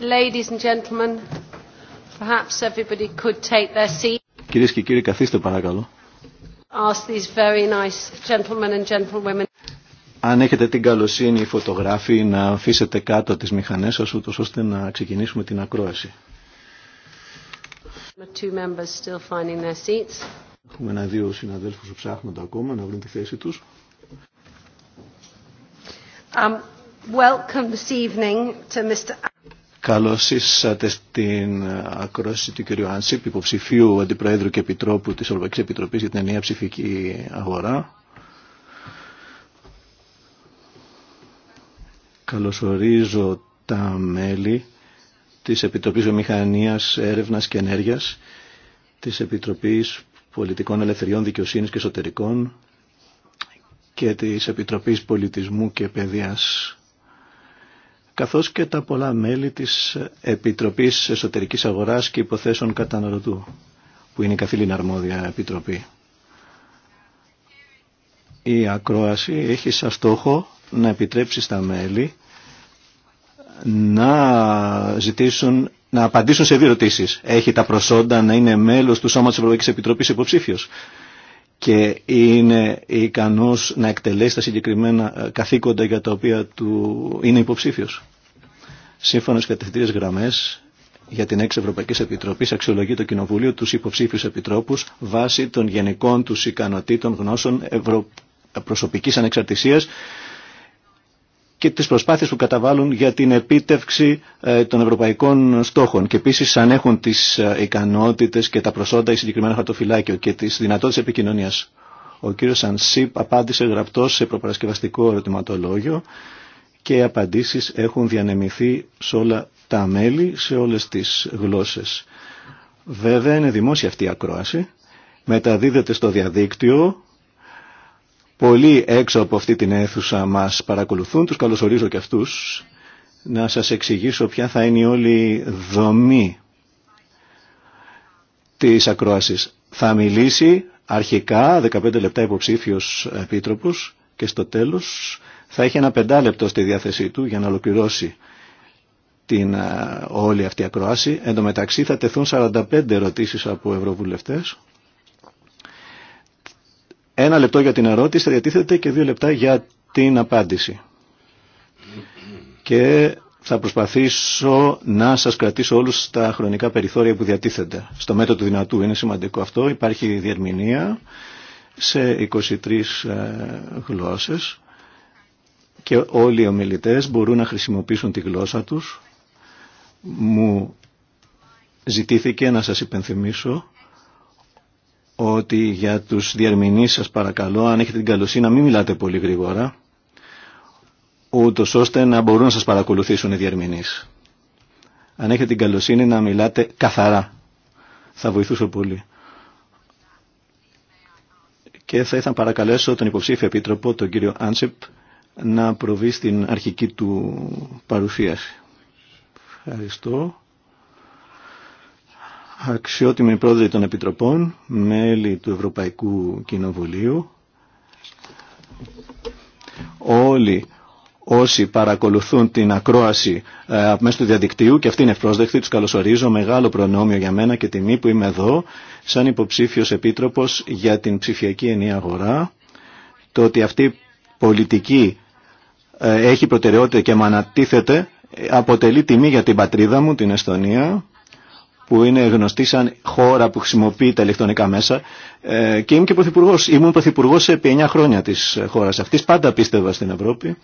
Ladies and gentlemen, perhaps everybody could take their seat. Κυρίες και κύριοι, καθίστε παρακαλώ. Ask these very nice gentlemen and gentlewomen. Αν έχετε την καλοσύνη οι φωτογράφοι να αφήσετε κάτω τις μηχανές σας ούτως ώστε να ξεκινήσουμε την ακρόαση. Two members still finding their seats. Έχουμε ένα-δύο συναδέλφους που ψάχνονται ακόμα να βρουν τη θέση τους. Um, welcome this evening to Mr. Καλώς ήσατε στην ακρόση του κ. Άνσιπ, υποψηφίου Αντιπροέδρου και Επιτρόπου της Ευρωπαϊκής Επιτροπής για την Ενία Ψηφική Αγορά. Καλωσορίζω τα μέλη της Επιτροπής Βιομηχανίας, Έρευνας και Ενέργειας, της Επιτροπής Πολιτικών Ελευθεριών Δικαιοσύνης και Εσωτερικών και της Επιτροπής Πολιτισμού και Παιδείας καθώς και τα πολλά μέλη της Επιτροπής Εσωτερικής Αγοράς και Υποθέσεων Καταναλωτού, που είναι η καθήλυνα αρμόδια επιτροπή. Η ακρόαση έχει σαν στόχο να επιτρέψει στα μέλη να ζητήσουν να απαντήσουν σε δύο ερωτήσει. Έχει τα προσόντα να είναι μέλο του Σώματο Ευρωπαϊκή Επιτροπή υποψήφιο και είναι ικανός να εκτελέσει τα συγκεκριμένα ε, καθήκοντα για τα οποία του είναι υποψήφιος. Σύμφωνα στις κατευθυντήριες γραμμές για την έξι Ευρωπαϊκή Επιτροπή αξιολογεί το Κοινοβούλιο τους υποψήφιους επιτρόπους βάσει των γενικών τους ικανοτήτων γνώσεων ευρω... προσωπικής ανεξαρτησίας και τις προσπάθειες που καταβάλουν για την επίτευξη ε, των ευρωπαϊκών στόχων και επίσης αν έχουν τις ε, ικανότητες και τα προσόντα ή συγκεκριμένα χαρτοφυλάκιο και τις δυνατότητες επικοινωνίας. Ο κύριος Ανσίπ απάντησε γραπτός σε προπαρασκευαστικό ερωτηματολόγιο και οι απαντήσεις έχουν διανεμηθεί σε όλα τα μέλη, σε όλες τις γλώσσες. Βέβαια είναι δημόσια αυτή η ακρόαση, μεταδίδεται στο διαδίκτυο Πολλοί έξω από αυτή την αίθουσα μας παρακολουθούν, τους καλωσορίζω και αυτούς. Να σας εξηγήσω ποια θα είναι η όλη δομή της ακρόασης. Θα μιλήσει αρχικά 15 λεπτά υποψήφιος επίτροπος και στο τέλος θα έχει ένα πεντάλεπτο στη διάθεσή του για να ολοκληρώσει την ε, όλη αυτή ακρόαση. Εν τω μεταξύ θα τεθούν 45 ερωτήσεις από ευρωβουλευτές ένα λεπτό για την ερώτηση θα διατίθεται και δύο λεπτά για την απάντηση. Και θα προσπαθήσω να σας κρατήσω όλους τα χρονικά περιθώρια που διατίθεται. Στο μέτρο του δυνατού είναι σημαντικό αυτό. Υπάρχει διερμηνία σε 23 ε, γλώσσες και όλοι οι ομιλητές μπορούν να χρησιμοποιήσουν τη γλώσσα τους. Μου ζητήθηκε να σας υπενθυμίσω ότι για τους διερμηνείς σας παρακαλώ, αν έχετε την καλοσύνη να μην μιλάτε πολύ γρήγορα, ούτως ώστε να μπορούν να σας παρακολουθήσουν οι διερμηνείς. Αν έχετε την καλοσύνη να μιλάτε καθαρά, θα βοηθούσε πολύ. Και θα ήθελα να παρακαλέσω τον υποψήφιο επίτροπο, τον κύριο Άντσεπ, να προβεί στην αρχική του παρουσίαση. Ευχαριστώ αξιότιμοι πρόεδροι των Επιτροπών, μέλη του Ευρωπαϊκού Κοινοβουλίου, όλοι όσοι παρακολουθούν την ακρόαση ε, μέσω του διαδικτύου και αυτή είναι ευπρόσδεκτη, τους καλωσορίζω. Μεγάλο προνόμιο για μένα και τιμή που είμαι εδώ σαν υποψήφιος επίτροπος για την ψηφιακή ενία αγορά. Το ότι αυτή η πολιτική ε, έχει προτεραιότητα και με ανατίθεται αποτελεί τιμή για την πατρίδα μου, την Εστονία που είναι γνωστή σαν χώρα που χρησιμοποιεί τα ηλεκτρονικά μέσα ε, και ήμουν και πρωθυπουργό. Ήμουν πρωθυπουργό επί 9 χρόνια τη χώρα αυτή. Πάντα πίστευα στην Ευρώπη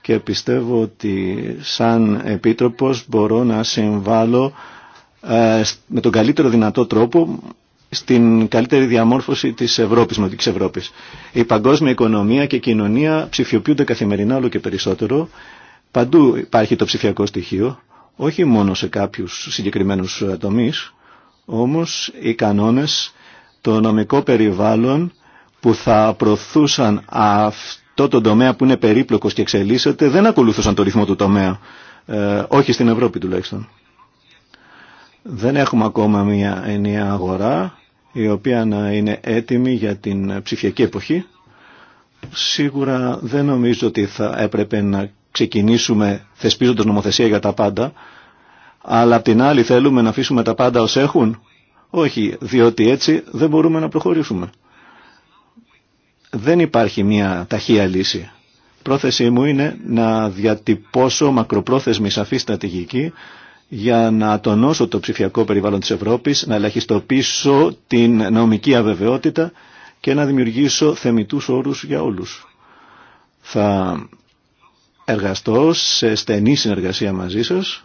και πιστεύω ότι σαν επίτροπος μπορώ να συμβάλλω ε, με τον καλύτερο δυνατό τρόπο στην καλύτερη διαμόρφωση της Ευρώπης, της Ευρώπης. Η παγκόσμια οικονομία και κοινωνία ψηφιοποιούνται καθημερινά όλο και περισσότερο. Παντού υπάρχει το ψηφιακό στοιχείο όχι μόνο σε κάποιους συγκεκριμένους ε, τομείς, όμως οι κανόνες, το νομικό περιβάλλον που θα προωθούσαν αυτό το τομέα που είναι περίπλοκος και εξελίσσεται δεν ακολούθησαν το ρυθμό του τομέα, ε, όχι στην Ευρώπη τουλάχιστον. Δεν έχουμε ακόμα μια ενιαία αγορά η οποία να είναι έτοιμη για την ψηφιακή εποχή. Σίγουρα δεν νομίζω ότι θα έπρεπε να ξεκινήσουμε θεσπίζοντας νομοθεσία για τα πάντα, αλλά απ' την άλλη θέλουμε να αφήσουμε τα πάντα ως έχουν. Όχι, διότι έτσι δεν μπορούμε να προχωρήσουμε. Δεν υπάρχει μια ταχεία λύση. Πρόθεσή μου είναι να διατυπώσω μακροπρόθεσμη σαφή στρατηγική για να τονώσω το ψηφιακό περιβάλλον της Ευρώπης, να ελαχιστοποιήσω την νομική αβεβαιότητα και να δημιουργήσω θεμητούς όρους για όλους. Θα εργαστώ σε στενή συνεργασία μαζί σας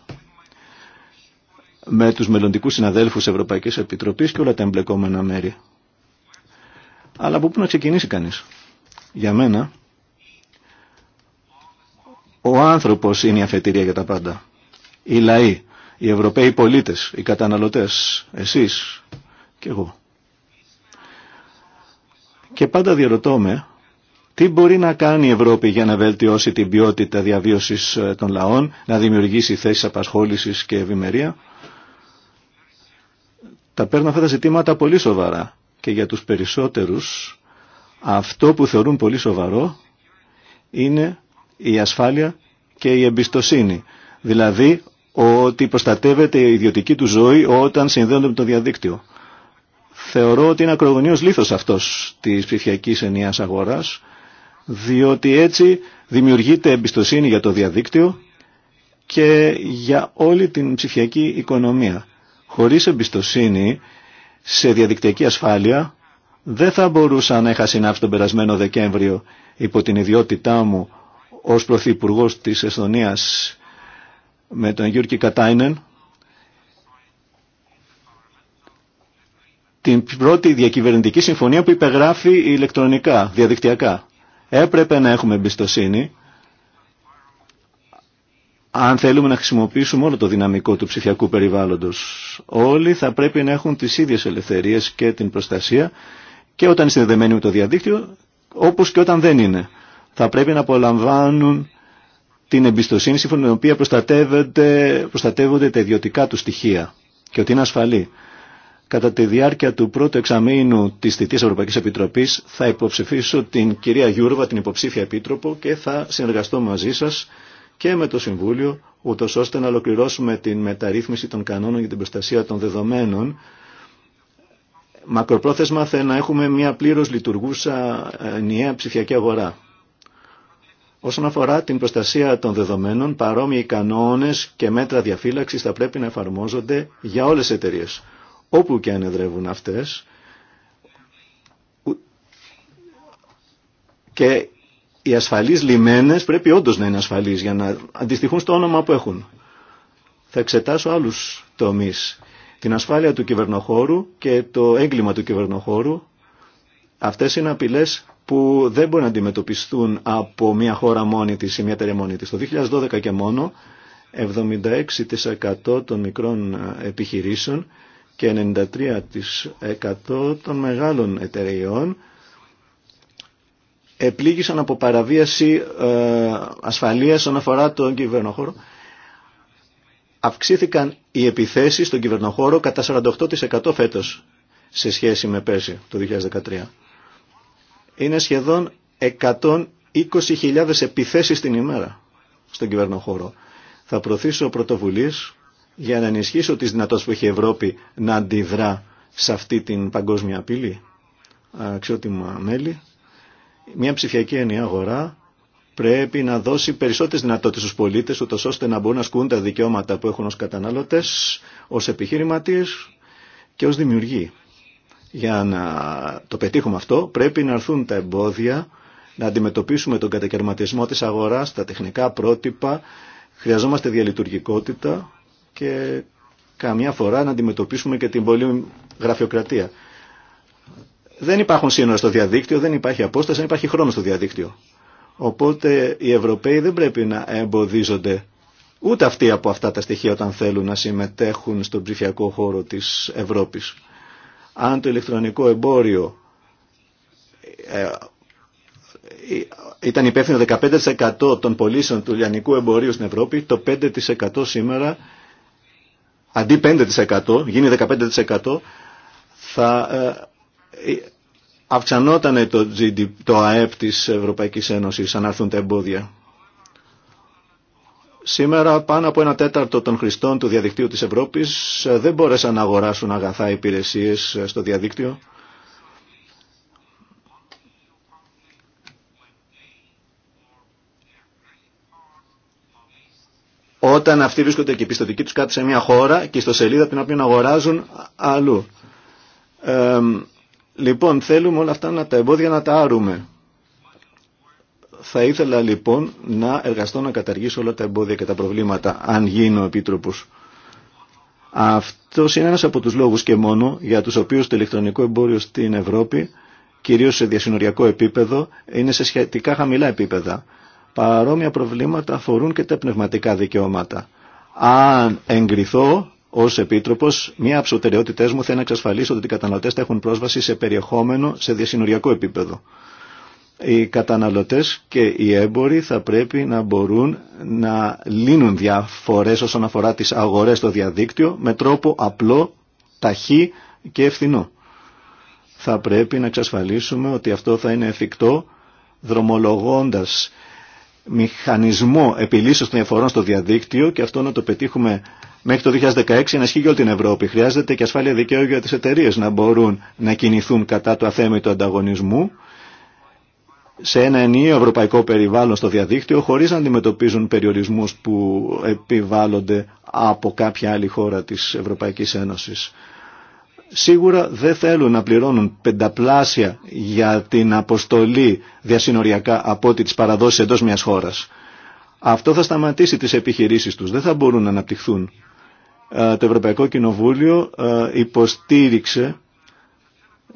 με τους μελλοντικούς συναδέλφους Ευρωπαϊκής Επιτροπής και όλα τα εμπλεκόμενα μέρη. Αλλά από πού να ξεκινήσει κανείς. Για μένα, ο άνθρωπος είναι η αφετηρία για τα πάντα. Οι λαοί, οι Ευρωπαίοι πολίτες, οι καταναλωτές, εσείς και εγώ. Και πάντα διαρωτώ με τι μπορεί να κάνει η Ευρώπη για να βελτιώσει την ποιότητα διαβίωσης ε, των λαών, να δημιουργήσει θέσεις απασχόλησης και ευημερία. Τα παίρνω αυτά τα ζητήματα πολύ σοβαρά και για τους περισσότερους αυτό που θεωρούν πολύ σοβαρό είναι η ασφάλεια και η εμπιστοσύνη. Δηλαδή ότι προστατεύεται η ιδιωτική του ζωή όταν συνδέονται με το διαδίκτυο. Θεωρώ ότι είναι ακρογωνίως λήθος αυτός της ψηφιακής ενιαίας αγοράς διότι έτσι δημιουργείται εμπιστοσύνη για το διαδίκτυο και για όλη την ψηφιακή οικονομία. Χωρίς εμπιστοσύνη σε διαδικτυακή ασφάλεια δεν θα μπορούσα να είχα συνάψει τον περασμένο Δεκέμβριο υπό την ιδιότητά μου ως Πρωθυπουργό της Εσθονίας με τον Γιούρκη Κατάινεν την πρώτη διακυβερνητική συμφωνία που υπεγράφει ηλεκτρονικά, διαδικτυακά. Έπρεπε να έχουμε εμπιστοσύνη αν θέλουμε να χρησιμοποιήσουμε όλο το δυναμικό του ψηφιακού περιβάλλοντος. Όλοι θα πρέπει να έχουν τις ίδιες ελευθερίες και την προστασία και όταν είναι συνδεδεμένοι με το διαδίκτυο, όπως και όταν δεν είναι. Θα πρέπει να απολαμβάνουν την εμπιστοσύνη σύμφωνα με την οποία προστατεύονται, τα ιδιωτικά του στοιχεία και ότι είναι ασφαλή. Κατά τη διάρκεια του πρώτου εξαμήνου της θητείας Ευρωπαϊκής Επιτροπής θα υποψηφίσω την κυρία Γιούρβα, την υποψήφια επίτροπο και θα συνεργαστώ μαζί σας και με το Συμβούλιο, ούτω ώστε να ολοκληρώσουμε την μεταρρύθμιση των κανόνων για την προστασία των δεδομένων. Μακροπρόθεσμα θα να έχουμε μια πλήρως λειτουργούσα ε, νέα ψηφιακή αγορά. Όσον αφορά την προστασία των δεδομένων, παρόμοιοι κανόνες και μέτρα διαφύλαξης θα πρέπει να εφαρμόζονται για όλες τις εταιρείες όπου και αν εδρεύουν αυτές και οι ασφαλείς λιμένες πρέπει όντως να είναι ασφαλείς για να αντιστοιχούν στο όνομα που έχουν. Θα εξετάσω άλλους τομείς. Την ασφάλεια του κυβερνοχώρου και το έγκλημα του κυβερνοχώρου. Αυτές είναι απειλές που δεν μπορούν να αντιμετωπιστούν από μια χώρα μόνη της ή μια εταιρεία μόνη της. Το 2012 και μόνο 76% των μικρών επιχειρήσεων και 93% των μεγάλων εταιρεών επλήγησαν από παραβίαση ε, ασφαλείας όσον αφορά τον κυβερνοχώρο. Αυξήθηκαν οι επιθέσεις στον κυβερνοχώρο κατά 48% φέτος σε σχέση με πέρσι το 2013. Είναι σχεδόν 120.000 επιθέσεις την ημέρα στον κυβερνοχώρο. Θα προωθήσω πρωτοβουλίες για να ενισχύσω τις δυνατότητες που έχει η Ευρώπη να αντιδρά σε αυτή την παγκόσμια απειλή. Αξιότιμα μέλη. Μια ψηφιακή ενιαία αγορά πρέπει να δώσει περισσότερες δυνατότητες στους πολίτες, ούτως ώστε να μπορούν να ασκούν τα δικαιώματα που έχουν ως καταναλωτές, ως επιχειρηματίες και ως δημιουργοί. Για να το πετύχουμε αυτό πρέπει να έρθουν τα εμπόδια, να αντιμετωπίσουμε τον κατακαιρματισμό της αγοράς, τα τεχνικά πρότυπα, χρειαζόμαστε διαλειτουργικότητα, και καμιά φορά να αντιμετωπίσουμε και την πολλή γραφειοκρατία. Δεν υπάρχουν σύνορα στο διαδίκτυο, δεν υπάρχει απόσταση, δεν υπάρχει χρόνο στο διαδίκτυο. Οπότε οι Ευρωπαίοι δεν πρέπει να εμποδίζονται ούτε αυτοί από αυτά τα στοιχεία όταν θέλουν να συμμετέχουν στον ψηφιακό χώρο της Ευρώπης. Αν το ηλεκτρονικό εμπόριο ε, ήταν υπεύθυνο 15% των πωλήσεων του λιανικού εμπορίου στην Ευρώπη, το 5% σήμερα αντί 5% γίνει 15% θα ε, ε, αυξανόταν το, το ΑΕΠ της Ευρωπαϊκής Ένωσης αν έρθουν τα εμπόδια. Σήμερα πάνω από ένα τέταρτο των χρηστών του διαδικτύου της Ευρώπης ε, δεν μπόρεσαν να αγοράσουν αγαθά υπηρεσίες στο διαδίκτυο όταν αυτοί βρίσκονται και πιστοτικοί τους κάτω σε μια χώρα και στο σελίδα την οποία αγοράζουν αλλού. λοιπόν, θέλουμε όλα αυτά να τα εμπόδια να τα άρουμε. Θα ήθελα λοιπόν να εργαστώ να καταργήσω όλα τα εμπόδια και τα προβλήματα, αν γίνω επίτροπος. Αυτό είναι ένας από τους λόγους και μόνο για τους οποίους το ηλεκτρονικό εμπόριο στην Ευρώπη, κυρίως σε διασυνοριακό επίπεδο, είναι σε σχετικά χαμηλά επίπεδα. Παρόμοια προβλήματα αφορούν και τα πνευματικά δικαιώματα. Αν εγκριθώ ω Επίτροπο, μία από τι μου θα είναι να εξασφαλίσω ότι οι καταναλωτέ θα έχουν πρόσβαση σε περιεχόμενο σε διασυνοριακό επίπεδο. Οι καταναλωτέ και οι έμποροι θα πρέπει να μπορούν να λύνουν διαφορέ όσον αφορά τι αγορέ στο διαδίκτυο με τρόπο απλό, ταχύ και ευθυνό. Θα πρέπει να εξασφαλίσουμε ότι αυτό θα είναι εφικτό δρομολογώντας μηχανισμό επιλύσεως των διαφορών στο διαδίκτυο και αυτό να το πετύχουμε μέχρι το 2016 να ισχύει για όλη την Ευρώπη. Χρειάζεται και ασφάλεια δικαίου για τις εταιρείες να μπορούν να κινηθούν κατά του αθέμητου ανταγωνισμού σε ένα ενίο ευρωπαϊκό περιβάλλον στο διαδίκτυο χωρίς να αντιμετωπίζουν περιορισμούς που επιβάλλονται από κάποια άλλη χώρα της Ευρωπαϊκής Ένωσης σίγουρα δεν θέλουν να πληρώνουν πενταπλάσια για την αποστολή διασυνοριακά από ό,τι τις παραδόσεις εντός μιας χώρας. Αυτό θα σταματήσει τις επιχειρήσεις τους, δεν θα μπορούν να αναπτυχθούν. Ε, το Ευρωπαϊκό Κοινοβούλιο ε, υποστήριξε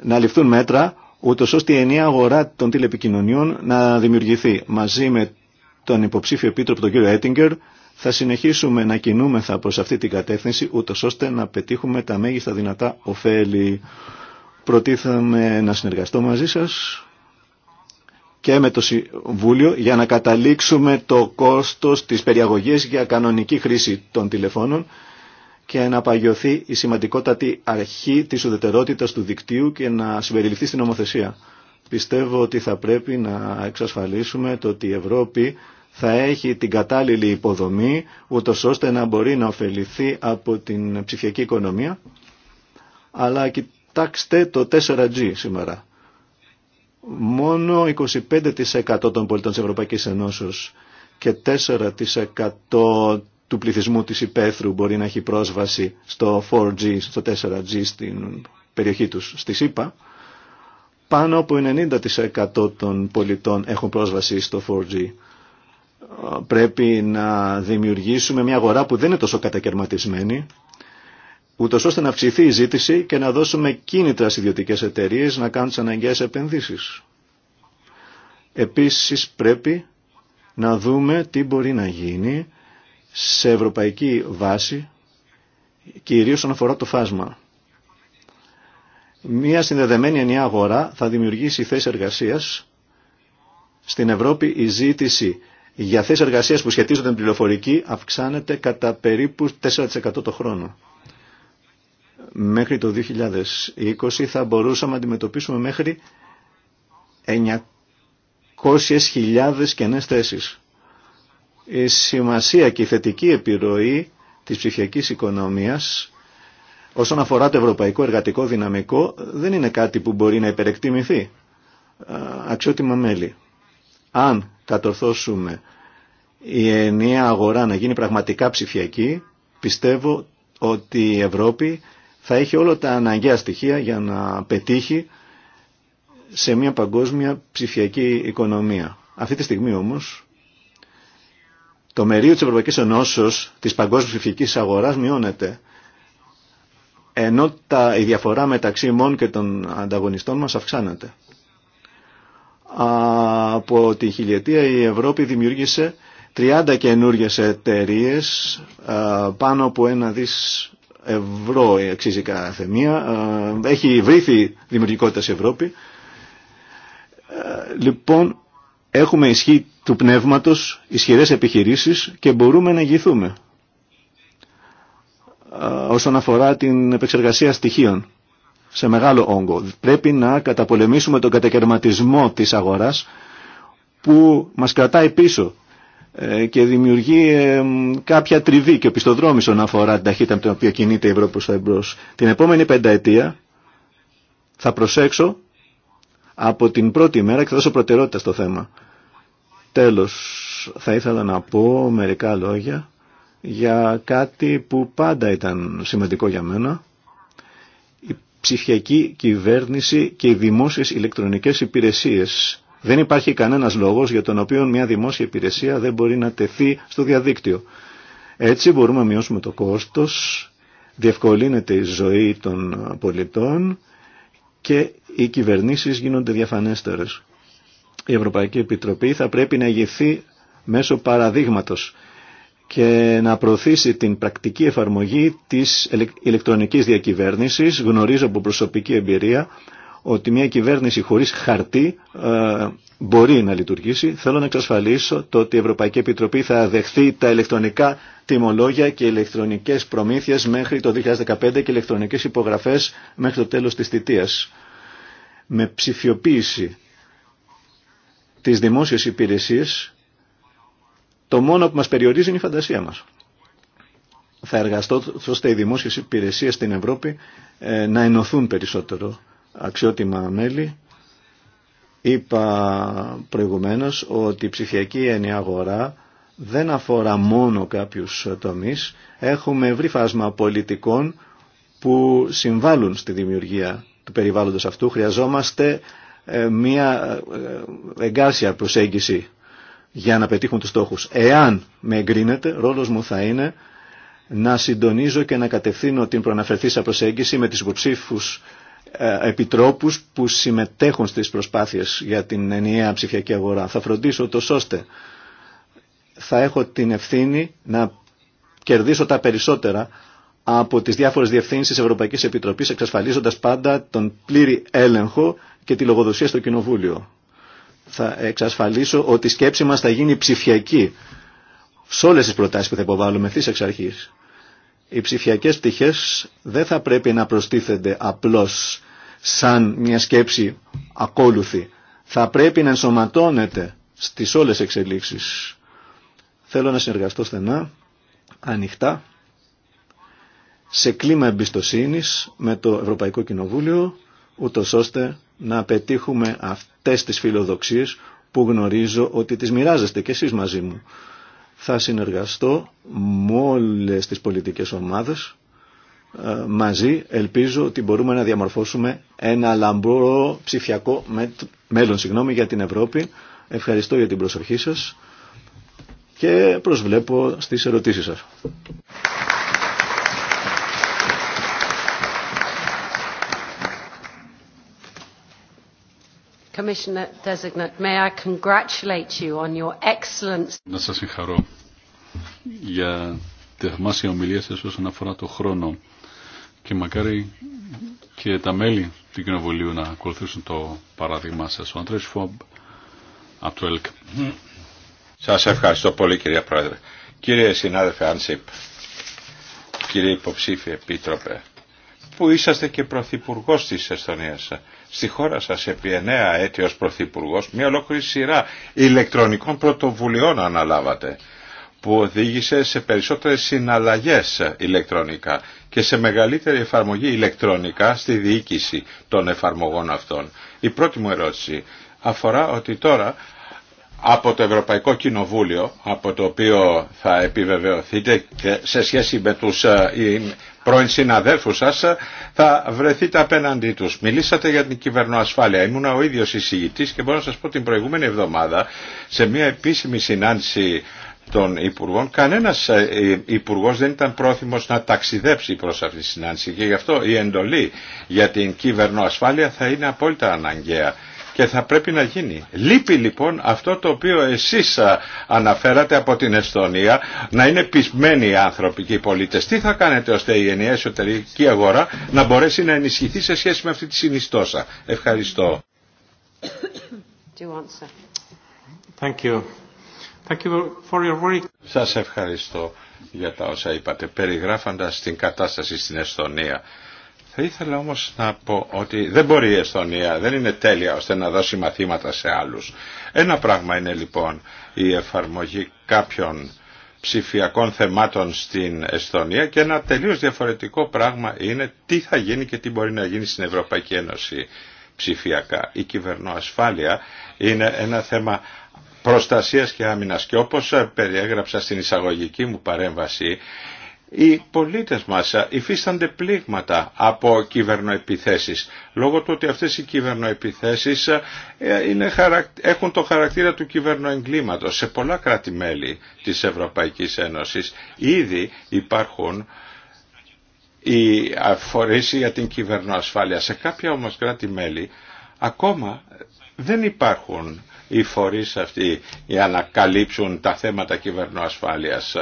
να ληφθούν μέτρα ούτως ώστε η ενιαία αγορά των τηλεπικοινωνιών να δημιουργηθεί μαζί με τον υποψήφιο επίτροπο τον κύριο Έτιγκερ θα συνεχίσουμε να κινούμεθα προς αυτή την κατεύθυνση, ούτως ώστε να πετύχουμε τα μέγιστα δυνατά ωφέλη. Προτίθαμε να συνεργαστώ μαζί σας και με το Συμβούλιο για να καταλήξουμε το κόστος της περιαγωγής για κανονική χρήση των τηλεφώνων και να παγιωθεί η σημαντικότατη αρχή της ουδετερότητας του δικτύου και να συμπεριληφθεί στην νομοθεσία. Πιστεύω ότι θα πρέπει να εξασφαλίσουμε το ότι η Ευρώπη θα έχει την κατάλληλη υποδομή, ούτως ώστε να μπορεί να ωφεληθεί από την ψηφιακή οικονομία. Αλλά κοιτάξτε το 4G σήμερα. Μόνο 25% των πολιτών της Ευρωπαϊκής Ενώσεως και 4% του πληθυσμού της υπαίθρου μπορεί να έχει πρόσβαση στο 4G, στο 4G στην περιοχή τους, στη ΣΥΠΑ. Πάνω από 90% των πολιτών έχουν πρόσβαση στο 4G πρέπει να δημιουργήσουμε μια αγορά που δεν είναι τόσο κατακαιρματισμένη, ούτω ώστε να αυξηθεί η ζήτηση και να δώσουμε κίνητρα στι ιδιωτικέ εταιρείε να κάνουν τι αναγκαίε επενδύσει. Επίση πρέπει να δούμε τι μπορεί να γίνει σε ευρωπαϊκή βάση, κυρίω όσον αφορά το φάσμα. Μία συνδεδεμένη ενιαία αγορά θα δημιουργήσει θέσεις εργασίας. Στην Ευρώπη η ζήτηση για θέσει εργασία που σχετίζονται με την πληροφορική αυξάνεται κατά περίπου 4% το χρόνο. Μέχρι το 2020 θα μπορούσαμε να αντιμετωπίσουμε μέχρι 900.000 κενε θέσει. Η σημασία και η θετική επιρροή της ψηφιακής οικονομίας όσον αφορά το ευρωπαϊκό εργατικό δυναμικό δεν είναι κάτι που μπορεί να υπερεκτιμηθεί. Αξιότιμα μέλη. Αν κατορθώσουμε η ενιαία αγορά να γίνει πραγματικά ψηφιακή, πιστεύω ότι η Ευρώπη θα έχει όλα τα αναγκαία στοιχεία για να πετύχει σε μια παγκόσμια ψηφιακή οικονομία. Αυτή τη στιγμή όμως το μερίο της Ευρωπαϊκής Ενώσεως της παγκόσμιας ψηφιακής αγοράς μειώνεται ενώ τα, η διαφορά μεταξύ ημών και των ανταγωνιστών μας αυξάνεται. Από τη χιλιετία η Ευρώπη δημιούργησε 30 καινούργιες εταιρείε ε, πάνω από ένα δις ευρώ αξίζει κάθε μία. Ε, έχει βρήθει δημιουργικότητα σε Ευρώπη. Ε, λοιπόν, έχουμε ισχύ του πνεύματος, ισχυρές επιχειρήσεις και μπορούμε να γυθούμε. όσον αφορά την επεξεργασία στοιχείων σε μεγάλο όγκο. Πρέπει να καταπολεμήσουμε τον κατακαιρματισμό της αγοράς που μας κρατάει πίσω ε, και δημιουργεί ε, κάποια τριβή και οπισθοδρόμηση όσον αφορά την ταχύτητα με την οποία κινείται η Ευρώπη προς τα εμπρός. Την επόμενη πενταετία θα προσέξω από την πρώτη μέρα και θα δώσω προτεραιότητα στο θέμα. Τέλος, θα ήθελα να πω μερικά λόγια για κάτι που πάντα ήταν σημαντικό για μένα ψηφιακή κυβέρνηση και οι δημόσιες ηλεκτρονικές υπηρεσίες. Δεν υπάρχει κανένας λόγος για τον οποίο μια δημόσια υπηρεσία δεν μπορεί να τεθεί στο διαδίκτυο. Έτσι μπορούμε να μειώσουμε το κόστος, διευκολύνεται η ζωή των πολιτών και οι κυβερνήσεις γίνονται διαφανέστερες. Η Ευρωπαϊκή Επιτροπή θα πρέπει να ηγηθεί μέσω παραδείγματος και να προωθήσει την πρακτική εφαρμογή της ηλεκτρονικής διακυβέρνησης. Γνωρίζω από προσωπική εμπειρία ότι μια κυβέρνηση χωρίς χαρτί ε, μπορεί να λειτουργήσει. Θέλω να εξασφαλίσω το ότι η Ευρωπαϊκή Επιτροπή θα δεχθεί τα ηλεκτρονικά τιμολόγια και ηλεκτρονικές προμήθειες μέχρι το 2015 και ηλεκτρονικές υπογραφές μέχρι το τέλος της θητείας. Με ψηφιοποίηση της δημόσιας υπηρεσίας το μόνο που μας περιορίζει είναι η φαντασία μας. Θα εργαστώ ώστε οι δημόσιες υπηρεσίες στην Ευρώπη ε, να ενωθούν περισσότερο. Αξιότιμα μέλη, είπα προηγουμένως ότι η ψηφιακή έννοια αγορά δεν αφορά μόνο κάποιους τομείς. Έχουμε ευρύ φάσμα πολιτικών που συμβάλλουν στη δημιουργία του περιβάλλοντος αυτού. Χρειαζόμαστε ε, μια ε, εγκάρσια προσέγγιση για να πετύχουν τους στόχους. Εάν με εγκρίνετε, ρόλος μου θα είναι να συντονίζω και να κατευθύνω την προαναφερθήσα προσέγγιση με τις υποψήφους ε, επιτρόπους που συμμετέχουν στις προσπάθειες για την ενιαία ψηφιακή αγορά. Θα φροντίσω το ώστε θα έχω την ευθύνη να κερδίσω τα περισσότερα από τις διάφορες διευθύνσεις Ευρωπαϊκής Επιτροπής εξασφαλίζοντας πάντα τον πλήρη έλεγχο και τη λογοδοσία στο Κοινοβούλιο θα εξασφαλίσω ότι η σκέψη μας θα γίνει ψηφιακή σε όλες τις προτάσεις που θα υποβάλουμε ευθύς εξ αρχής. Οι ψηφιακές πτυχές δεν θα πρέπει να προστίθενται απλώς σαν μια σκέψη ακόλουθη. Θα πρέπει να ενσωματώνεται στις όλες εξελίξεις. Θέλω να συνεργαστώ στενά, ανοιχτά, σε κλίμα εμπιστοσύνης με το Ευρωπαϊκό Κοινοβούλιο, ούτως ώστε να πετύχουμε αυτές τις φιλοδοξίες που γνωρίζω ότι τις μοιράζεστε και εσείς μαζί μου. Θα συνεργαστώ με όλες τις πολιτικές ομάδες ε, μαζί ελπίζω ότι μπορούμε να διαμορφώσουμε ένα λαμπρό ψηφιακό μέλλον συγγνώμη, για την Ευρώπη. Ευχαριστώ για την προσοχή σας και προσβλέπω στις ερωτήσεις σας. Commissioner Designate, may I congratulate you on your excellence. Να σας συγχαρώ για τη θαυμάσια ομιλία σας όσον αφορά το χρόνο και μακάρι και τα μέλη του Κοινοβουλίου να ακολουθήσουν το παράδειγμα σας. Ο Αντρές Φόμπ από το ΕΛΚ. Σας ευχαριστώ πολύ κυρία Πρόεδρε. Κύριε συνάδελφε Άνσιπ, κύριε υποψήφιε επίτροπε, που είσαστε και πρωθυπουργός της Εστονίας στη χώρα σας επί εννέα έτη ως Πρωθυπουργός μια ολόκληρη σειρά ηλεκτρονικών πρωτοβουλειών αναλάβατε που οδήγησε σε περισσότερες συναλλαγές ηλεκτρονικά και σε μεγαλύτερη εφαρμογή ηλεκτρονικά στη διοίκηση των εφαρμογών αυτών. Η πρώτη μου ερώτηση αφορά ότι τώρα από το Ευρωπαϊκό Κοινοβούλιο, από το οποίο θα επιβεβαιωθείτε σε σχέση με τους ε, πρώην συναδέλφου σα, ε, θα βρεθείτε απέναντί του, Μιλήσατε για την κυβερνοασφάλεια. Ήμουνα ο ίδιο εισηγητή και μπορώ να σας πω την προηγούμενη εβδομάδα σε μια επίσημη συνάντηση των Υπουργών. Κανένας ε, υπουργό δεν ήταν πρόθυμος να ταξιδέψει προς αυτή τη συνάντηση και γι' αυτό η εντολή για την κυβερνοασφάλεια θα είναι απόλυτα αναγκαία και θα πρέπει να γίνει. Λείπει λοιπόν αυτό το οποίο εσείς αναφέρατε από την Εστονία να είναι πεισμένοι οι άνθρωποι και οι πολίτες. Τι θα κάνετε ώστε η ενιαία εσωτερική αγορά να μπορέσει να ενισχυθεί σε σχέση με αυτή τη συνιστόσα. Ευχαριστώ. Thank Σας ευχαριστώ για τα όσα είπατε περιγράφοντας την κατάσταση στην Εστονία. Θα ήθελα όμως να πω ότι δεν μπορεί η Εσθονία, δεν είναι τέλεια ώστε να δώσει μαθήματα σε άλλους. Ένα πράγμα είναι λοιπόν η εφαρμογή κάποιων ψηφιακών θεμάτων στην Εσθονία και ένα τελείως διαφορετικό πράγμα είναι τι θα γίνει και τι μπορεί να γίνει στην Ευρωπαϊκή Ένωση ψηφιακά. Η κυβερνοασφάλεια είναι ένα θέμα προστασίας και άμυνας και όπως περιέγραψα στην εισαγωγική μου παρέμβαση οι πολίτες μας ε, υφίστανται πλήγματα από κυβερνοεπιθέσεις λόγω του ότι αυτές οι κυβερνοεπιθέσεις ε, είναι, έχουν το χαρακτήρα του κυβερνοεγκλήματος σε πολλά κράτη-μέλη της Ευρωπαϊκής Ένωσης. Ήδη υπάρχουν οι φορείς για την κυβερνοασφάλεια. Σε κάποια όμως κράτη-μέλη ακόμα δεν υπάρχουν οι φορείς αυτοί για να καλύψουν τα θέματα κυβερνοασφάλειας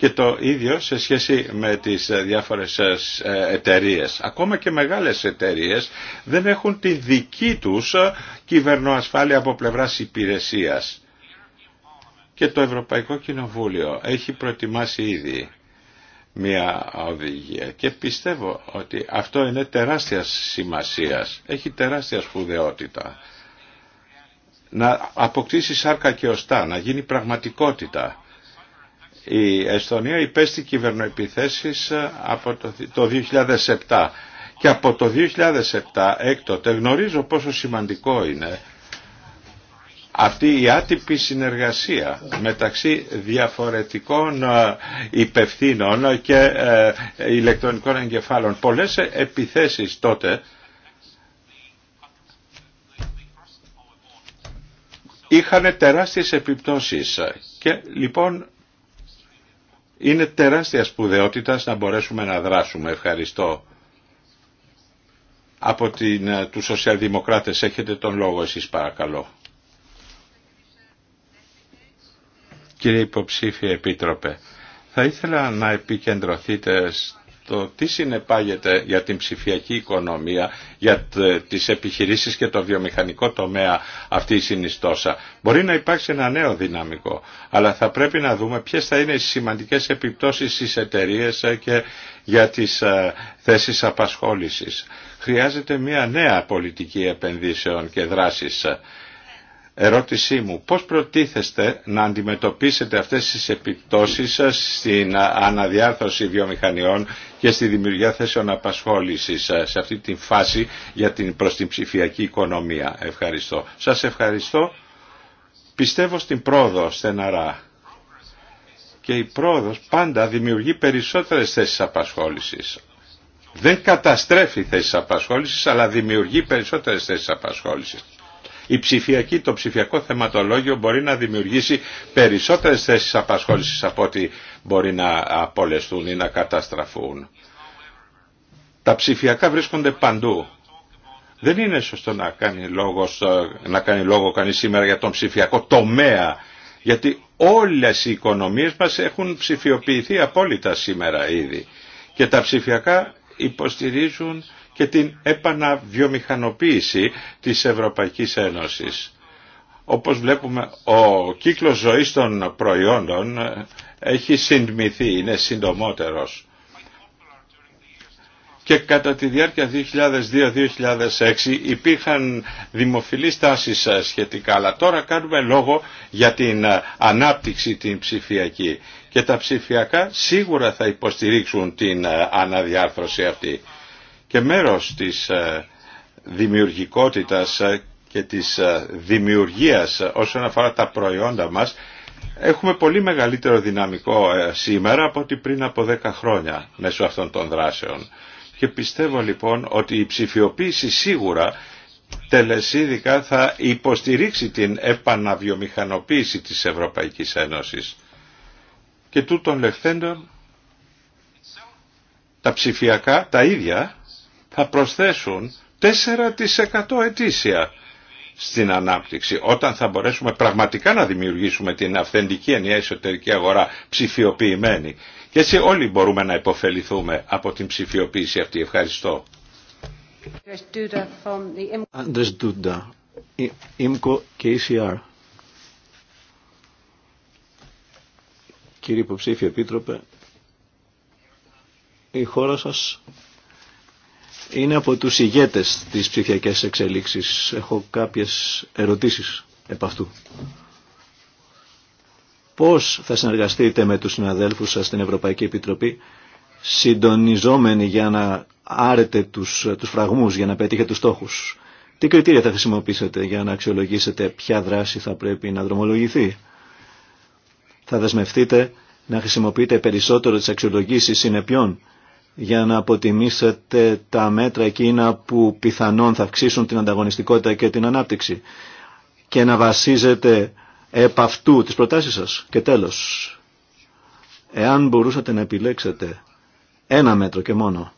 και το ίδιο σε σχέση με τις διάφορες ε, ε, εταιρείε. Ακόμα και μεγάλες εταιρείε δεν έχουν τη δική τους ε, κυβερνοασφάλεια από πλευράς υπηρεσίας. Και το Ευρωπαϊκό Κοινοβούλιο έχει προετοιμάσει ήδη μια οδηγία και πιστεύω ότι αυτό είναι τεράστια σημασίας, έχει τεράστια σπουδαιότητα. Να αποκτήσει σάρκα και οστά, να γίνει πραγματικότητα η Εστονία υπέστη κυβερνοεπιθέσεις ε, από το 2007 και από το 2007 έκτοτε γνωρίζω πόσο σημαντικό είναι αυτή η άτυπη συνεργασία μεταξύ διαφορετικών ε, υπευθύνων και ε, ηλεκτρονικών εγκεφάλων. Πολλές επιθέσεις τότε είχαν τεράστιες επιπτώσεις και λοιπόν είναι τεράστια σπουδαιότητα να μπορέσουμε να δράσουμε. Ευχαριστώ. Από την, ε, τους σοσιαλδημοκράτες έχετε τον λόγο εσείς παρακαλώ. Κύριε Υποψήφιε Επίτροπε, θα ήθελα να επικεντρωθείτε το τι συνεπάγεται για την ψηφιακή οικονομία, για τις επιχειρήσεις και το βιομηχανικό τομέα αυτή η συνιστόσα. Μπορεί να υπάρξει ένα νέο δυναμικό, αλλά θα πρέπει να δούμε ποιες θα είναι οι σημαντικές επιπτώσεις στις εταιρείε ε, και για τις ε, θέσεις απασχόλησης. Χρειάζεται μια νέα πολιτική επενδύσεων και δράσης ε, Ερώτησή μου, πώς προτίθεστε να αντιμετωπίσετε αυτές τις επιπτώσεις σας στην αναδιάρθρωση βιομηχανιών και στη δημιουργία θέσεων απασχόλησης ε, σε αυτή τη φάση για την προς ψηφιακή οικονομία. Ευχαριστώ. Σας ευχαριστώ. Πιστεύω στην πρόοδο στεναρά. Και η πρόοδος πάντα δημιουργεί περισσότερες θέσεις απασχόλησης. Δεν καταστρέφει θέσεις απασχόλησης, αλλά δημιουργεί περισσότερες θέσεις απασχόλησης η ψηφιακή, το ψηφιακό θεματολόγιο μπορεί να δημιουργήσει περισσότερες θέσεις απασχόλησης από ό,τι μπορεί να απολεστούν ή να καταστραφούν. Τα ψηφιακά βρίσκονται παντού. Δεν είναι σωστό να κάνει, λόγο, ε, να κάνει λόγο κανείς σήμερα για τον ψηφιακό τομέα, γιατί όλες οι οικονομίες μας έχουν ψηφιοποιηθεί απόλυτα σήμερα ήδη και τα ψηφιακά υποστηρίζουν και την επαναβιομηχανοποίηση της Ευρωπαϊκής Ένωσης. Όπως βλέπουμε, ο κύκλος ζωής των προϊόντων έχει συντμηθεί, είναι συντομότερος. Και κατά τη διάρκεια 2002-2006 υπήρχαν δημοφιλείς τάσεις ε, σχετικά, αλλά τώρα κάνουμε λόγο για την ε, ανάπτυξη την ψηφιακή. Και τα ψηφιακά σίγουρα θα υποστηρίξουν την ε, αναδιάρθρωση αυτή και μέρος της ε, δημιουργικότητας ε, και της ε, δημιουργίας όσον αφορά τα προϊόντα μας έχουμε πολύ μεγαλύτερο δυναμικό σήμερα από ότι πριν από 10 χρόνια μέσω αυτών των δράσεων. Και πιστεύω λοιπόν ότι η ψηφιοποίηση σίγουρα τελεσίδικα θα υποστηρίξει την επαναβιομηχανοποίηση της Ευρωπαϊκής Ένωσης. Και τούτων λεχθέντων τα ψηφιακά τα ίδια θα προσθέσουν 4% ετήσια στην ανάπτυξη, όταν θα μπορέσουμε πραγματικά να δημιουργήσουμε την αυθεντική ενιαία εσωτερική αγορά ψηφιοποιημένη. Και έτσι όλοι μπορούμε να υποφεληθούμε από την ψηφιοποίηση αυτή. Ευχαριστώ. Κύριε Υποψήφιο Επίτροπε, η χώρα σας είναι από τους ηγέτες της ψηφιακές εξελίξης. Έχω κάποιες ερωτήσεις επ' αυτού. Πώς θα συνεργαστείτε με τους συναδέλφους σας στην Ευρωπαϊκή Επιτροπή συντονιζόμενοι για να άρετε τους, τους φραγμούς, για να πετύχετε τους στόχους. Τι κριτήρια θα χρησιμοποιήσετε για να αξιολογήσετε ποια δράση θα πρέπει να δρομολογηθεί. Θα δεσμευτείτε να χρησιμοποιείτε περισσότερο τις αξιολογήσεις συνεπιών για να αποτιμήσετε τα μέτρα εκείνα που πιθανόν θα αυξήσουν την ανταγωνιστικότητα και την ανάπτυξη και να βασίζετε επ' αυτού τις προτάσεις σας. Και τέλος, εάν μπορούσατε να επιλέξετε ένα μέτρο και μόνο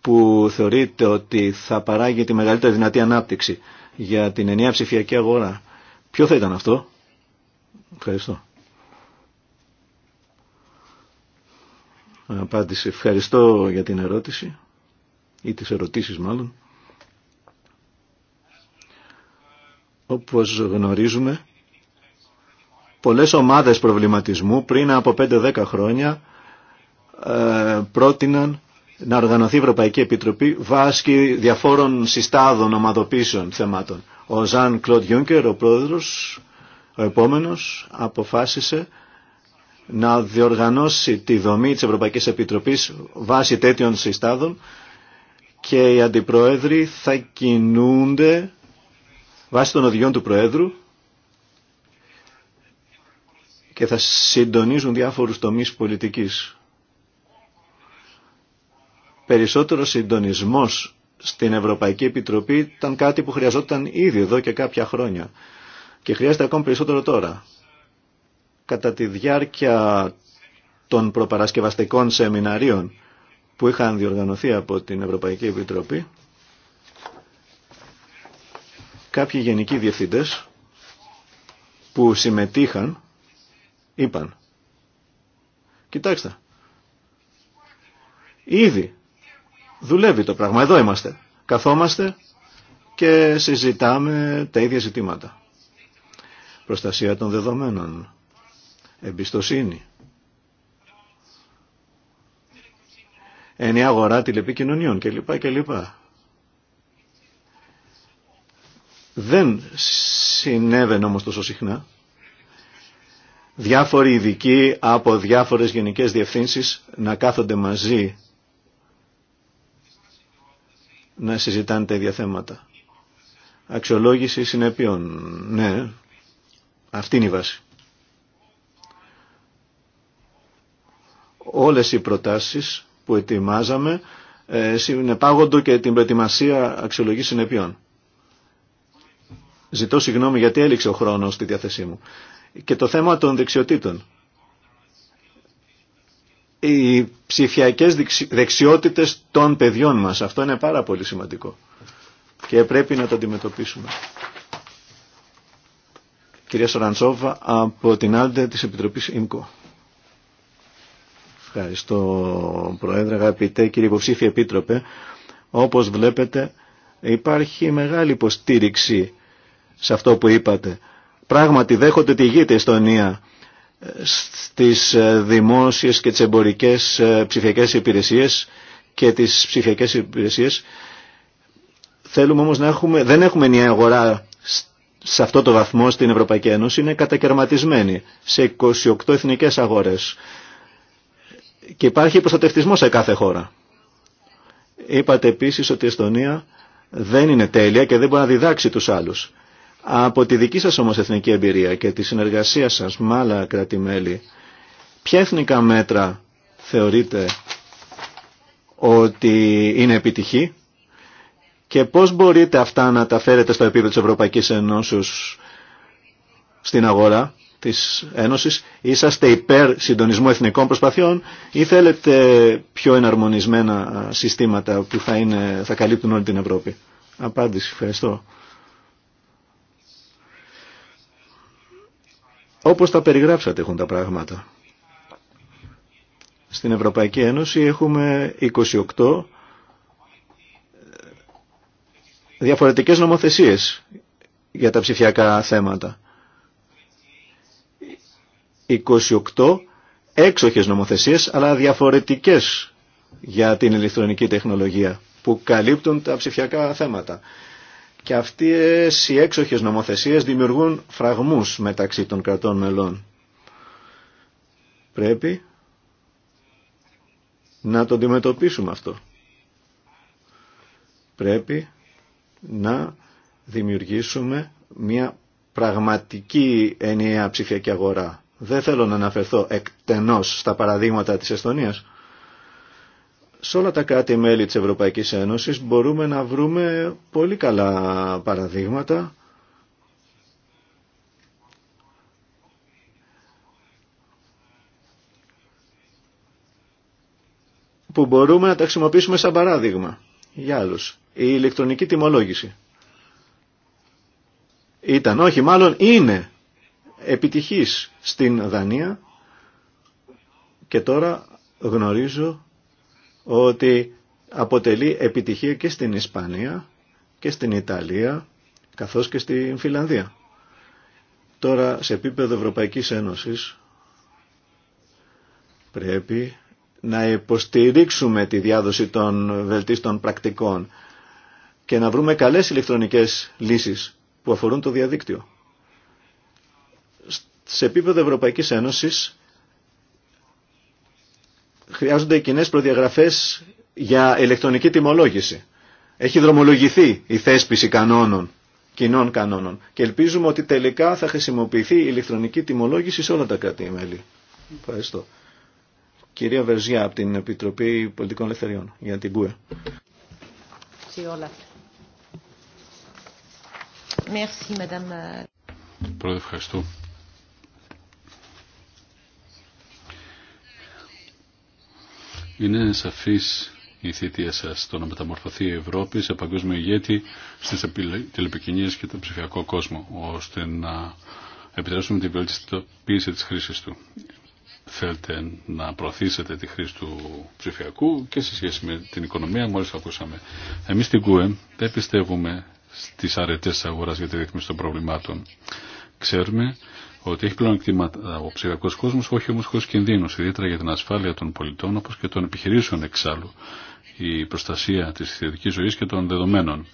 που θεωρείτε ότι θα παράγει τη μεγαλύτερη δυνατή ανάπτυξη για την ενιαία ψηφιακή αγορά, ποιο θα ήταν αυτό. Ευχαριστώ. απάντηση. Ευχαριστώ για την ερώτηση ή τις ερωτήσεις μάλλον. Όπως γνωρίζουμε, πολλές ομάδες προβληματισμού πριν από 5-10 χρόνια ε, πρότειναν να οργανωθεί η Ευρωπαϊκή Επιτροπή βάσκη διαφόρων συστάδων ομαδοποίησεων θεμάτων. Ο Ζαν Κλοντ Γιούνκερ, ο πρόεδρος, ο επόμενος, αποφάσισε να διοργανώσει τη δομή της Ευρωπαϊκής Επιτροπής βάσει τέτοιων συστάδων και οι αντιπροέδροι θα κινούνται βάσει των οδηγιών του Προέδρου και θα συντονίζουν διάφορους τομείς πολιτικής. Περισσότερο συντονισμός στην Ευρωπαϊκή Επιτροπή ήταν κάτι που χρειαζόταν ήδη εδώ και κάποια χρόνια και χρειάζεται ακόμη περισσότερο τώρα κατά τη διάρκεια των προπαρασκευαστικών σεμιναρίων που είχαν διοργανωθεί από την Ευρωπαϊκή Επιτροπή, κάποιοι γενικοί διευθυντές που συμμετείχαν είπαν «Κοιτάξτε, ήδη δουλεύει το πράγμα, εδώ είμαστε, καθόμαστε και συζητάμε τα ίδια ζητήματα. Προστασία των δεδομένων, εμπιστοσύνη. Ενιαία αγορά τηλεπικοινωνιών κλπ. κλπ. Δεν συνέβαινε όμως τόσο συχνά. Διάφοροι ειδικοί από διάφορες γενικές διευθύνσεις να κάθονται μαζί να συζητάνε τα ίδια θέματα. Αξιολόγηση συνεπειών. Ναι, αυτή είναι η βάση. Όλες οι προτάσεις που ετοιμάζαμε ε, συνεπάγονται και την προετοιμασία αξιολογής συνεπειών. Ζητώ συγγνώμη γιατί έληξε ο χρόνος στη διάθεσή μου. Και το θέμα των δεξιοτήτων. Οι ψηφιακές δεξιότητες των παιδιών μας. Αυτό είναι πάρα πολύ σημαντικό. Και πρέπει να το αντιμετωπίσουμε. Κυρία Σοραντσόβα από την Άντε της Επιτροπής ΙΜΚΟ. Ευχαριστώ Προέδρε, αγαπητέ κύριε υποψήφιε επίτροπε. Όπως βλέπετε υπάρχει μεγάλη υποστήριξη σε αυτό που είπατε. Πράγματι δέχονται τη γη τη Εστονία ε, στις ε, δημόσιες και τις εμπορικές ε, ψηφιακές υπηρεσίες και τις ψηφιακές υπηρεσίες. Θέλουμε όμως να έχουμε, δεν έχουμε μια αγορά σε αυτό το βαθμό στην Ευρωπαϊκή Ένωση, είναι κατακαιρματισμένη σε 28 εθνικές αγορές. Και υπάρχει προστατευτισμό σε κάθε χώρα. Είπατε επίσης ότι η Εστονία δεν είναι τέλεια και δεν μπορεί να διδάξει τους άλλους. Από τη δική σας όμως εθνική εμπειρία και τη συνεργασία σας με άλλα ποια εθνικά μέτρα θεωρείτε ότι είναι επιτυχή και πώς μπορείτε αυτά να τα φέρετε στο επίπεδο της Ευρωπαϊκής Ενώσης στην αγορά της Ένωσης, είσαστε υπέρ συντονισμού εθνικών προσπαθειών ή θέλετε πιο εναρμονισμένα συστήματα που θα, είναι, θα καλύπτουν όλη την Ευρώπη. Απάντηση, ευχαριστώ. Όπως τα περιγράψατε έχουν τα πράγματα. Στην Ευρωπαϊκή Ένωση έχουμε 28 ε, διαφορετικές νομοθεσίες για τα ψηφιακά θέματα. 28 έξοχες νομοθεσίες αλλά διαφορετικές για την ηλεκτρονική τεχνολογία που καλύπτουν τα ψηφιακά θέματα. Και αυτές οι έξοχες νομοθεσίες δημιουργούν φραγμούς μεταξύ των κρατών μελών. Πρέπει να το αντιμετωπίσουμε αυτό. Πρέπει να δημιουργήσουμε μια πραγματική ενιαία ψηφιακή αγορά δεν θέλω να αναφερθώ εκτενώς στα παραδείγματα της Εστονίας. Σε όλα τα κράτη-μέλη της Ευρωπαϊκής Ένωσης μπορούμε να βρούμε πολύ καλά παραδείγματα που μπορούμε να τα χρησιμοποιήσουμε σαν παράδειγμα για άλλους. Η ηλεκτρονική τιμολόγηση. Ήταν, όχι μάλλον είναι επιτυχής στην Δανία και τώρα γνωρίζω ότι αποτελεί επιτυχία και στην Ισπανία και στην Ιταλία καθώς και στην Φιλανδία. Τώρα σε επίπεδο Ευρωπαϊκής Ένωσης πρέπει να υποστηρίξουμε τη διάδοση των βελτίστων πρακτικών και να βρούμε καλές ηλεκτρονικές λύσεις που αφορούν το διαδίκτυο. Σε επίπεδο Ευρωπαϊκής Ένωσης χρειάζονται κοινέ προδιαγραφές για ηλεκτρονική τιμολόγηση. Έχει δρομολογηθεί η θέσπιση κανόνων, κοινών κανόνων και ελπίζουμε ότι τελικά θα χρησιμοποιηθεί η ηλεκτρονική τιμολόγηση σε όλα τα κράτη-μέλη. Ευχαριστώ. Κυρία Βερζιά από την Επιτροπή Πολιτικών Ελευθεριών για την ΚΟΕ. ευχαριστώ. Είναι σαφής η θητεία σα το να μεταμορφωθεί η Ευρώπη σε παγκόσμιο ηγέτη στις τηλεπικοινίε και τον ψηφιακό κόσμο, ώστε να επιτρέψουμε την βελτιστοποίηση τη χρήση του. Θέλετε να προωθήσετε τη χρήση του ψηφιακού και σε σχέση με την οικονομία, μόλι το ακούσαμε. Εμείς στην ΚΟΕ δεν πιστεύουμε στις αρετές τη αγοράς για τη ρύθμιση των προβλημάτων. Ξέρουμε ότι έχει πλέον εκτιμάτα ο ψηφιακό κόσμο, όχι όμω χωρί κινδύνου, ιδιαίτερα για την ασφάλεια των πολιτών όπω και των επιχειρήσεων εξάλλου, η προστασία τη ιδιωτική ζωή και των δεδομένων.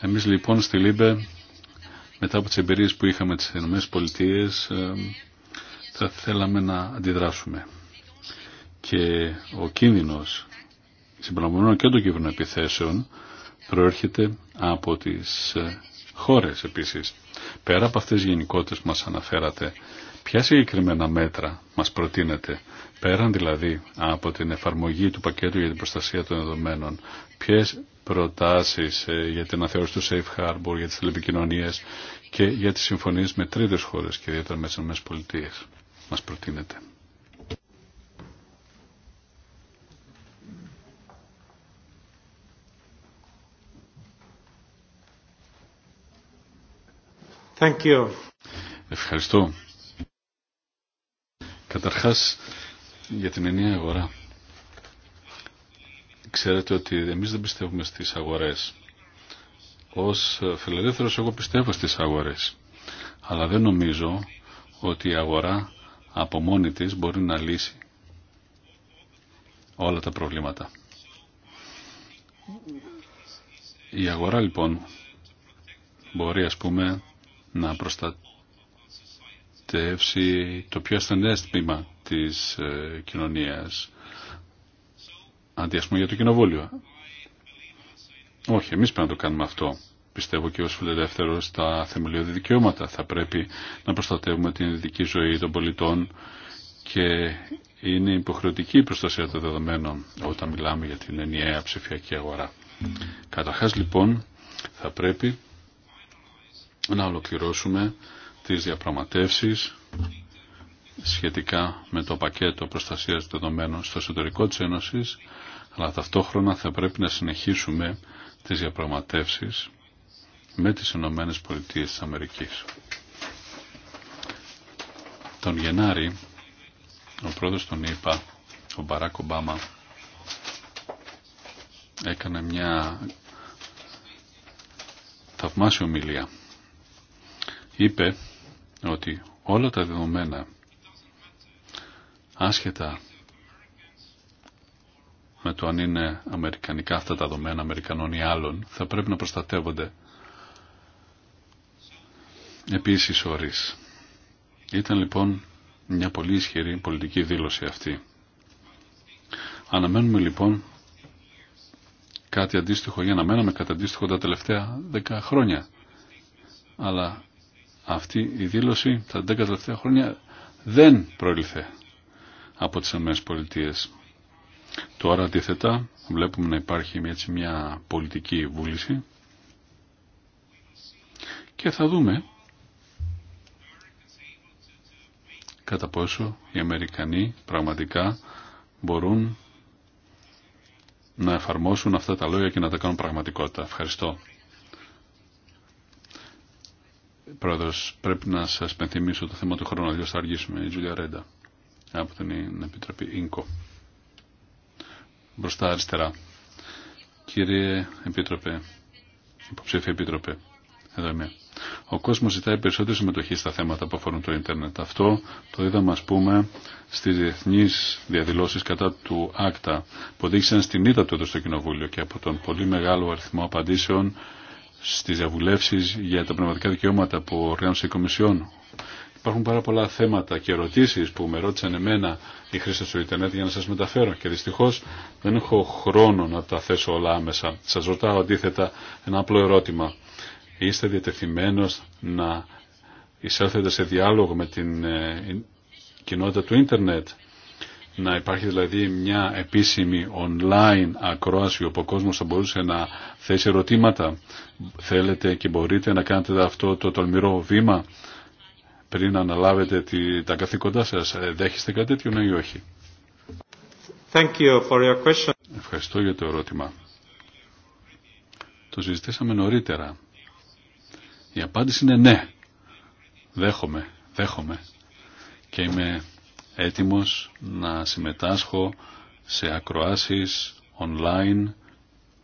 Εμεί λοιπόν στη ΛΥΜΠΕ, μετά από τι εμπειρίε που είχαμε τι ΗΠΑ, ε, θα θέλαμε να αντιδράσουμε. Και ο κίνδυνο συμπεριλαμβανομένων και των κυβερνοεπιθέσεων προέρχεται από τι ε, χώρε επίση Πέρα από αυτές τις γενικότητες που μας αναφέρατε, ποια συγκεκριμένα μέτρα μας προτείνετε, πέραν δηλαδή από την εφαρμογή του πακέτου για την προστασία των δεδομένων, ποιες προτάσεις ε, για την αναθεώρηση του Safe Harbor, για τις τηλεπικοινωνίες και για τις συμφωνίες με τρίτες χώρες και ιδιαίτερα με τις ΗΠΑ μας προτείνετε. Thank you. Ευχαριστώ. Καταρχάς για την ενιαία αγορά. Ξέρετε ότι εμείς δεν πιστεύουμε στις αγορές. Ως φιλελεύθερος εγώ πιστεύω στις αγορές. Αλλά δεν νομίζω ότι η αγορά από μόνη της μπορεί να λύσει όλα τα προβλήματα. Η αγορά λοιπόν μπορεί ας πούμε να προστατεύσει το πιο ασθενές τμήμα της ε, κοινωνίας. Αντί για το κοινοβούλιο. Όχι, εμείς πρέπει να το κάνουμε αυτό. Πιστεύω και ως φιλελεύθερος τα θεμελιώδη δικαιώματα. Θα πρέπει να προστατεύουμε την ειδική ζωή των πολιτών και είναι υποχρεωτική η προστασία των δεδομένων όταν μιλάμε για την ενιαία ψηφιακή αγορά. Καταρχάς λοιπόν θα πρέπει να ολοκληρώσουμε τις διαπραγματεύσεις σχετικά με το πακέτο προστασίας δεδομένων στο εσωτερικό της Ένωσης, αλλά ταυτόχρονα θα πρέπει να συνεχίσουμε τις διαπραγματεύσεις με τις Ηνωμένες Πολιτείες της Αμερικής. Τον Γενάρη, ο πρόεδρος των ΗΠΑ, ο Μπαράκ Ομπάμα, έκανε μια θαυμάσια ομιλία είπε ότι όλα τα δεδομένα άσχετα με το αν είναι αμερικανικά αυτά τα δεδομένα Αμερικανών ή άλλων θα πρέπει να προστατεύονται επίσης ορίς. Ήταν λοιπόν μια πολύ ισχυρή πολιτική δήλωση αυτή. Αναμένουμε λοιπόν κάτι αντίστοιχο για να μέναμε κατά αντίστοιχο τα τελευταία δέκα χρόνια. Αλλά αυτή η δήλωση τα 10 τελευταία χρόνια δεν προήλθε από τις ΗΠΑ. Τώρα αντίθετα βλέπουμε να υπάρχει έτσι μια πολιτική βούληση και θα δούμε κατά πόσο οι Αμερικανοί πραγματικά μπορούν να εφαρμόσουν αυτά τα λόγια και να τα κάνουν πραγματικότητα. Ευχαριστώ. Πρόεδρο, πρέπει να σα πενθυμίσω το θέμα του χρόνου, αλλιώς δηλαδή θα αργήσουμε. Η Τζούλια Ρέντα από την Επιτροπή ΙΝΚΟ. Μπροστά αριστερά. Κύριε Επίτροπε, υποψήφια Επίτροπε, εδώ είμαι. Ο κόσμο ζητάει περισσότερη συμμετοχή στα θέματα που αφορούν το ίντερνετ. Αυτό το είδαμε, α πούμε, στι διεθνεί διαδηλώσει κατά του ΆΚΤΑ που οδήγησαν στην ήττα του εδώ στο Κοινοβούλιο και από τον πολύ μεγάλο αριθμό απαντήσεων Στι διαβουλεύσει για τα πνευματικά δικαιώματα που οργάνωσε η Κομισιόν. Υπάρχουν πάρα πολλά θέματα και ερωτήσεις που με ρώτησαν εμένα οι χρήστε του Ιντερνετ για να σας μεταφέρω και δυστυχώς δεν έχω χρόνο να τα θέσω όλα άμεσα. Σας ρωτάω αντίθετα ένα απλό ερώτημα. Είστε διατεθειμένο να εισέλθετε σε διάλογο με την ε, κοινότητα του ίντερνετ να υπάρχει δηλαδή μια επίσημη online ακρόαση όπου ο κόσμος θα μπορούσε να θέσει ερωτήματα. Θέλετε και μπορείτε να κάνετε αυτό το τολμηρό βήμα πριν αναλάβετε τη, τα καθήκοντά σας. Ε, δέχεστε κάτι τέτοιο ναι ή όχι. Thank you for your question. Ευχαριστώ για το ερώτημα. Το συζητήσαμε νωρίτερα. Η απάντηση είναι ναι. Δέχομαι, δέχομαι. Και είμαι έτοιμος να συμμετάσχω σε ακροάσεις online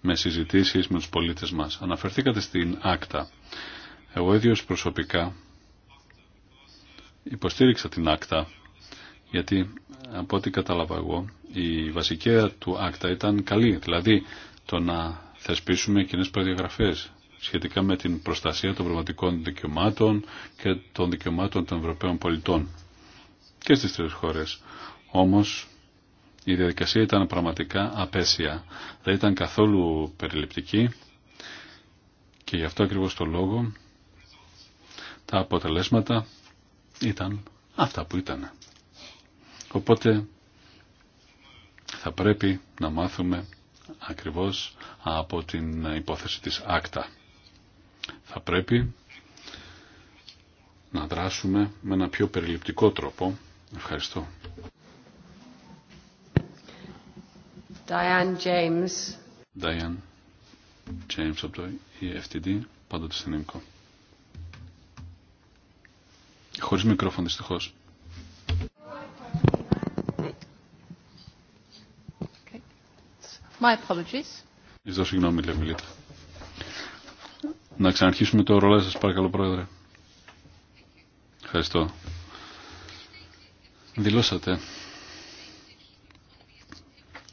με συζητήσεις με τους πολίτες μας. Αναφερθήκατε στην άκτα. Εγώ ίδιος προσωπικά υποστήριξα την άκτα γιατί από ό,τι κατάλαβα εγώ η βασική του άκτα ήταν καλή. Δηλαδή το να θεσπίσουμε κοινέ προδιαγραφές σχετικά με την προστασία των πραγματικών δικαιωμάτων και των δικαιωμάτων των Ευρωπαίων πολιτών και στις τρεις χώρες. Όμως η διαδικασία ήταν πραγματικά απέσια. Δεν ήταν καθόλου περιληπτική και γι' αυτό ακριβώς το λόγο τα αποτελέσματα ήταν αυτά που ήταν. Οπότε θα πρέπει να μάθουμε ακριβώς από την υπόθεση της άκτα. Θα πρέπει να δράσουμε με ένα πιο περιληπτικό τρόπο Ευχαριστώ. Diane James. Diane James από το EFTD, πάντοτε στην ΕΜΚΟ. Χωρίς μικρόφωνο δυστυχώς. My apologies. Ζητώ συγγνώμη, λέει Μιλίτα. Να ξαναρχίσουμε το ρολόι σας, παρακαλώ, Πρόεδρε. Ευχαριστώ δηλώσατε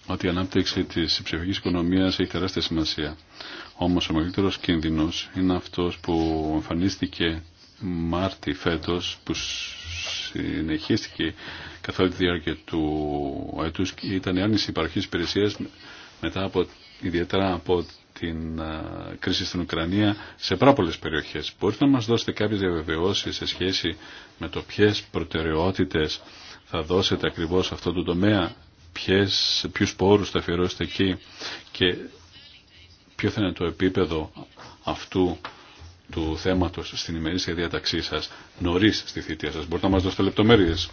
ότι η ανάπτυξη της ψηφιακής οικονομίας έχει τεράστια σημασία. Όμως ο μεγαλύτερος κίνδυνος είναι αυτός που εμφανίστηκε Μάρτι φέτος που συνεχίστηκε καθ' όλη τη διάρκεια του έτους ήταν η άρνηση υπαρχής υπηρεσίας μετά από, ιδιαίτερα από την κρίση στην Ουκρανία σε πάρα πολλέ περιοχές. Μπορείτε να μας δώσετε κάποιες διαβεβαιώσεις σε σχέση με το ποιε προτεραιότητες θα δώσετε ακριβώς αυτό το τομέα, ποιες, ποιους πόρους θα αφιερώσετε εκεί και ποιο θα είναι το επίπεδο αυτού του θέματος στην ημερήσια διαταξή σας νωρίς στη θητεία σας. Μπορείτε να μας δώσετε λεπτομέρειες.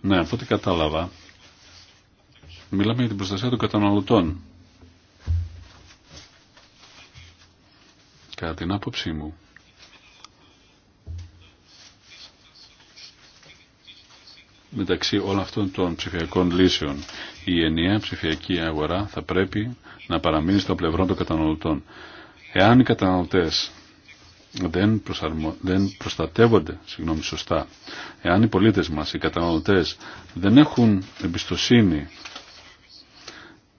Ναι, από ό,τι κατάλαβα, μιλάμε για την προστασία των καταναλωτών. Κατά την άποψή μου, μεταξύ όλων αυτών των ψηφιακών λύσεων. Η ενιαία ψηφιακή αγορά θα πρέπει να παραμείνει στο πλευρό των καταναλωτών. Εάν οι καταναλωτέ δεν, δεν προστατεύονται συγγνώμη, σωστά, εάν οι πολίτες μας, οι καταναλωτές δεν έχουν εμπιστοσύνη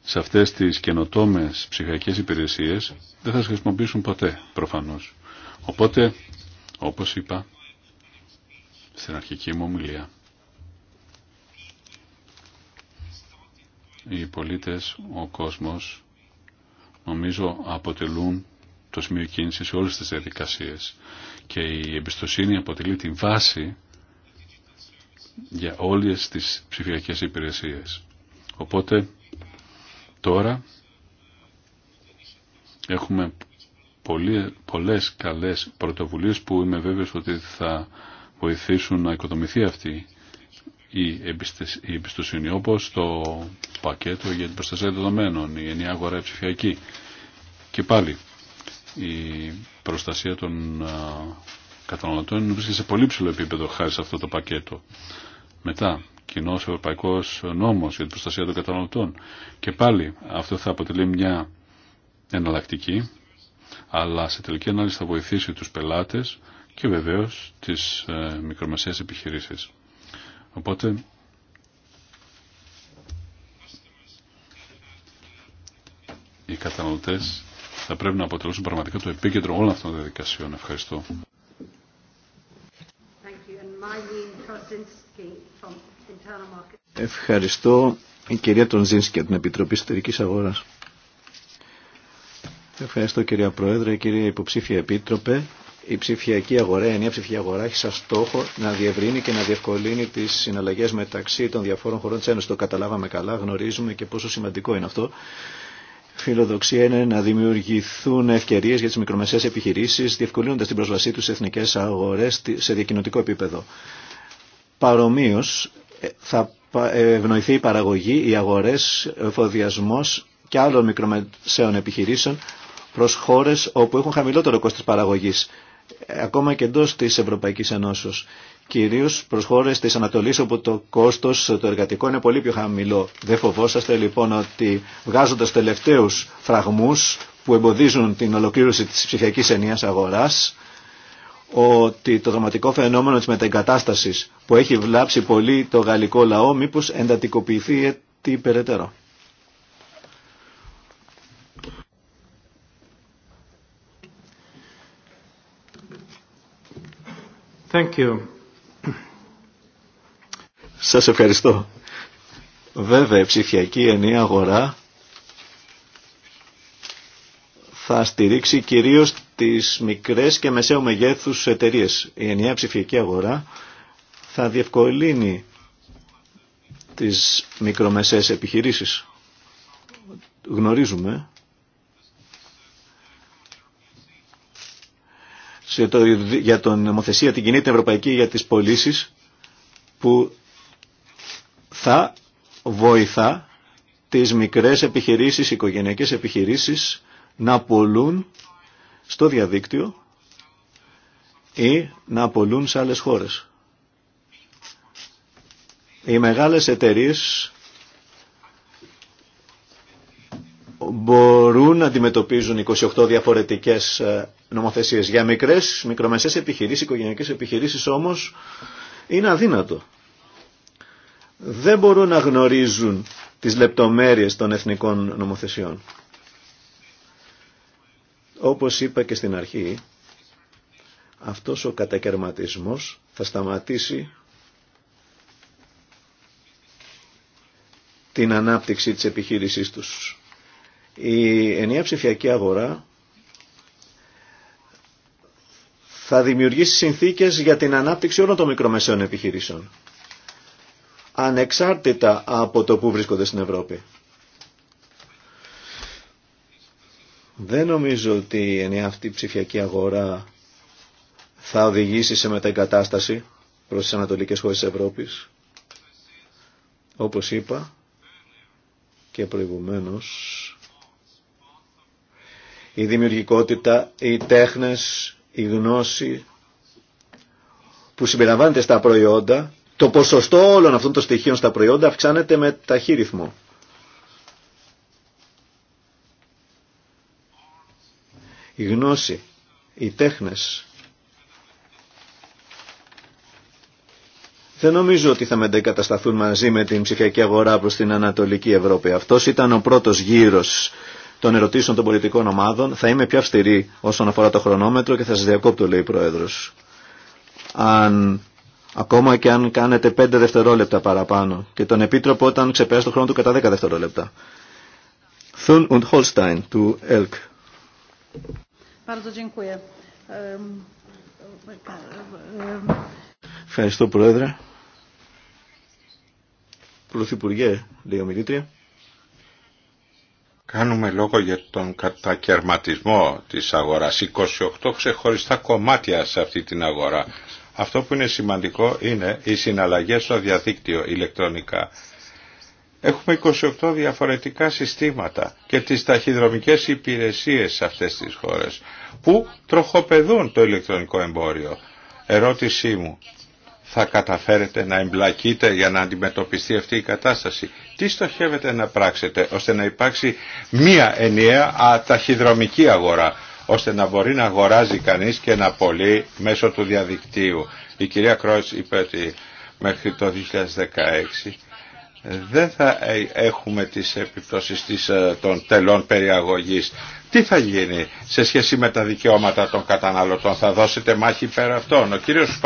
σε αυτές τις καινοτόμες ψηφιακές υπηρεσίες, δεν θα τις χρησιμοποιήσουν ποτέ προφανώς. Οπότε, όπως είπα στην αρχική μου ομιλία, οι πολίτες, ο κόσμος, νομίζω αποτελούν το σημείο κίνησης σε όλες τις διαδικασίες. Και η εμπιστοσύνη αποτελεί τη βάση για όλες τις ψηφιακές υπηρεσίες. Οπότε τώρα έχουμε πολλές, πολλές καλές πρωτοβουλίες που είμαι βέβαιος ότι θα βοηθήσουν να οικοδομηθεί αυτή η εμπιστοσύνη όπως το πακέτο για την προστασία δεδομένων, η ενιαία αγορά ψηφιακή και πάλι η προστασία των καταναλωτών βρίσκεται σε πολύ ψηλό επίπεδο χάρη σε αυτό το πακέτο. Μετά, κοινό ευρωπαϊκό νόμο για την προστασία των καταναλωτών. Και πάλι αυτό θα αποτελεί μια εναλλακτική, αλλά σε τελική ανάλυση θα βοηθήσει του πελάτε και βεβαίω τι ε, μικρομεσαίε επιχειρήσει. Οπότε κατανοητέ θα πρέπει να αποτελούσουν πραγματικά το επίκεντρο όλων αυτών των διαδικασιών. Ευχαριστώ. Ευχαριστώ η κυρία Τονζίνσκη από την Επιτροπή Εσωτερικής Αγοράς. Ευχαριστώ κυρία Πρόεδρε, κυρία Υποψήφια Επίτροπε. Η ψηφιακή αγορά, η ενιαία ψηφιακή αγορά έχει σαν στόχο να διευρύνει και να διευκολύνει τι συναλλαγέ μεταξύ των διαφόρων χωρών τη Ένωση. Το καταλάβαμε καλά, γνωρίζουμε και πόσο σημαντικό είναι αυτό. Φιλοδοξία είναι να δημιουργηθούν ευκαιρίε για τι μικρομεσαίες επιχειρήσει, διευκολύνοντα την πρόσβασή του σε εθνικέ αγορέ σε διακοινωτικό επίπεδο. Παρομοίω, ε, θα ε, ευνοηθεί η παραγωγή, οι αγορέ, ο εφοδιασμό και άλλων μικρομεσαίων επιχειρήσεων προ χώρε όπου έχουν χαμηλότερο κόστο παραγωγή, ε, ακόμα και εντό τη Ευρωπαϊκή Ενώσεω κυρίως προς χώρες της Ανατολής όπου το κόστος το εργατικό είναι πολύ πιο χαμηλό. Δεν φοβόσαστε λοιπόν ότι βγάζοντας τελευταίους φραγμούς που εμποδίζουν την ολοκλήρωση της ψηφιακής ενίας αγοράς ότι το δραματικό φαινόμενο της μεταγκατάστασης που έχει βλάψει πολύ το γαλλικό λαό μήπως εντατικοποιηθεί τι περαιτέρω. Thank you. Σας ευχαριστώ. Βέβαια, η ψηφιακή ενία αγορά θα στηρίξει κυρίως τις μικρές και μεσαίου μεγέθους εταιρείες. Η ενιαία ψηφιακή αγορά θα διευκολύνει τις μικρομεσαίες επιχειρήσεις. Γνωρίζουμε για, το, για τον νομοθεσία την Κινήτη ευρωπαϊκή για τις πωλήσει που θα βοηθά τις μικρές επιχειρήσεις, οικογενειακές επιχειρήσεις να πολλούν στο διαδίκτυο ή να πολλούν σε άλλες χώρες. Οι μεγάλες εταιρείες μπορούν να αντιμετωπίζουν 28 διαφορετικές ε, νομοθεσίες. Για μικρές, μικρομεσαίες επιχειρήσεις, οικογενειακές επιχειρήσεις όμως είναι αδύνατο δεν μπορούν να γνωρίζουν τις λεπτομέρειες των εθνικών νομοθεσιών. Όπως είπα και στην αρχή, αυτός ο κατακαιρματισμός θα σταματήσει την ανάπτυξη της επιχείρησής τους. Η ενιαία ψηφιακή αγορά θα δημιουργήσει συνθήκες για την ανάπτυξη όλων των μικρομεσαίων επιχειρήσεων ανεξάρτητα από το που βρίσκονται στην Ευρώπη. Δεν νομίζω ότι η ενιαία αυτή ψηφιακή αγορά θα οδηγήσει σε μεταγκατάσταση προς τις ανατολικές χώρες της Ευρώπης. Όπως είπα και προηγουμένως, η δημιουργικότητα, οι τέχνες, η γνώση που συμπεριλαμβάνεται στα προϊόντα το ποσοστό όλων αυτών των στοιχείων στα προϊόντα αυξάνεται με ταχύ ρυθμό. Η γνώση, οι τέχνες. Δεν νομίζω ότι θα μετεγκατασταθούν μαζί με την ψηφιακή αγορά προς την Ανατολική Ευρώπη. Αυτός ήταν ο πρώτος γύρος των ερωτήσεων των πολιτικών ομάδων. Θα είμαι πιο αυστηρή όσον αφορά το χρονόμετρο και θα σας διακόπτω, λέει η Πρόεδρος. Αν Ακόμα και αν κάνετε 5 δευτερόλεπτα παραπάνω. Και τον Επίτροπο όταν ξεπεράσει το χρόνο του κατά 10 δευτερόλεπτα. Thun und Holstein του Ευχαριστώ Πρόεδρε. Πρωθυπουργέ, λέει ο Μιλήτρια. Κάνουμε λόγο για τον κατακαιρματισμό της αγοράς. 28 ξεχωριστά κομμάτια σε αυτή την αγορά. Αυτό που είναι σημαντικό είναι οι συναλλαγές στο διαδίκτυο ηλεκτρονικά. Έχουμε 28 διαφορετικά συστήματα και τις ταχυδρομικές υπηρεσίες σε αυτές τις χώρες που τροχοπεδούν το ηλεκτρονικό εμπόριο. Ερώτησή μου, θα καταφέρετε να εμπλακείτε για να αντιμετωπιστεί αυτή η κατάσταση. Τι στοχεύετε να πράξετε ώστε να υπάρξει μία ενιαία αταχυδρομική αγορά ώστε να μπορεί να αγοράζει κανείς και να πωλεί μέσω του διαδικτύου. Η κυρία Κρόης είπε ότι μέχρι το 2016 δεν θα ε, έχουμε τις επιπτώσεις ε, των τελών περιαγωγής. Τι θα γίνει σε σχέση με τα δικαιώματα των καταναλωτών, θα δώσετε μάχη πέρα αυτών. Ο κύριος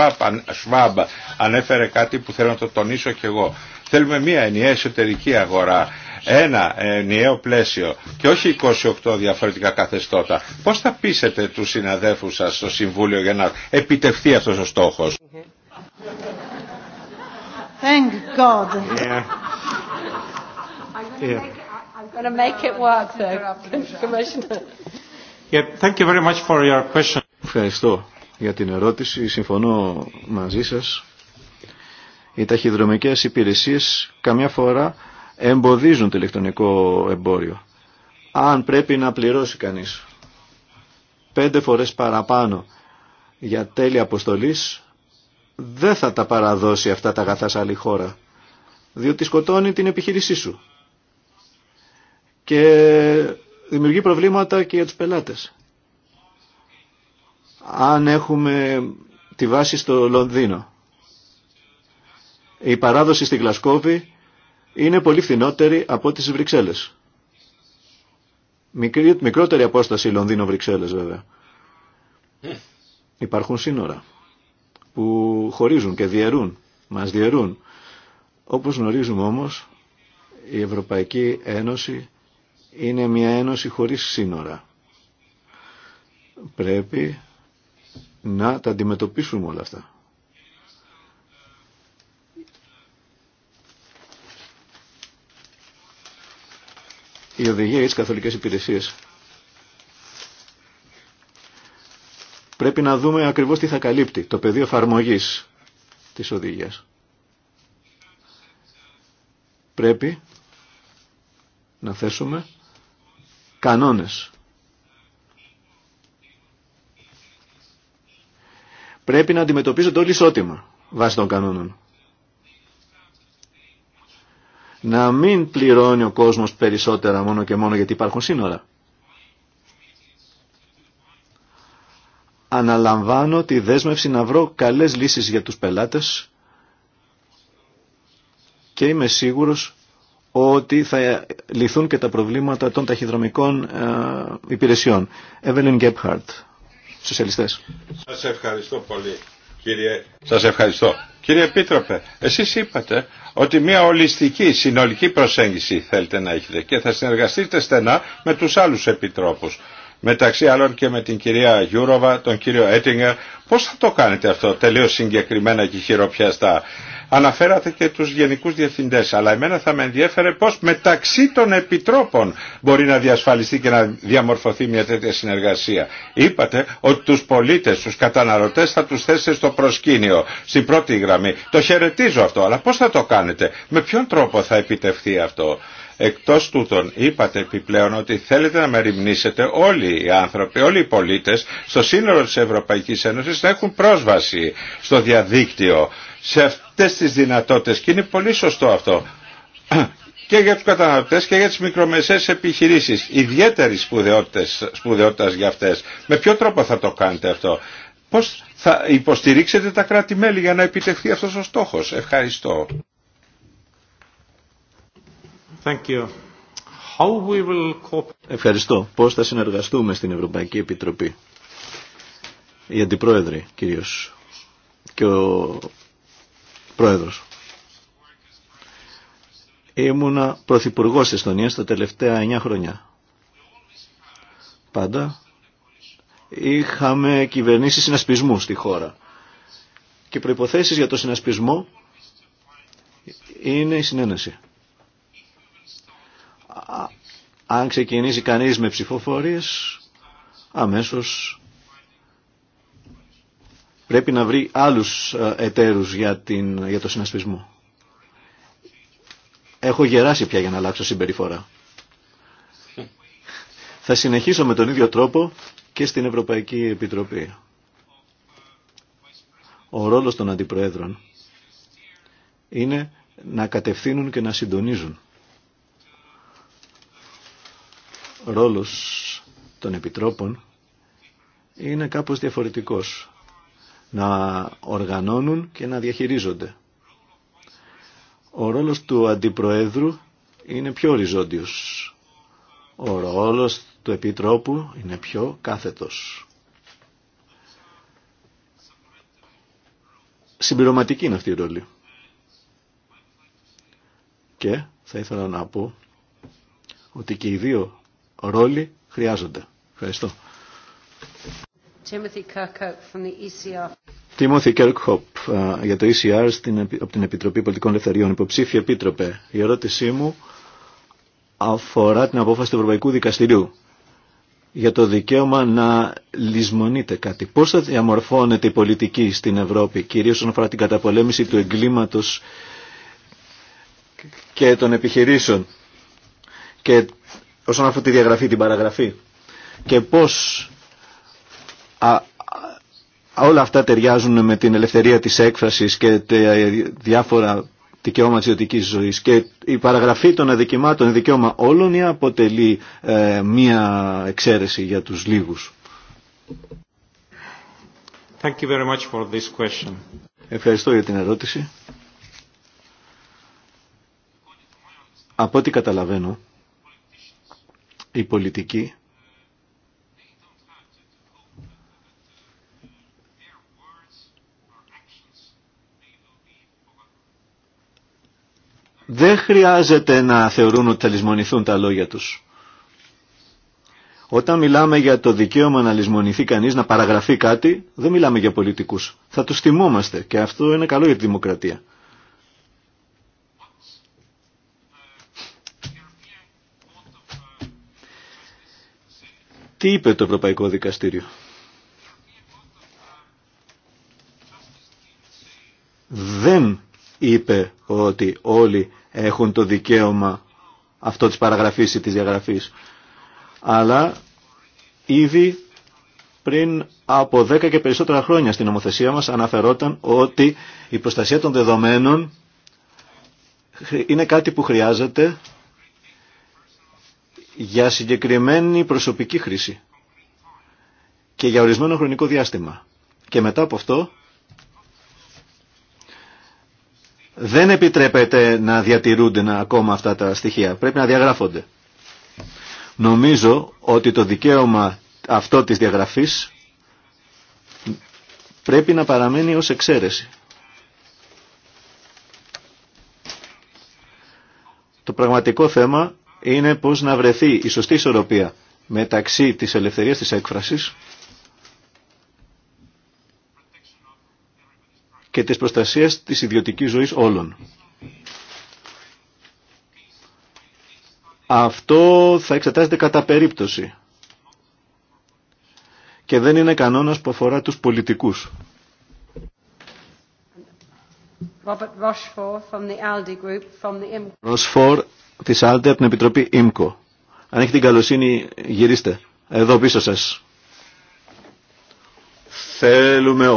Σβάμπ ανέφερε κάτι που θέλω να το τονίσω κι εγώ. Θέλουμε μια ενιαία εσωτερική αγορά ένα ε, ενιαίο πλαίσιο και όχι 28 διαφορετικά καθεστώτα. Πώς θα πείσετε τους συναδέλφους σας στο Συμβούλιο για να επιτευχθεί αυτός ο στόχος. Thank God. thank you very much for your question. Ευχαριστώ για την ερώτηση. Συμφωνώ μαζί σας. Οι ταχυδρομικές υπηρεσίες καμιά φορά εμποδίζουν το ηλεκτρονικό εμπόριο. Αν πρέπει να πληρώσει κανείς πέντε φορές παραπάνω για τέλη αποστολής, δεν θα τα παραδώσει αυτά τα αγαθά σε άλλη χώρα, διότι σκοτώνει την επιχείρησή σου και δημιουργεί προβλήματα και για τους πελάτες. Αν έχουμε τη βάση στο Λονδίνο, η παράδοση στη Γλασκόβη είναι πολύ φθηνότερη από τις Βρυξέλλες. Μικρή, μικρότερη απόσταση Λονδίνο-Βρυξέλλες βέβαια. Υπάρχουν σύνορα που χωρίζουν και διαιρούν, μας διαιρούν. Όπως γνωρίζουμε όμως, η Ευρωπαϊκή Ένωση είναι μια ένωση χωρίς σύνορα. Πρέπει να τα αντιμετωπίσουμε όλα αυτά. η οδηγία για τις καθολικές υπηρεσίες. Πρέπει να δούμε ακριβώς τι θα καλύπτει το πεδίο εφαρμογή της οδηγίας. Πρέπει να θέσουμε κανόνες. Πρέπει να αντιμετωπίζονται όλοι ισότιμα βάσει των κανόνων να μην πληρώνει ο κόσμος περισσότερα μόνο και μόνο γιατί υπάρχουν σύνορα. Αναλαμβάνω τη δέσμευση να βρω καλές λύσεις για τους πελάτες και είμαι σίγουρος ότι θα λυθούν και τα προβλήματα των ταχυδρομικών ε, υπηρεσιών. Evelyn Gebhardt, Σοσιαλιστές. Σας ευχαριστώ πολύ. Κύριε... Σας ευχαριστώ. Κύριε Επίτροπε, εσείς είπατε ότι μια ολιστική, συνολική προσέγγιση θέλετε να έχετε και θα συνεργαστείτε στενά με τους άλλους επιτρόπους. Μεταξύ άλλων και με την κυρία Γιούροβα, τον κύριο Έτιγκερ. Πώς θα το κάνετε αυτό τελείως συγκεκριμένα και χειροπιαστά. Αναφέρατε και τους γενικούς διευθυντές, αλλά εμένα θα με ενδιέφερε πώς μεταξύ των επιτρόπων μπορεί να διασφαλιστεί και να διαμορφωθεί μια τέτοια συνεργασία. Είπατε ότι τους πολίτες, τους καταναλωτές θα τους θέσετε στο προσκήνιο, στην πρώτη γραμμή. Το χαιρετίζω αυτό, αλλά πώς θα το κάνετε, με ποιον τρόπο θα επιτευχθεί αυτό. Εκτός τούτων είπατε επιπλέον ότι θέλετε να μεριμνήσετε όλοι οι άνθρωποι, όλοι οι πολίτες στο σύνολο της Ευρωπαϊκής Ένωσης να έχουν πρόσβαση στο διαδίκτυο σε αυτές τις δυνατότητες και είναι πολύ σωστό αυτό και για τους καταναλωτές και για τις μικρομεσαίες επιχειρήσεις ιδιαίτερη σπουδαιότητα για αυτές με ποιο τρόπο θα το κάνετε αυτό πώς θα υποστηρίξετε τα κράτη-μέλη για να επιτευχθεί αυτός ο στόχος ευχαριστώ Ευχαριστώ. Πώς θα συνεργαστούμε στην Ευρωπαϊκή Επιτροπή. Οι αντιπρόεδροι κυρίως και ο Πρόεδρος. Ήμουνα Πρωθυπουργό της Εστονίας τα τελευταία 9 χρόνια. Πάντα είχαμε κυβερνήσει συνασπισμού στη χώρα. Και προϋποθέσεις για το συνασπισμό είναι η συνένεση. Αν ξεκινήσει κανείς με ψηφοφορίες, αμέσως πρέπει να βρει άλλους ε, εταίρους για, την, για το συνασπισμό. Έχω γεράσει πια για να αλλάξω συμπεριφορά. Θα συνεχίσω με τον ίδιο τρόπο και στην Ευρωπαϊκή Επιτροπή. Ο ρόλος των αντιπροέδρων είναι να κατευθύνουν και να συντονίζουν. Ο Ρόλος των επιτρόπων είναι κάπως διαφορετικός να οργανώνουν και να διαχειρίζονται. Ο ρόλος του Αντιπροέδρου είναι πιο οριζόντιος. Ο ρόλος του Επιτρόπου είναι πιο κάθετος. Συμπληρωματική είναι αυτή η ρόλη. Και θα ήθελα να πω ότι και οι δύο ρόλοι χρειάζονται. Ευχαριστώ. Τίμωθη Κέρκχοπ e uh, για το ECR στην, από την Επιτροπή Πολιτικών Ελευθεριών. Υποψήφιε επίτροπε, η ερώτησή μου αφορά την απόφαση του Ευρωπαϊκού Δικαστηρίου για το δικαίωμα να λησμονείται κάτι. Πώς θα διαμορφώνεται η πολιτική στην Ευρώπη, κυρίως όσον αφορά την καταπολέμηση του εγκλήματος και των επιχειρήσεων και όσον αφορά τη διαγραφή, την παραγραφή και πώς α, όλα αυτά ταιριάζουν με την ελευθερία της έκφρασης και διάφορα δικαιώματα της ιδιωτικής ζωής και η παραγραφή των αδικημάτων δικαίωμα όλων ή αποτελεί ε, μία εξαίρεση για τους λίγους. Thank for this question. Ευχαριστώ για την ερώτηση. Από ό,τι καταλαβαίνω, οι πολιτικοί δεν χρειάζεται να θεωρούν ότι θα λησμονηθούν τα λόγια τους. Όταν μιλάμε για το δικαίωμα να λησμονηθεί κανείς, να παραγραφεί κάτι, δεν μιλάμε για πολιτικούς. Θα τους θυμόμαστε και αυτό είναι καλό για τη δημοκρατία. Τι είπε το Ευρωπαϊκό Δικαστήριο. Δεν είπε ότι όλοι έχουν το δικαίωμα αυτό της παραγραφής ή της διαγραφής. Αλλά ήδη πριν από 10 και περισσότερα χρόνια στην νομοθεσία μας αναφερόταν ότι η προστασία των δεδομένων είναι κάτι που χρειάζεται για συγκεκριμένη προσωπική χρήση και για ορισμένο χρονικό διάστημα. Και μετά από αυτό δεν επιτρέπεται να διατηρούνται ακόμα αυτά τα στοιχεία. Πρέπει να διαγράφονται. Νομίζω ότι το δικαίωμα αυτό της διαγραφής πρέπει να παραμένει ως εξαίρεση. Το πραγματικό θέμα είναι πώς να βρεθεί η σωστή ισορροπία μεταξύ της ελευθερίας της έκφρασης και της προστασίας της ιδιωτικής ζωής όλων. Αυτό θα εξετάζεται κατά περίπτωση και δεν είναι κανόνας που αφορά τους πολιτικούς. Ροσφόρ της Άλντε από την Επιτροπή ΙΜΚΟ. Αν έχετε την καλοσύνη γυρίστε εδώ πίσω σας. Θέλουμε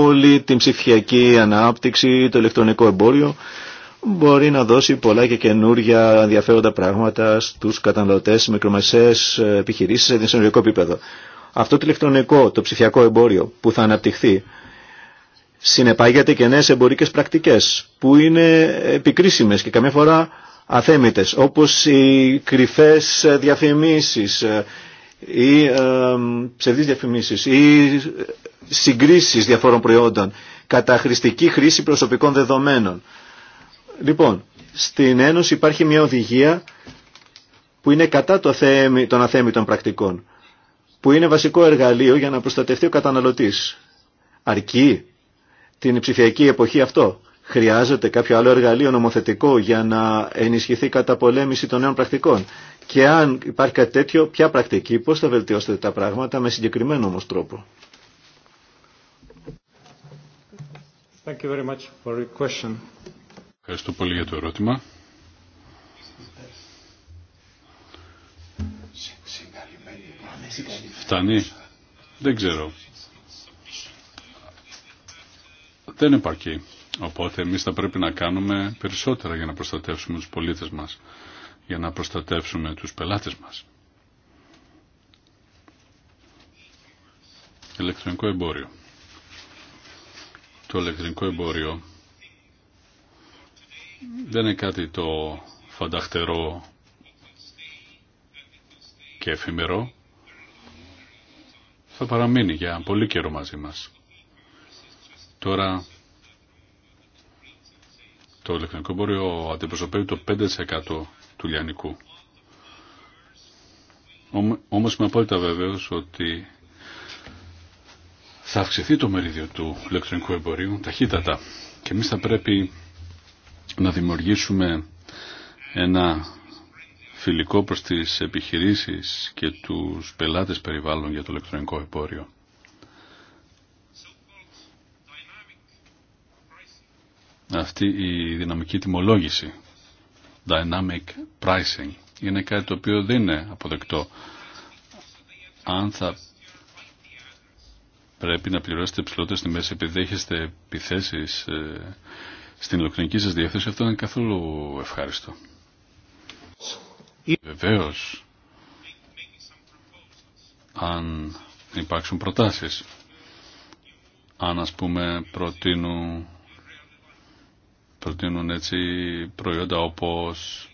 όλη την ψηφιακή ανάπτυξη, το ηλεκτρονικό εμπόριο μπορεί να δώσει πολλά και καινούργια ενδιαφέροντα πράγματα στους καταναλωτές, μικρομεσαίες επιχειρήσεις σε διασυνοριακό επίπεδο. Αυτό το ηλεκτρονικό, το ψηφιακό εμπόριο που θα αναπτυχθεί συνεπάγεται και νέες εμπορικές πρακτικές που είναι επικρίσιμες και καμιά φορά αθέμητες όπως οι κρυφές διαφημίσεις ή ε, ε, ψευδείς διαφημίσεις ή συγκρίσεις διαφόρων προϊόντων, καταχρηστική χρήση προσωπικών δεδομένων. Λοιπόν, στην Ένωση υπάρχει μια οδηγία που είναι κατά το αθέμη των αθέμητων πρακτικών, που είναι βασικό εργαλείο για να προστατευτεί ο καταναλωτής. Αρκεί την ψηφιακή εποχή αυτό. Χρειάζεται κάποιο άλλο εργαλείο νομοθετικό για να ενισχυθεί κατά πολέμηση των νέων πρακτικών. Και αν υπάρχει κάτι τέτοιο, ποια πρακτική, πώς θα βελτιώσετε τα πράγματα με συγκεκριμένο όμως τρόπο. Ευχαριστώ πολύ για το ερώτημα. Φτάνει. Δεν ξέρω. Δεν υπάρχει. Οπότε εμείς θα πρέπει να κάνουμε περισσότερα για να προστατεύσουμε τους πολίτες μας, για να προστατεύσουμε τους πελάτες μας. Ελεκτρονικό εμπόριο το ηλεκτρικό εμπόριο δεν είναι κάτι το φανταχτερό και εφημερό. Θα παραμείνει για πολύ καιρό μαζί μας. Τώρα το ηλεκτρονικό εμπόριο αντιπροσωπεύει το 5% του λιανικού. Όμως είμαι απόλυτα βέβαιος ότι θα αυξηθεί το μερίδιο του ηλεκτρονικού εμπορίου ταχύτατα και εμεί θα πρέπει να δημιουργήσουμε ένα φιλικό προς τις επιχειρήσεις και τους πελάτες περιβάλλον για το ηλεκτρονικό εμπόριο. Αυτή η δυναμική τιμολόγηση, dynamic pricing, είναι κάτι το οποίο δεν είναι αποδεκτό. Αν θα πρέπει να πληρώσετε ψηλότερε τιμέ επειδή έχετε επιθέσει ε, στην ηλεκτρονική σα διεύθυνση, αυτό είναι καθόλου ευχάριστο. Βεβαίω, αν υπάρξουν προτάσει, αν α πούμε προτείνουν, προτείνουν έτσι προϊόντα όπως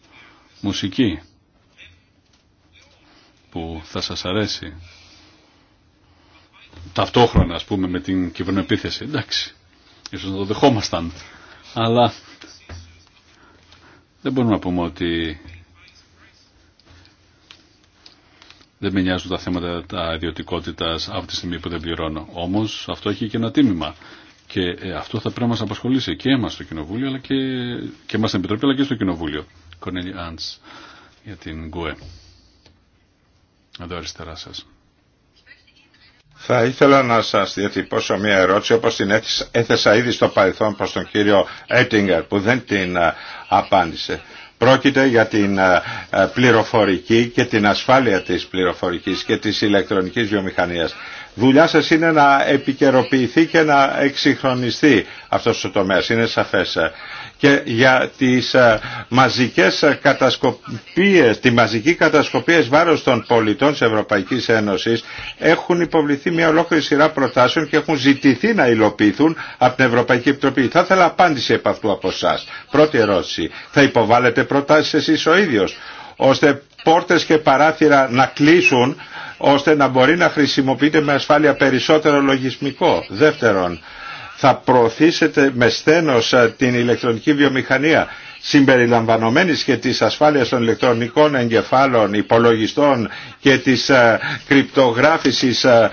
μουσική που θα σας αρέσει ταυτόχρονα ας πούμε με την κυβερνοεπίθεση. Εντάξει, ίσως να το δεχόμασταν. Αλλά δεν μπορούμε να πούμε ότι δεν με νοιάζουν τα θέματα τα ιδιωτικότητα από τη στιγμή που δεν πληρώνω. Όμως αυτό έχει και ένα τίμημα. Και ε, αυτό θα πρέπει να μας απασχολήσει και εμάς στο Κοινοβούλιο, αλλά και, και εμάς στην Επιτροπή, αλλά και στο Κοινοβούλιο. Κορνέλη Άντς για την ΚΟΕ. E. Εδώ αριστερά σας. Θα ήθελα να σας διατυπώσω μια ερώτηση όπως την έθεσα ήδη στο παρελθόν προς τον κύριο Έτιγκερ που δεν την ε, απάντησε. Πρόκειται για την ε, ε, πληροφορική και την ασφάλεια της πληροφορικής και της ηλεκτρονικής βιομηχανίας. Δουλειά σας είναι να επικαιροποιηθεί και να εξυγχρονιστεί αυτός ο τομέας, είναι σαφές και για τις ε, μαζικές ε, κατασκοπίες, τη μαζική κατασκοπία βάρος των πολιτών της Ευρωπαϊκής Ένωσης έχουν υποβληθεί μια ολόκληρη σειρά προτάσεων και έχουν ζητηθεί να υλοποιηθούν από την Ευρωπαϊκή Επιτροπή. Θα ήθελα απάντηση από αυτού από εσά. Πρώτη ερώτηση. Θα υποβάλλετε προτάσεις εσείς ο ίδιος ώστε πόρτες και παράθυρα να κλείσουν ώστε να μπορεί να χρησιμοποιείται με ασφάλεια περισσότερο λογισμικό. Δεύτερον, θα προωθήσετε με στένος την ηλεκτρονική βιομηχανία συμπεριλαμβανομένης και της ασφάλειας των ηλεκτρονικών εγκεφάλων, υπολογιστών και της κρυπτογράφησης ε,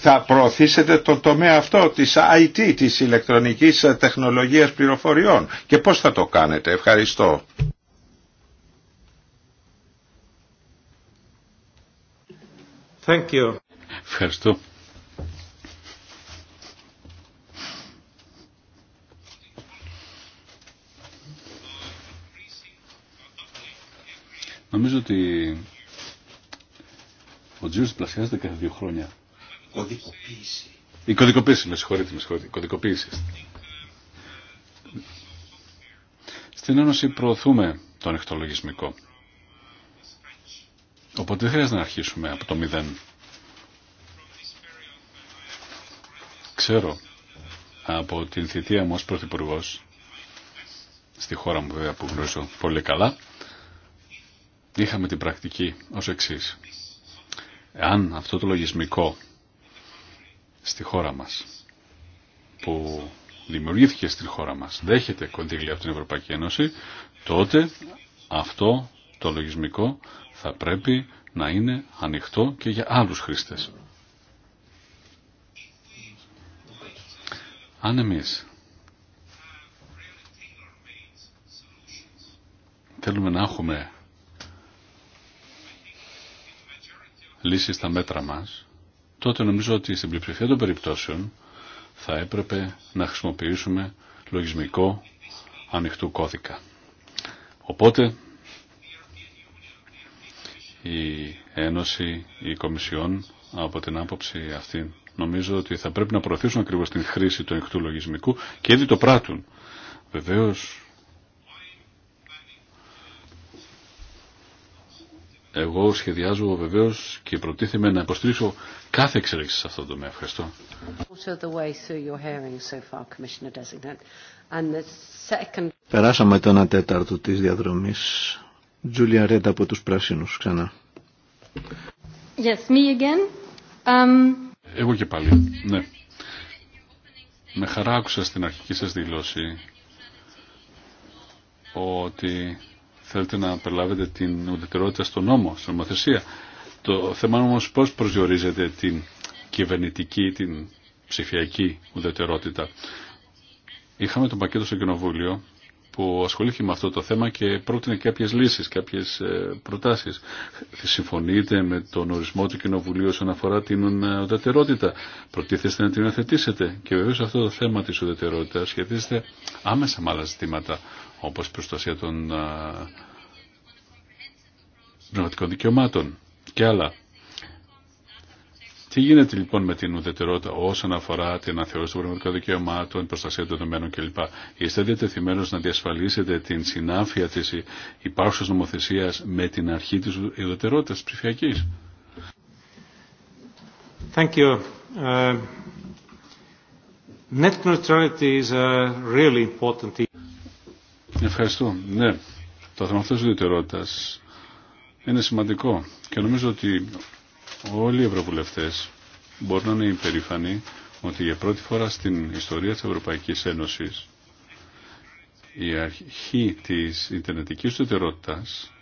θα προωθήσετε τον τομέα αυτό της IT, της ηλεκτρονικής τεχνολογίας πληροφοριών και πώς θα το κάνετε. Ευχαριστώ. Ευχαριστώ. Νομίζω ότι ο τζίρο πλασιάζεται κάθε δύο χρόνια. Κωδικοποίηση. Η κωδικοποίηση, με συγχωρείτε, με συγχωρείτε. Η κωδικοποίηση. Στην Ένωση προωθούμε το ανοιχτό λογισμικό. Οπότε δεν χρειάζεται να αρχίσουμε από το μηδέν. Ξέρω από την θητεία μου ως πρωθυπουργός, στη χώρα μου βέβαια που γνωρίζω πολύ καλά, είχαμε την πρακτική ως εξής. Εάν αυτό το λογισμικό στη χώρα μας που δημιουργήθηκε στη χώρα μας δέχεται κονδύλια από την Ευρωπαϊκή Ένωση, τότε αυτό το λογισμικό θα πρέπει να είναι ανοιχτό και για άλλους χρήστες. Αν εμείς θέλουμε να έχουμε λύσει στα μέτρα μας, τότε νομίζω ότι στην πλειοψηφία των περιπτώσεων θα έπρεπε να χρησιμοποιήσουμε λογισμικό ανοιχτού κώδικα. Οπότε η Ένωση, η Κομισιόν από την άποψη αυτή νομίζω ότι θα πρέπει να προωθήσουν ακριβώς την χρήση του ανοιχτού λογισμικού και ήδη το πράττουν. Βεβαίως Εγώ σχεδιάζω βεβαίω και προτίθεμαι να υποστηρίξω κάθε εξέλιξη σε αυτό το τομέα. Ευχαριστώ. Περάσαμε το 1 τέταρτο της διαδρομής. Τζούλια Ρέντα από τους Πράσινους ξανά. Yes, me again. Um... Εγώ και πάλι, ναι. Με χαρά άκουσα στην αρχική σας δηλώση ότι θέλετε να περιλάβετε την ουδετερότητα στον νόμο, στην νομοθεσία. Το θέμα όμω πώ προσδιορίζετε την κυβερνητική, την ψηφιακή ουδετερότητα. Είχαμε τον πακέτο στο Κοινοβούλιο που ασχολήθηκε με αυτό το θέμα και πρότεινε κάποιες λύσεις, κάποιες ε, προτάσεις. Συμφωνείτε με τον ορισμό του Κοινοβουλίου όσον αφορά την ε, ουδετερότητα. Προτίθεστε να την αθετήσετε. Και βεβαίως αυτό το θέμα της ουδετερότητας σχετίζεται άμεσα με άλλα ζητήματα όπως προστασία των πνευματικών δικαιωμάτων και άλλα. Τι γίνεται λοιπόν με την ουδετερότητα όσον αφορά την αναθεώρηση των πνευματικών δικαιωμάτων, προστασία των δεδομένων κλπ. Είστε διατεθειμένος να διασφαλίσετε την συνάφεια της υπάρχουσας νομοθεσίας με την αρχή της ουδετερότητας της ψηφιακής. Thank you. Uh, net neutrality is a uh, really important Ευχαριστώ. Ναι, το θέμα αυτό τη είναι σημαντικό και νομίζω ότι όλοι οι ευρωβουλευτές μπορούν να είναι υπερήφανοι ότι για πρώτη φορά στην ιστορία της Ευρωπαϊκής Ένωσης η αρχή της Ιντερνετικής ιδιαιτερότητας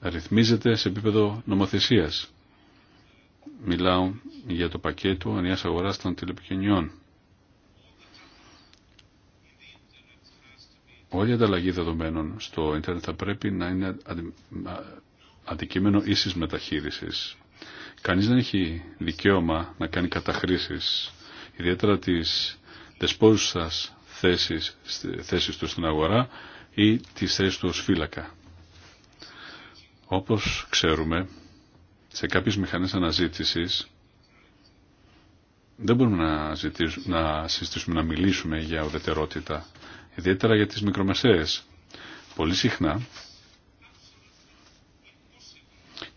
ρυθμίζεται σε επίπεδο νομοθεσίας. Μιλάω για το πακέτο ενιαίας αγοράς των τηλεπικοινωνιών όλη η ανταλλαγή δεδομένων στο ίντερνετ θα πρέπει να είναι αντικείμενο ίσης μεταχείρισης. Κανείς δεν έχει δικαίωμα να κάνει καταχρήσεις, ιδιαίτερα της δεσπόζουσας θέσης, του στην αγορά ή της θέσης του ως φύλακα. Όπως ξέρουμε, σε κάποιες μηχανές αναζήτησης δεν μπορούμε να, ζητήσουμε, να συζητήσουμε, να μιλήσουμε για ουδετερότητα ιδιαίτερα για τις μικρομεσαίες. Πολύ συχνά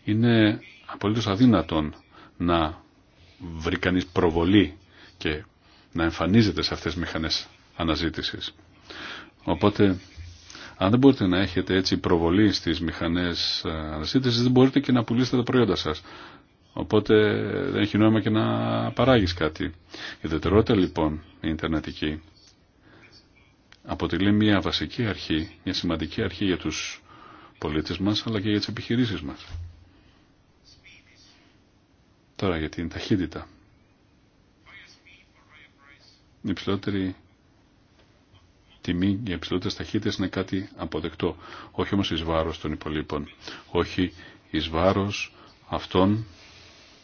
είναι απολύτως αδύνατον να βρει κανείς προβολή και να εμφανίζεται σε αυτές τις μηχανές αναζήτησης. Οπότε, αν δεν μπορείτε να έχετε έτσι προβολή στις μηχανές ε, αναζήτησης, δεν μπορείτε και να πουλήσετε τα προϊόντα σας. Οπότε δεν έχει νόημα και να παράγεις κάτι. Η λοιπόν η Ιντερνετική αποτελεί μια βασική αρχή, μια σημαντική αρχή για τους πολίτες μας αλλά και για τις επιχειρήσεις μας. Τώρα για την ταχύτητα. Η υψηλότερη τιμή για υψηλότερες ταχύτητες είναι κάτι αποδεκτό. Όχι όμως εις βάρος των υπολείπων. Όχι εις βάρος αυτών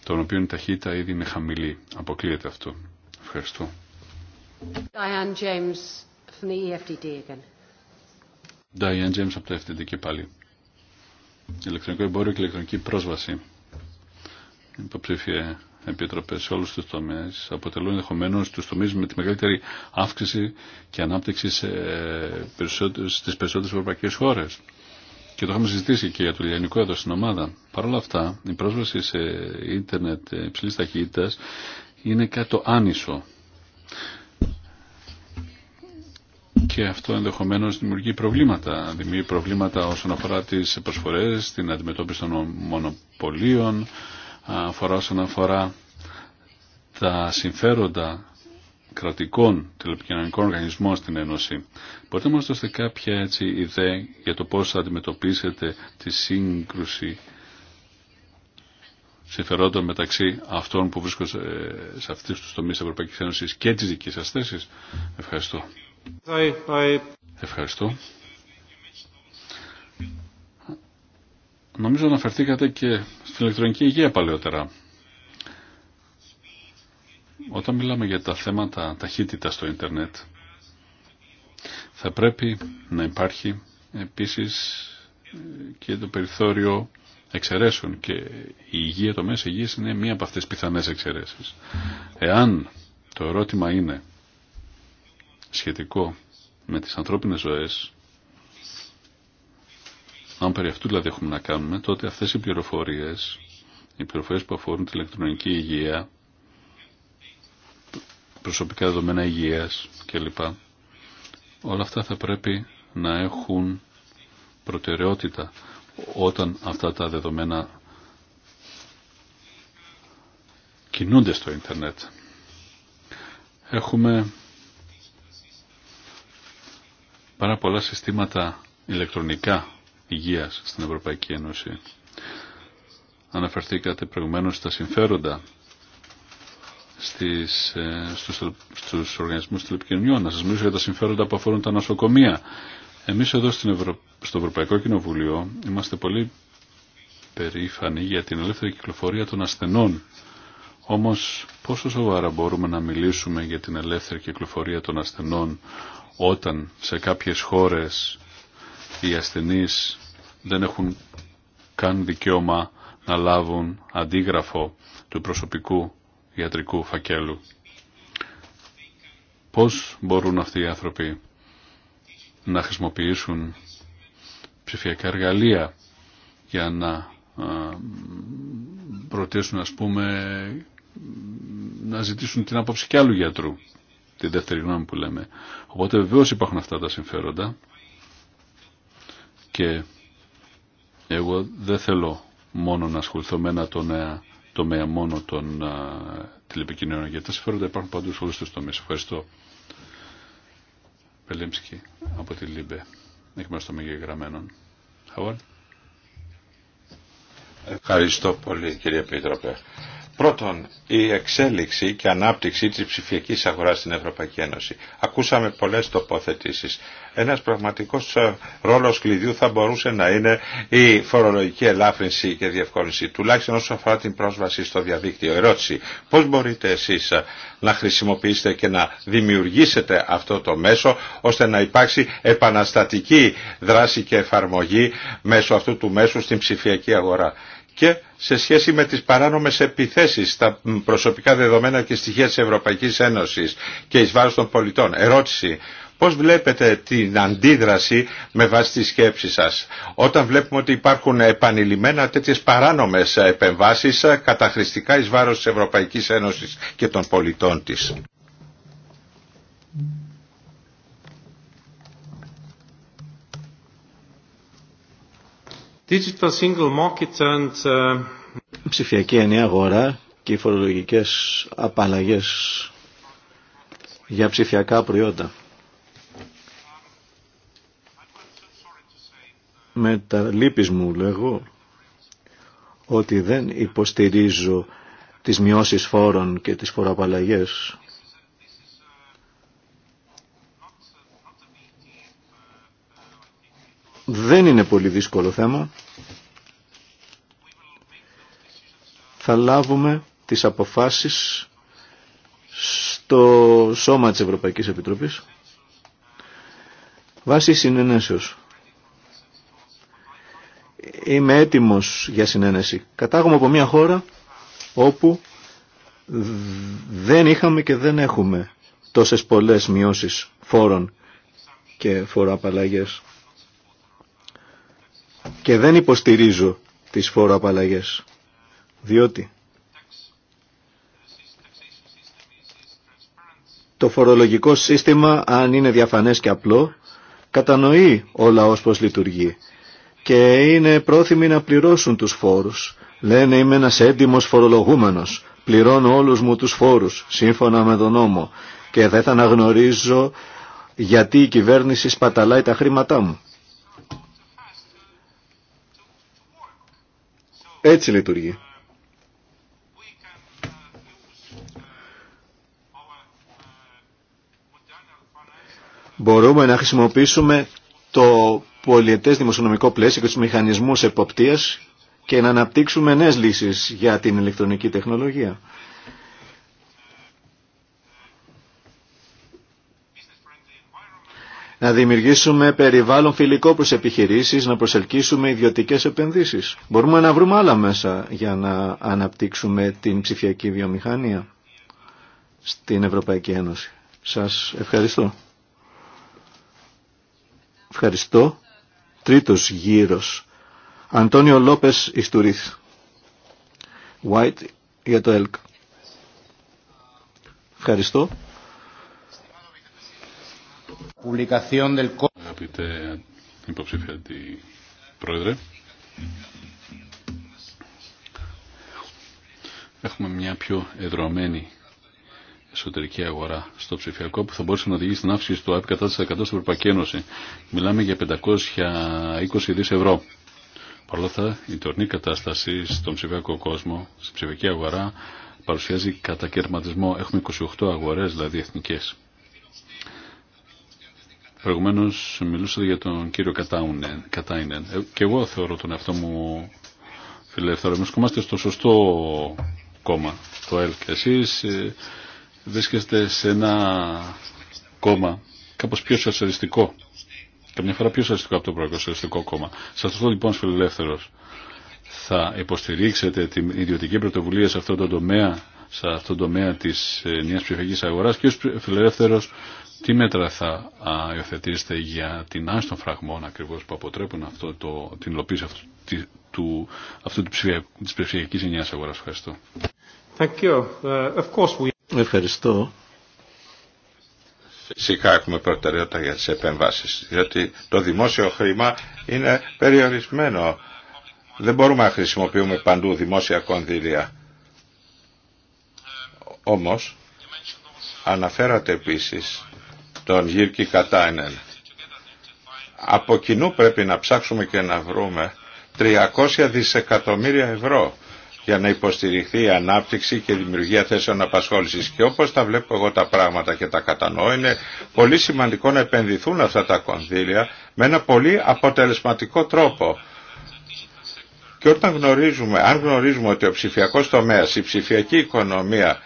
των οποίων η ταχύτητα ήδη είναι χαμηλή. Αποκλείεται αυτό. Ευχαριστώ. E Diane James από το e FTD και πάλι. Ηλεκτρονικό εμπόριο και ηλεκτρονική πρόσβαση. Υποψήφια επιτροπέ σε όλου του τομεί αποτελούν ενδεχομένω του τομεί με τη μεγαλύτερη αύξηση και ανάπτυξη ε, στι περισσότερε ευρωπαϊκέ χώρε. Και το είχαμε συζητήσει και για το λιανικό εδώ στην ομάδα. Παρ' όλα αυτά, η πρόσβαση σε ίντερνετ υψηλή ταχύτητα είναι κάτι το άνισο και αυτό ενδεχομένω δημιουργεί προβλήματα. Δημιουργεί προβλήματα όσον αφορά τι προσφορέ, την αντιμετώπιση των μονοπωλίων, αφορά όσον αφορά τα συμφέροντα κρατικών τηλεπικοινωνικών οργανισμών στην Ένωση. Μπορείτε να μας δώσετε κάποια ιδέα για το πώς θα αντιμετωπίσετε τη σύγκρουση συμφερόντων μεταξύ αυτών που βρίσκονται σε αυτούς τους τομείς της Ευρωπαϊκής Ένωσης και της δικής σας θέσης. Ευχαριστώ. Ευχαριστώ. Νομίζω αναφερθήκατε και στην ηλεκτρονική υγεία παλαιότερα. Όταν μιλάμε για τα θέματα ταχύτητα στο ίντερνετ, θα πρέπει να υπάρχει επίσης και το περιθώριο εξαιρέσεων και η υγεία, το μέσο υγείας είναι μία από αυτές τις πιθανές εξαιρέσεις. Εάν το ερώτημα είναι σχετικό με τις ανθρώπινες ζωές, αν περί αυτού δηλαδή έχουμε να κάνουμε, τότε αυτές οι πληροφορίες, οι πληροφορίες που αφορούν την ηλεκτρονική υγεία, προσωπικά δεδομένα υγείας κλπ. Όλα αυτά θα πρέπει να έχουν προτεραιότητα όταν αυτά τα δεδομένα κινούνται στο ίντερνετ. Έχουμε πάρα πολλά συστήματα ηλεκτρονικά υγείας στην Ευρωπαϊκή Ένωση. Αναφερθήκατε προηγουμένως στα συμφέροντα στις, ε, στους, στους οργανισμούς τηλεπικοινωνιών. Να σας μιλήσω για τα συμφέροντα που αφορούν τα νοσοκομεία. Εμείς εδώ στην στο Ευρωπαϊκό Κοινοβουλίο είμαστε πολύ περήφανοι για την ελεύθερη κυκλοφορία των ασθενών όμως πόσο σοβαρά μπορούμε να μιλήσουμε για την ελεύθερη κυκλοφορία των ασθενών όταν σε κάποιες χώρες οι ασθενείς δεν έχουν καν δικαίωμα να λάβουν αντίγραφο του προσωπικού ιατρικού φακέλου. Πώς μπορούν αυτοί οι άνθρωποι να χρησιμοποιήσουν ψηφιακά εργαλεία για να ε, προτίσουν ας πούμε να ζητήσουν την άποψη κι άλλου γιατρού, την δεύτερη γνώμη που λέμε. Οπότε βεβαίως υπάρχουν αυτά τα συμφέροντα και εγώ δεν θέλω μόνο να ασχοληθώ με ένα τομέα, τομέα μόνο των τηλεπικοινωνιών, γιατί τα συμφέροντα υπάρχουν παντού σε όλους τους τομείς. Ευχαριστώ. Πελέμψικη από τη Λίμπε, εκ μέρους των μεγεγραμμένων. Ευχαριστώ πολύ κύριε Πίτροπε. Πρώτον, η εξέλιξη και ανάπτυξη της ψηφιακής αγοράς στην Ευρωπαϊκή Ένωση. Ακούσαμε πολλές τοποθετήσεις. Ένας πραγματικός ε, ρόλος κλειδιού θα μπορούσε να είναι η φορολογική ελάφρυνση και διευκόλυνση, τουλάχιστον όσο αφορά την πρόσβαση στο διαδίκτυο. Ερώτηση, πώς μπορείτε εσείς ε, να χρησιμοποιήσετε και να δημιουργήσετε αυτό το μέσο, ώστε να υπάρξει επαναστατική δράση και εφαρμογή μέσω αυτού του μέσου στην ψηφιακή αγορά και σε σχέση με τις παράνομες επιθέσεις στα προσωπικά δεδομένα και στοιχεία της Ευρωπαϊκής Ένωσης και εις βάρος των πολιτών. Ερώτηση. Πώς βλέπετε την αντίδραση με βάση τη σκέψη σας όταν βλέπουμε ότι υπάρχουν επανειλημμένα τέτοιες παράνομες επεμβάσεις ε, καταχρηστικά εις βάρος της Ευρωπαϊκής Ένωσης και των πολιτών της. Uh, ψηφιακή ενιαία αγορά και οι φορολογικές για ψηφιακά προϊόντα. Με τα λύπης μου λέγω ότι δεν υποστηρίζω τις μειώσεις φόρων και τις φοροαπαλλαγές Δεν είναι πολύ δύσκολο θέμα. Θα λάβουμε τις αποφάσεις στο σώμα της Ευρωπαϊκής Επιτροπής βάσει συνενέσεως. Είμαι έτοιμος για συνένεση. Κατάγομαι από μια χώρα όπου δεν είχαμε και δεν έχουμε τόσες πολλές μειώσεις φόρων και φοροαπαλλαγές και δεν υποστηρίζω τις φοροαπαλλαγές. Διότι το φορολογικό σύστημα, αν είναι διαφανές και απλό, κατανοεί όλα λαός πώς λειτουργεί και είναι πρόθυμοι να πληρώσουν τους φόρους. Λένε είμαι ένας έντιμος φορολογούμενος, πληρώνω όλους μου τους φόρους, σύμφωνα με τον νόμο και δεν θα αναγνωρίζω γιατί η κυβέρνηση σπαταλάει τα χρήματά μου. Έτσι λειτουργεί. Μπορούμε να χρησιμοποιήσουμε το πολιετές δημοσιονομικό πλαίσιο και τους μηχανισμούς εποπτείας και να αναπτύξουμε νέες λύσεις για την ηλεκτρονική τεχνολογία. να δημιουργήσουμε περιβάλλον φιλικό προς επιχειρήσεις, να προσελκύσουμε ιδιωτικές επενδύσεις. Μπορούμε να βρούμε άλλα μέσα για να αναπτύξουμε την ψηφιακή βιομηχανία στην Ευρωπαϊκή Ένωση. Σας ευχαριστώ. Ευχαριστώ. Τρίτος γύρος. Αντώνιο Λόπες Ιστουρίθ. White για το ΕΛΚ. Ευχαριστώ. Αγαπητέ υποψήφια τη Πρόεδρε, έχουμε μια πιο εδρωμένη εσωτερική αγορά στο ψηφιακό που θα μπορούσε να οδηγήσει στην αύξηση του ΑΕΠ κατά 10% στην Ευρωπαϊκή Ένωση. Μιλάμε για 520 δις ευρώ. Παρ' όλα αυτά, η τωρινή κατάσταση στον ψηφιακό κόσμο, στην ψηφιακή αγορά, παρουσιάζει κατακαιρματισμό. Έχουμε 28 αγορέ, δηλαδή εθνικέ. Προηγουμένως μιλούσατε για τον κύριο Κατάινεν. Ε, και εγώ θεωρώ τον εαυτό μου φιλελεύθερο. Εμείς κομμάστε στο σωστό κόμμα, το ΕΛ. Και εσείς ε, βρίσκεστε σε ένα κόμμα κάπως πιο σοσιαλιστικό. Καμιά φορά πιο σοσιαλιστικό από το πρώτο σοσιαλιστικό κόμμα. Σε αυτό λοιπόν φιλελεύθερος. Θα υποστηρίξετε την ιδιωτική πρωτοβουλία σε αυτό το τομέα σε αυτό τον τομέα της νέας ε, ψηφιακής αγοράς και ως φιλελεύθερος τι μέτρα θα υιοθετήσετε για την άστον των φραγμών ακριβώς που αποτρέπουν αυτό το, την υλοποίηση αυτού, τη, του, αυτού του της ψηφιακής ενιαίας αγοράς. Ευχαριστώ. Thank you. Uh, of course we... Ευχαριστώ. Φυσικά έχουμε προτεραιότητα για τις επεμβάσεις, διότι το δημόσιο χρήμα είναι περιορισμένο. Δεν μπορούμε να χρησιμοποιούμε παντού δημόσια κονδύλια. Όμως, αναφέρατε επίσης τον Γύρκη Κατάινεν. Από κοινού πρέπει να ψάξουμε και να βρούμε 300 δισεκατομμύρια ευρώ για να υποστηριχθεί η ανάπτυξη και η δημιουργία θέσεων απασχόλησης. Και όπως τα βλέπω εγώ τα πράγματα και τα κατανοώ, είναι πολύ σημαντικό να επενδυθούν αυτά τα κονδύλια με ένα πολύ αποτελεσματικό τρόπο. Και όταν γνωρίζουμε, αν γνωρίζουμε ότι ο ψηφιακός τομέας, η ψηφιακή οικονομία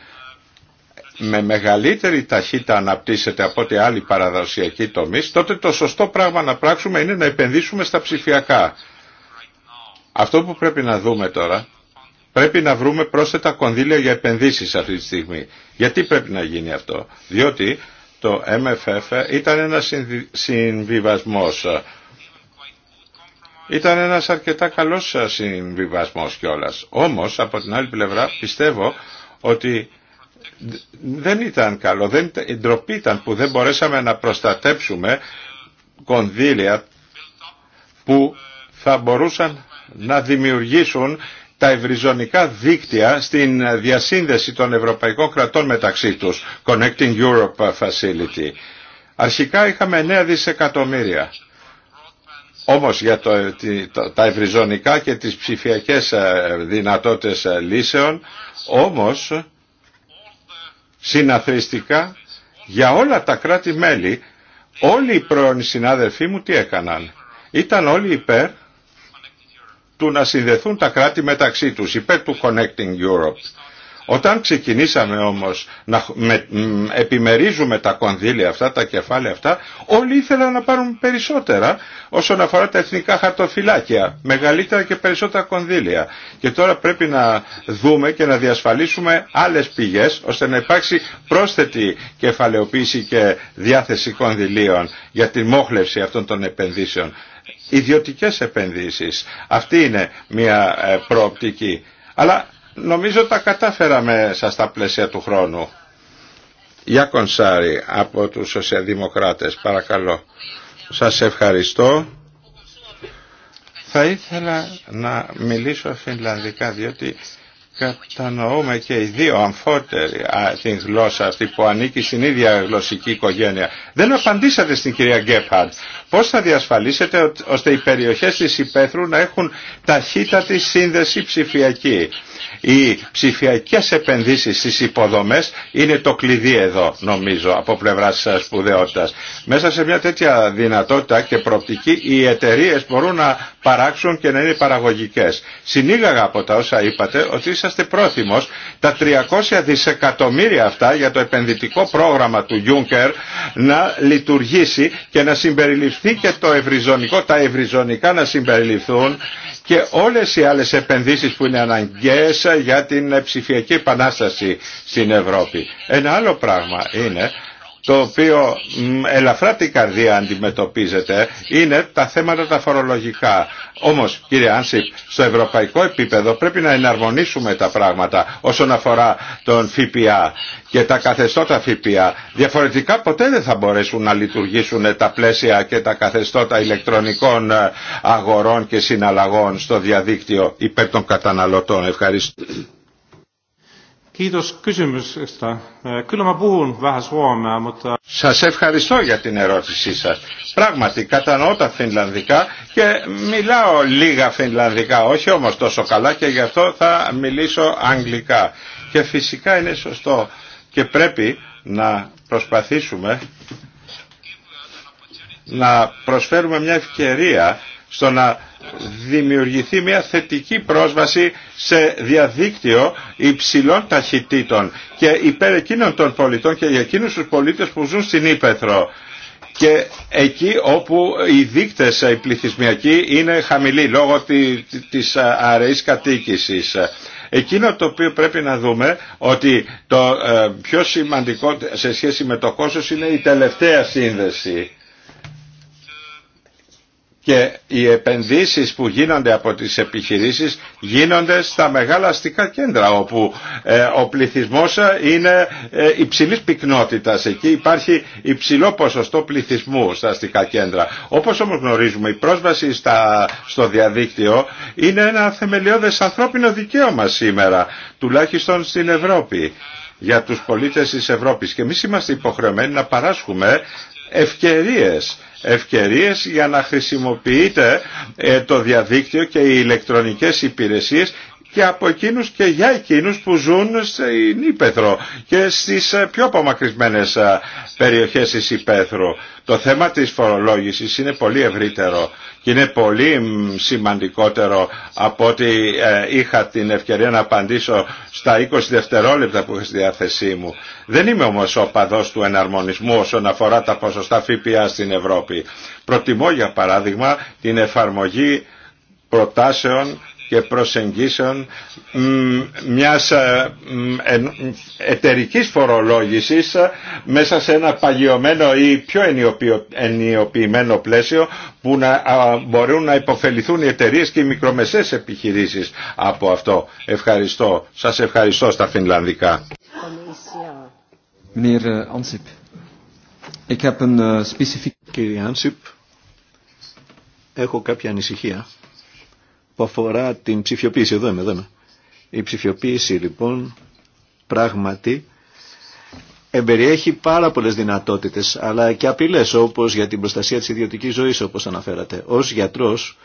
με μεγαλύτερη ταχύτητα αναπτύσσεται από ό,τι άλλοι παραδοσιακοί τομείς, τότε το σωστό πράγμα να πράξουμε είναι να επενδύσουμε στα ψηφιακά. Αυτό που πρέπει να δούμε τώρα, πρέπει να βρούμε πρόσθετα κονδύλια για επενδύσεις αυτή τη στιγμή. Γιατί πρέπει να γίνει αυτό. Διότι το MFF ήταν ένας συμβιβασμός. Ήταν ένας αρκετά καλός συμβιβασμός κιόλας. Όμως, από την άλλη πλευρά, πιστεύω ότι δεν ήταν καλό, δεν, η ντροπή ήταν που δεν μπορέσαμε να προστατέψουμε κονδύλια που θα μπορούσαν να δημιουργήσουν τα ευρυζωνικά δίκτυα στην διασύνδεση των ευρωπαϊκών κρατών μεταξύ τους, Connecting Europe Facility. Αρχικά είχαμε 9 δισεκατομμύρια. Όμως για το, τα ευρυζωνικά και τις ψηφιακές ε, δυνατότητες ε, λύσεων, όμως συναθρηστικά για όλα τα κράτη-μέλη. Όλοι οι πρώην συνάδελφοί μου τι έκαναν. Ήταν όλοι υπέρ του να συνδεθούν τα κράτη μεταξύ τους, υπέρ του Connecting Europe. Όταν ξεκινήσαμε όμως να επιμερίζουμε τα κονδύλια αυτά, τα κεφάλαια αυτά, όλοι ήθελαν να πάρουν περισσότερα όσον αφορά τα εθνικά χαρτοφυλάκια, μεγαλύτερα και περισσότερα κονδύλια. Και τώρα πρέπει να δούμε και να διασφαλίσουμε άλλες πηγές, ώστε να υπάρξει πρόσθετη κεφαλαιοποίηση και διάθεση κονδυλίων για τη μόχλευση αυτών των επενδύσεων. Ιδιωτικές επενδύσεις. Αυτή είναι μια ε, προοπτική. Αλλά Νομίζω τα κατάφεραμε μέσα στα πλαίσια του χρόνου. Για κονσάρι από τους Σοσιαδημοκράτες, παρακαλώ. Σας ευχαριστώ. Θα ήθελα να μιλήσω φινλανδικά διότι κατανοούμε και οι δύο αμφότεροι την γλώσσα αυτή που ανήκει στην ίδια γλωσσική οικογένεια. Δεν απαντήσατε στην κυρία Γκέφαρντ. Πώς θα διασφαλίσετε ώστε οι περιοχές της υπαίθρου να έχουν ταχύτατη σύνδεση ψηφιακή. Οι ψηφιακές επενδύσεις στις υποδομές είναι το κλειδί εδώ νομίζω από πλευρά πλευράς σπουδαιότητας. Μέσα σε μια τέτοια δυνατότητα και προοπτική οι εταιρείε μπορούν να παράξουν και να είναι παραγωγικές. Συνήγαγα από τα όσα είπατε ότι είσαστε πρόθυμος τα 300 δισεκατομμύρια αυτά για το επενδυτικό πρόγραμμα του Juncker να λειτουργήσει και να συμπεριληφθεί και το ευρυζωνικό, τα ευρυζωνικά να συμπεριληφθούν και όλες οι άλλες επενδύσεις που είναι αναγκαίες για την ψηφιακή επανάσταση στην Ευρώπη. Ένα άλλο πράγμα είναι το οποίο ελαφρά την καρδία αντιμετωπίζεται είναι τα θέματα τα φορολογικά. Όμως κύριε Άνσιπ, στο ευρωπαϊκό επίπεδο πρέπει να εναρμονίσουμε τα πράγματα όσον αφορά τον ΦΠΑ και τα καθεστώτα ΦΠΑ. Διαφορετικά ποτέ δεν θα μπορέσουν να λειτουργήσουν τα πλαίσια και τα καθεστώτα ηλεκτρονικών ε, αγορών και συναλλαγών στο διαδίκτυο υπέρ των καταναλωτών. Ευχαριστώ. Σα Σας ευχαριστώ για την ερώτησή σας. Πράγματι, κατανοώ τα φινλανδικά και μιλάω λίγα φινλανδικά, όχι όμως τόσο καλά και γι' αυτό θα μιλήσω αγγλικά. Και φυσικά είναι σωστό και πρέπει να προσπαθήσουμε να προσφέρουμε μια ευκαιρία στο να δημιουργηθεί μια θετική πρόσβαση σε διαδίκτυο υψηλών ταχυτήτων και υπέρ εκείνων των πολιτών και για εκείνους τους πολίτες που ζουν στην Ήπεθρο και εκεί όπου οι δείκτες οι πληθυσμιακοί είναι χαμηλοί λόγω της αραιής κατοίκησης. Εκείνο το οποίο πρέπει να δούμε ότι το ε, πιο σημαντικό σε σχέση με το κόστος είναι η τελευταία σύνδεση και οι επενδύσεις που γίνονται από τις επιχειρήσεις γίνονται στα μεγάλα αστικά κέντρα όπου ε, ο πληθυσμός είναι ε, υψηλής πυκνότητας. Εκεί υπάρχει υψηλό ποσοστό πληθυσμού στα αστικά κέντρα. Όπως όμως γνωρίζουμε η πρόσβαση στα, στο διαδίκτυο είναι ένα θεμελιώδες ανθρώπινο δικαίωμα σήμερα τουλάχιστον στην Ευρώπη για τους πολίτες της Ευρώπης και εμείς είμαστε υποχρεωμένοι να παράσχουμε ευκαιρίες ευκαιρίες για να χρησιμοποιείτε το διαδίκτυο και οι ηλεκτρονικές υπηρεσίες και από και για εκείνους που ζουν στην Ήπεθρο και στις ε, πιο απομακρυσμένες ε, περιοχές της Ήπεθρου. Το θέμα της φορολόγησης είναι πολύ ευρύτερο και είναι πολύ σημαντικότερο από ότι ε, είχα την ευκαιρία να απαντήσω στα 20 δευτερόλεπτα που είχα στη διάθεσή μου. Δεν είμαι όμως οπαδός του εναρμονισμού όσον αφορά τα ποσοστά ΦΠΑ στην Ευρώπη. Προτιμώ για παράδειγμα την εφαρμογή προτάσεων και προσεγγίσεων μιας ε, εταιρικής φορολόγησης ε, μέσα σε ένα παγιωμένο ή πιο ενιοποιημένο πλαίσιο που να μπορούν να υποφεληθούν οι εταιρείε και οι μικρομεσαίες επιχειρήσεις από αυτό. Ευχαριστώ. Σας ευχαριστώ στα φινλανδικά. Ε, Κύριε Άνσιπ, έχω κάποια ανησυχία που αφορά την ψηφιοποίηση. Εδώ είμαι, εδώ είμαι. Η ψηφιοποίηση λοιπόν πράγματι εμπεριέχει πάρα πολλές δυνατότητες αλλά και απειλές όπως για την προστασία της ιδιωτικής ζωής όπως αναφέρατε. Ως γιατρός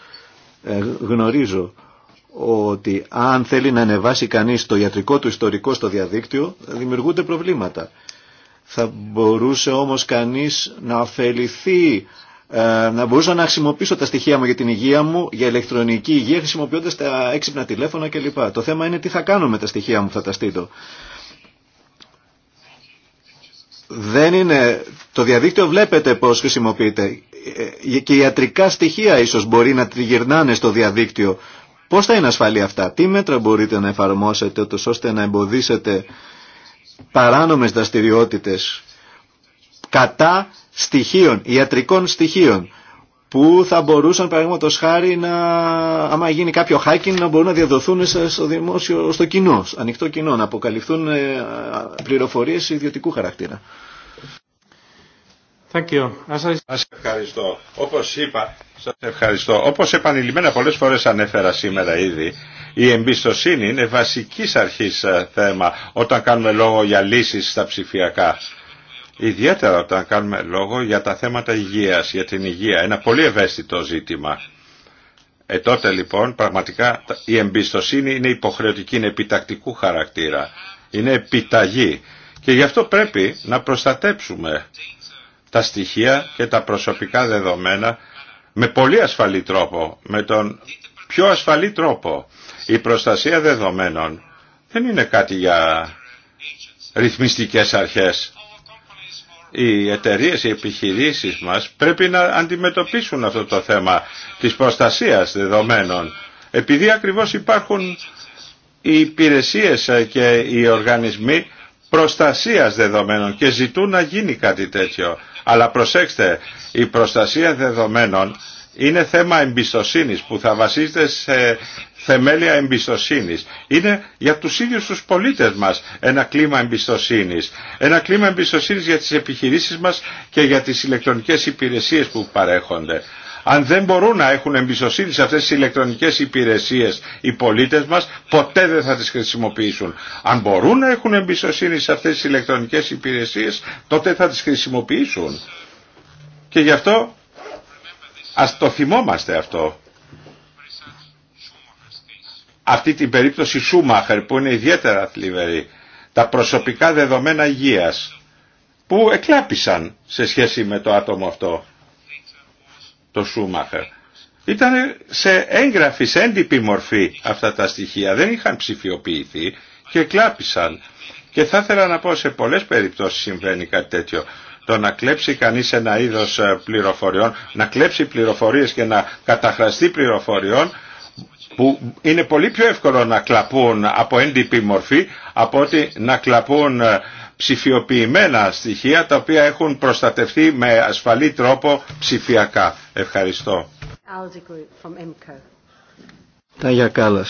ε, γνωρίζω ότι αν θέλει να ανεβάσει κανείς το ιατρικό του ιστορικό στο διαδίκτυο δημιουργούνται προβλήματα. Θα μπορούσε όμως κανείς να αφεληθεί ε, να μπορούσα να χρησιμοποιήσω τα στοιχεία μου για την υγεία μου, για ηλεκτρονική υγεία, χρησιμοποιώντα τα έξυπνα τηλέφωνα κλπ. Το θέμα είναι τι θα κάνω με τα στοιχεία μου θα τα στείλω. Δεν είναι, το διαδίκτυο βλέπετε πώς χρησιμοποιείται ε, και ιατρικά στοιχεία ίσως μπορεί να τριγυρνάνε στο διαδίκτυο. Πώ θα είναι ασφαλή αυτά, τι μέτρα μπορείτε να εφαρμόσετε ώστε να εμποδίσετε παράνομες δραστηριότητες κατά στοιχείων, ιατρικών στοιχείων που θα μπορούσαν παραδείγματο χάρη να, άμα γίνει κάποιο hacking, να μπορούν να διαδοθούν στο, δημόσιο, στο κοινό, ανοιχτό κοινό, να αποκαλυφθούν ε, πληροφορίε ιδιωτικού χαρακτήρα. Thank you. Σας ευχαριστώ. Όπως είπα, σας ευχαριστώ. Όπως επανειλημμένα πολλές φορές ανέφερα σήμερα ήδη, η εμπιστοσύνη είναι βασικής αρχής ε, θέμα όταν κάνουμε λόγο για λύσεις στα ψηφιακά ιδιαίτερα όταν κάνουμε λόγο για τα θέματα υγείας, για την υγεία, ένα πολύ ευαίσθητο ζήτημα. Ε, τότε λοιπόν πραγματικά η εμπιστοσύνη είναι υποχρεωτική, είναι επιτακτικού χαρακτήρα, είναι επιταγή και γι' αυτό πρέπει να προστατέψουμε τα στοιχεία και τα προσωπικά δεδομένα με πολύ ασφαλή τρόπο, με τον πιο ασφαλή τρόπο. Η προστασία δεδομένων δεν είναι κάτι για ρυθμιστικές αρχές οι εταιρείε, οι επιχειρήσεις μας πρέπει να αντιμετωπίσουν αυτό το θέμα της προστασίας δεδομένων. Επειδή ακριβώς υπάρχουν οι υπηρεσίες και οι οργανισμοί προστασίας δεδομένων και ζητούν να γίνει κάτι τέτοιο. Αλλά προσέξτε, η προστασία δεδομένων είναι θέμα εμπιστοσύνης που θα βασίζεται σε θεμέλια εμπιστοσύνης. Είναι για τους ίδιους τους πολίτες μας ένα κλίμα εμπιστοσύνης. Ένα κλίμα εμπιστοσύνης για τις επιχειρήσεις μας και για τις ηλεκτρονικές υπηρεσίες που παρέχονται. Αν δεν μπορούν να έχουν εμπιστοσύνη σε αυτές τις ηλεκτρονικές υπηρεσίες οι πολίτες μας, ποτέ δεν θα τις χρησιμοποιήσουν. Αν μπορούν να έχουν εμπιστοσύνη σε αυτές τις ηλεκτρονικές υπηρεσίες, τότε θα τις χρησιμοποιήσουν. Και γι' αυτό ας το θυμόμαστε αυτό αυτή την περίπτωση Σούμαχερ που είναι ιδιαίτερα θλιβερή. Τα προσωπικά δεδομένα υγείας που εκλάπησαν σε σχέση με το άτομο αυτό, το Σούμαχερ. Ήταν σε έγγραφη, σε έντυπη μορφή αυτά τα στοιχεία. Δεν είχαν ψηφιοποιηθεί και εκλάπησαν. Και θα ήθελα να πω σε πολλές περιπτώσεις συμβαίνει κάτι τέτοιο. Το να κλέψει κανείς ένα είδος ε, πληροφοριών, να κλέψει πληροφορίες και να καταχραστεί πληροφοριών που είναι πολύ πιο εύκολο να κλαπούν από NDP μορφή από ότι να κλαπούν ε, ψηφιοποιημένα στοιχεία τα οποία έχουν προστατευτεί με ασφαλή τρόπο ψηφιακά. Ευχαριστώ. Τάγια Κάλλας,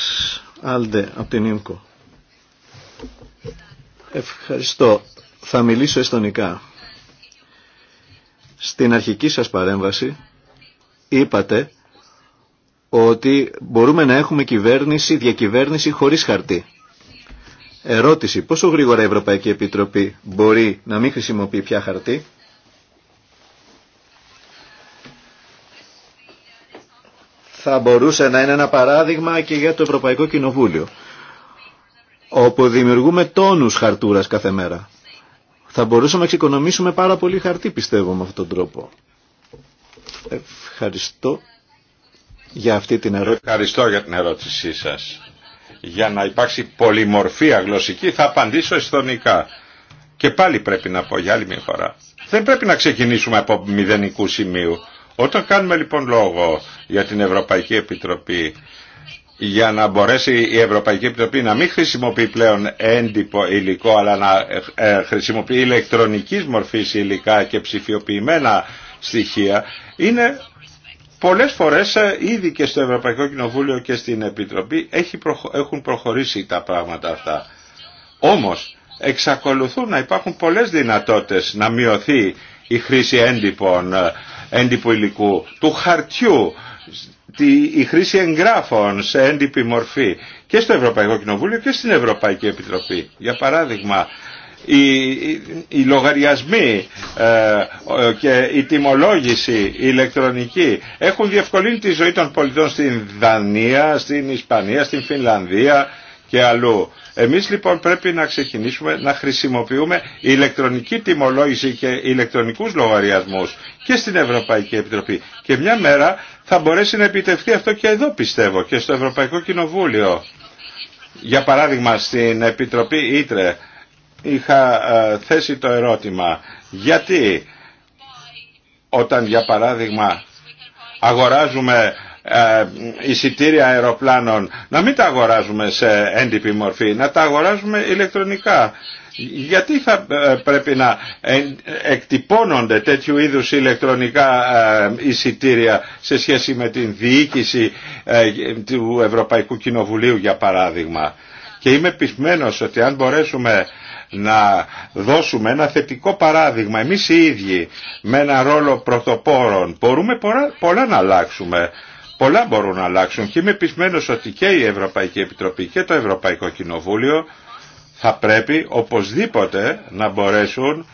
Άλντε από την ΕΜΚΟ. Ευχαριστώ. Θα μιλήσω εστονικά. Στην αρχική σας παρέμβαση είπατε ότι μπορούμε να έχουμε κυβέρνηση, διακυβέρνηση χωρίς χαρτί. Ερώτηση, πόσο γρήγορα η Ευρωπαϊκή Επιτροπή μπορεί να μην χρησιμοποιεί πια χαρτί. Θα μπορούσε να είναι ένα παράδειγμα και για το Ευρωπαϊκό Κοινοβούλιο, όπου δημιουργούμε τόνους χαρτούρας κάθε μέρα. Θα μπορούσαμε να εξοικονομήσουμε πάρα πολύ χαρτί, πιστεύω, με αυτόν τον τρόπο. Ευχαριστώ για αυτή την ερώτηση. Ευχαριστώ για την ερώτησή σας. Για να υπάρξει πολυμορφία γλωσσική θα απαντήσω εσθονικά. Και πάλι πρέπει να πω για άλλη μια φορά. Δεν πρέπει να ξεκινήσουμε από μηδενικού σημείου. Όταν κάνουμε λοιπόν λόγο για την Ευρωπαϊκή Επιτροπή για να μπορέσει η Ευρωπαϊκή Επιτροπή να μην χρησιμοποιεί πλέον έντυπο υλικό αλλά να ε, χρησιμοποιεί ηλεκτρονικής μορφής υλικά και ψηφιοποιημένα στοιχεία είναι πολλές φορές ε, ήδη και στο Ευρωπαϊκό Κοινοβούλιο και στην Επιτροπή έχουν προχωρήσει τα πράγματα αυτά. Όμως εξακολουθούν να υπάρχουν πολλές δυνατότητες να μειωθεί η χρήση έντυπων, ε, έντυπου υλικού, του χαρτιού, η χρήση εγγράφων σε έντυπη μορφή και στο Ευρωπαϊκό Κοινοβούλιο και στην Ευρωπαϊκή Επιτροπή. Για παράδειγμα, οι, λογαριασμοί ε, και η τιμολόγηση η ηλεκτρονική έχουν διευκολύνει τη ζωή των πολιτών στην Δανία, στην Ισπανία, στην Φινλανδία και αλλού. Εμείς λοιπόν πρέπει να ξεκινήσουμε να χρησιμοποιούμε ηλεκτρονική τιμολόγηση και ηλεκτρονικούς λογαριασμούς και στην Ευρωπαϊκή Επιτροπή. Και μια μέρα θα μπορέσει να επιτευχθεί αυτό και εδώ πιστεύω και στο Ευρωπαϊκό Κοινοβούλιο. Για παράδειγμα στην Επιτροπή Ήτρε είχα ε, θέσει το ερώτημα γιατί όταν για παράδειγμα αγοράζουμε ε, εισιτήρια αεροπλάνων να μην τα αγοράζουμε σε έντυπη μορφή, να τα αγοράζουμε ηλεκτρονικά. Γιατί θα ε, πρέπει να εκτυπώνονται τέτοιου είδους ηλεκτρονικά εισιτήρια σε σχέση με την διοίκηση του Ευρωπαϊκού Κοινοβουλίου για παράδειγμα. Και είμαι πισμένος ότι αν μπορέσουμε να δώσουμε ένα θετικό παράδειγμα εμείς οι ίδιοι με ένα ρόλο πρωτοπόρων μπορούμε πολλά, να αλλάξουμε πολλά μπορούν να αλλάξουν και είμαι πεισμένος ότι και η Ευρωπαϊκή Επιτροπή και το Ευρωπαϊκό Κοινοβούλιο θα πρέπει οπωσδήποτε να μπορέσουν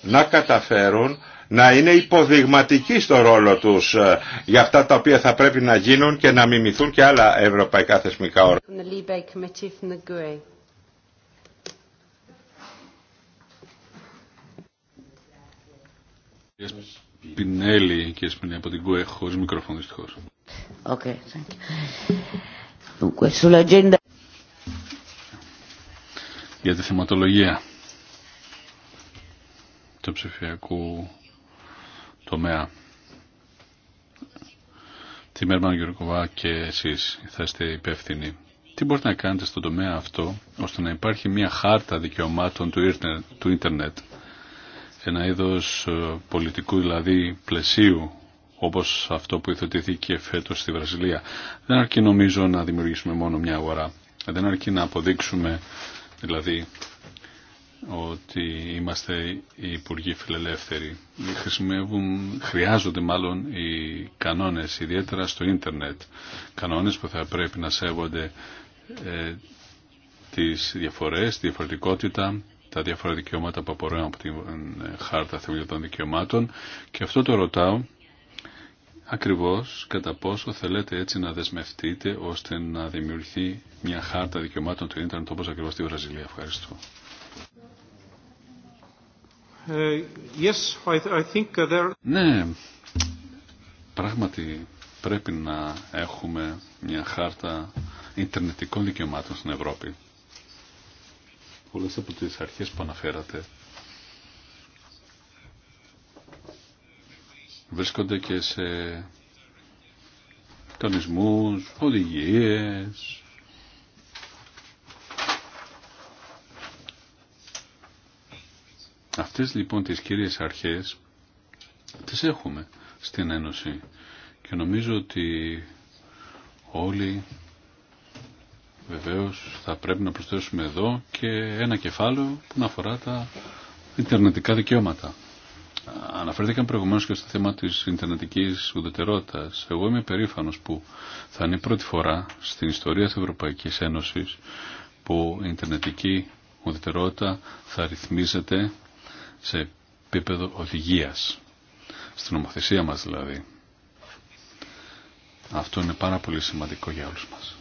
να καταφέρουν να είναι υποδειγματικοί στο ρόλο τους ε, για αυτά τα οποία θα πρέπει να γίνουν και να μιμηθούν και άλλα ευρωπαϊκά θεσμικά όρια. Κυρία Σπινέλη, κύριε Σπινέλη, από την ΚΟΕ, χωρίς μικρόφωνο δυστυχώς. Okay, thank you. Για τη θεματολογία του ψηφιακού τομέα. Τι Μέρμαν Γιουρκοβά και εσείς θα είστε υπεύθυνοι. Τι μπορείτε να κάνετε στον τομέα αυτό ώστε να υπάρχει μια χάρτα δικαιωμάτων του ίντερνετ ένα είδος ε, πολιτικού δηλαδή πλαισίου όπως αυτό που υιοθετήθηκε φέτος στη Βραζιλία. Δεν αρκεί νομίζω να δημιουργήσουμε μόνο μια αγορά. Δεν αρκεί να αποδείξουμε δηλαδή ότι είμαστε οι υπουργοί φιλελεύθεροι. Χρησιμεύουν, χρειάζονται μάλλον οι κανόνες, ιδιαίτερα στο ίντερνετ. Κανόνες που θα πρέπει να σέβονται ε, τις διαφορές, τη διαφορετικότητα, τα διάφορα δικαιώματα που απορρέουν από την ε, Χάρτα θεμελιωτών Δικαιωμάτων και αυτό το ρωτάω ακριβώς κατά πόσο θέλετε έτσι να δεσμευτείτε ώστε να δημιουργηθεί μια χάρτα δικαιωμάτων του ίντερνετ όπως ακριβώς στη Βραζιλία. Ευχαριστώ. Uh, yes, I think there... Ναι, πράγματι πρέπει να έχουμε μια χάρτα ιντερνετικών δικαιωμάτων στην Ευρώπη πολλές από τις αρχές που αναφέρατε βρίσκονται και σε κανονισμούς, οδηγίες, Αυτές λοιπόν τις κύριες αρχές τις έχουμε στην Ένωση και νομίζω ότι όλοι Βεβαίως θα πρέπει να προσθέσουμε εδώ και ένα κεφάλαιο που να αφορά τα Ιντερνετικά δικαιώματα. Αναφέρθηκαν προηγουμένως και στο θέμα της Ιντερνετικής ουδετερότητας. Εγώ είμαι περήφανος που θα είναι η πρώτη φορά στην ιστορία της Ευρωπαϊκής Ένωσης που η Ιντερνετική ουδετερότητα θα ρυθμίζεται σε επίπεδο οδηγίας. Στην ομοθεσία μας δηλαδή. Αυτό είναι πάρα πολύ σημαντικό για όλους μας.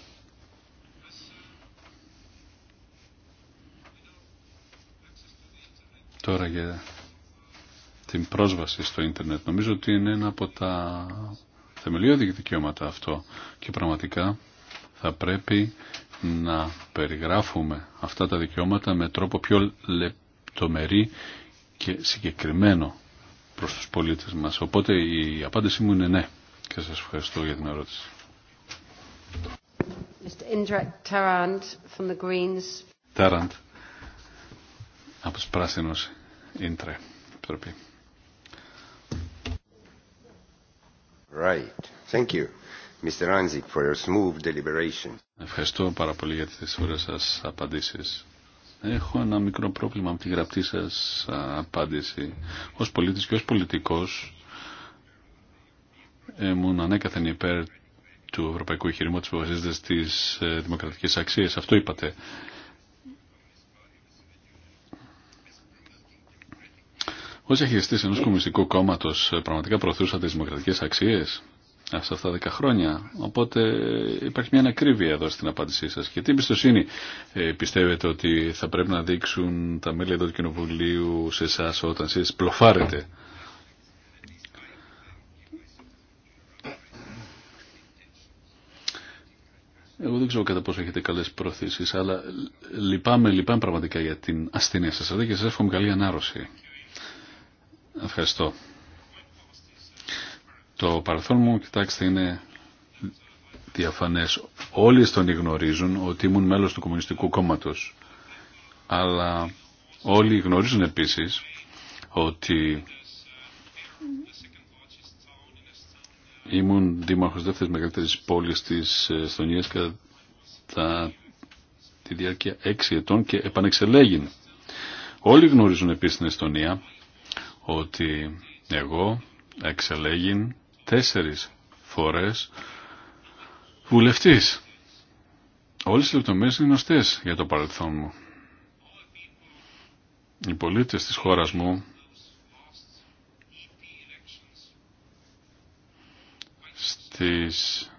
Τώρα για την πρόσβαση στο ίντερνετ. Νομίζω ότι είναι ένα από τα θεμελιώδη δικαιώματα αυτό και πραγματικά θα πρέπει να περιγράφουμε αυτά τα δικαιώματα με τρόπο πιο λεπτομερή και συγκεκριμένο προς τους πολίτες μας. Οπότε η απάντησή μου είναι ναι και σας ευχαριστώ για την ερώτηση από τους πράσινους Ίντρε. Right. Thank you, Mr. Anzik, for your smooth deliberation. Ευχαριστώ πάρα πολύ για τις ωραίες σας απαντήσεις. Έχω ένα μικρό πρόβλημα με τη γραπτή σας απάντηση. Ως πολίτης και ως πολιτικός ήμουν ανέκαθεν υπέρ του ευρωπαϊκού εγχειρήματος που βασίζεται στις ε, δημοκρατικές αξίες. Αυτό είπατε. Ω διαχειριστή ενό κομμουνιστικού κόμματο, ε, πραγματικά προωθούσα τι δημοκρατικέ αξίε σε αυτά τα 10 χρόνια. Οπότε ε, υπάρχει μια ανακρίβεια εδώ στην απάντησή σα. Και τι εμπιστοσύνη ε, πιστεύετε ότι θα πρέπει να δείξουν τα μέλη εδώ του Κοινοβουλίου σε εσά όταν εσεί πλοφάρετε. Εγώ δεν ξέρω κατά πόσο έχετε καλέ προθέσει, αλλά λυπάμαι, λυπάμαι πραγματικά για την ασθένεια σα και σα εύχομαι καλή ανάρρωση. Ευχαριστώ. Το παρελθόν μου, κοιτάξτε, είναι διαφανές. Όλοι τον γνωρίζουν ότι ήμουν μέλος του Κομμουνιστικού Κόμματος. Αλλά όλοι γνωρίζουν επίσης ότι ήμουν δήμαρχος δεύτερης μεγαλύτερης πόλης της Εστονίας κατά τη διάρκεια έξι ετών και επανεξελέγην. Όλοι γνωρίζουν επίσης την Εστονία ότι εγώ εξελέγην τέσσερις φορές βουλευτής. Όλες οι λεπτομέρειες είναι γνωστές για το παρελθόν μου. Οι πολίτες της χώρας μου στις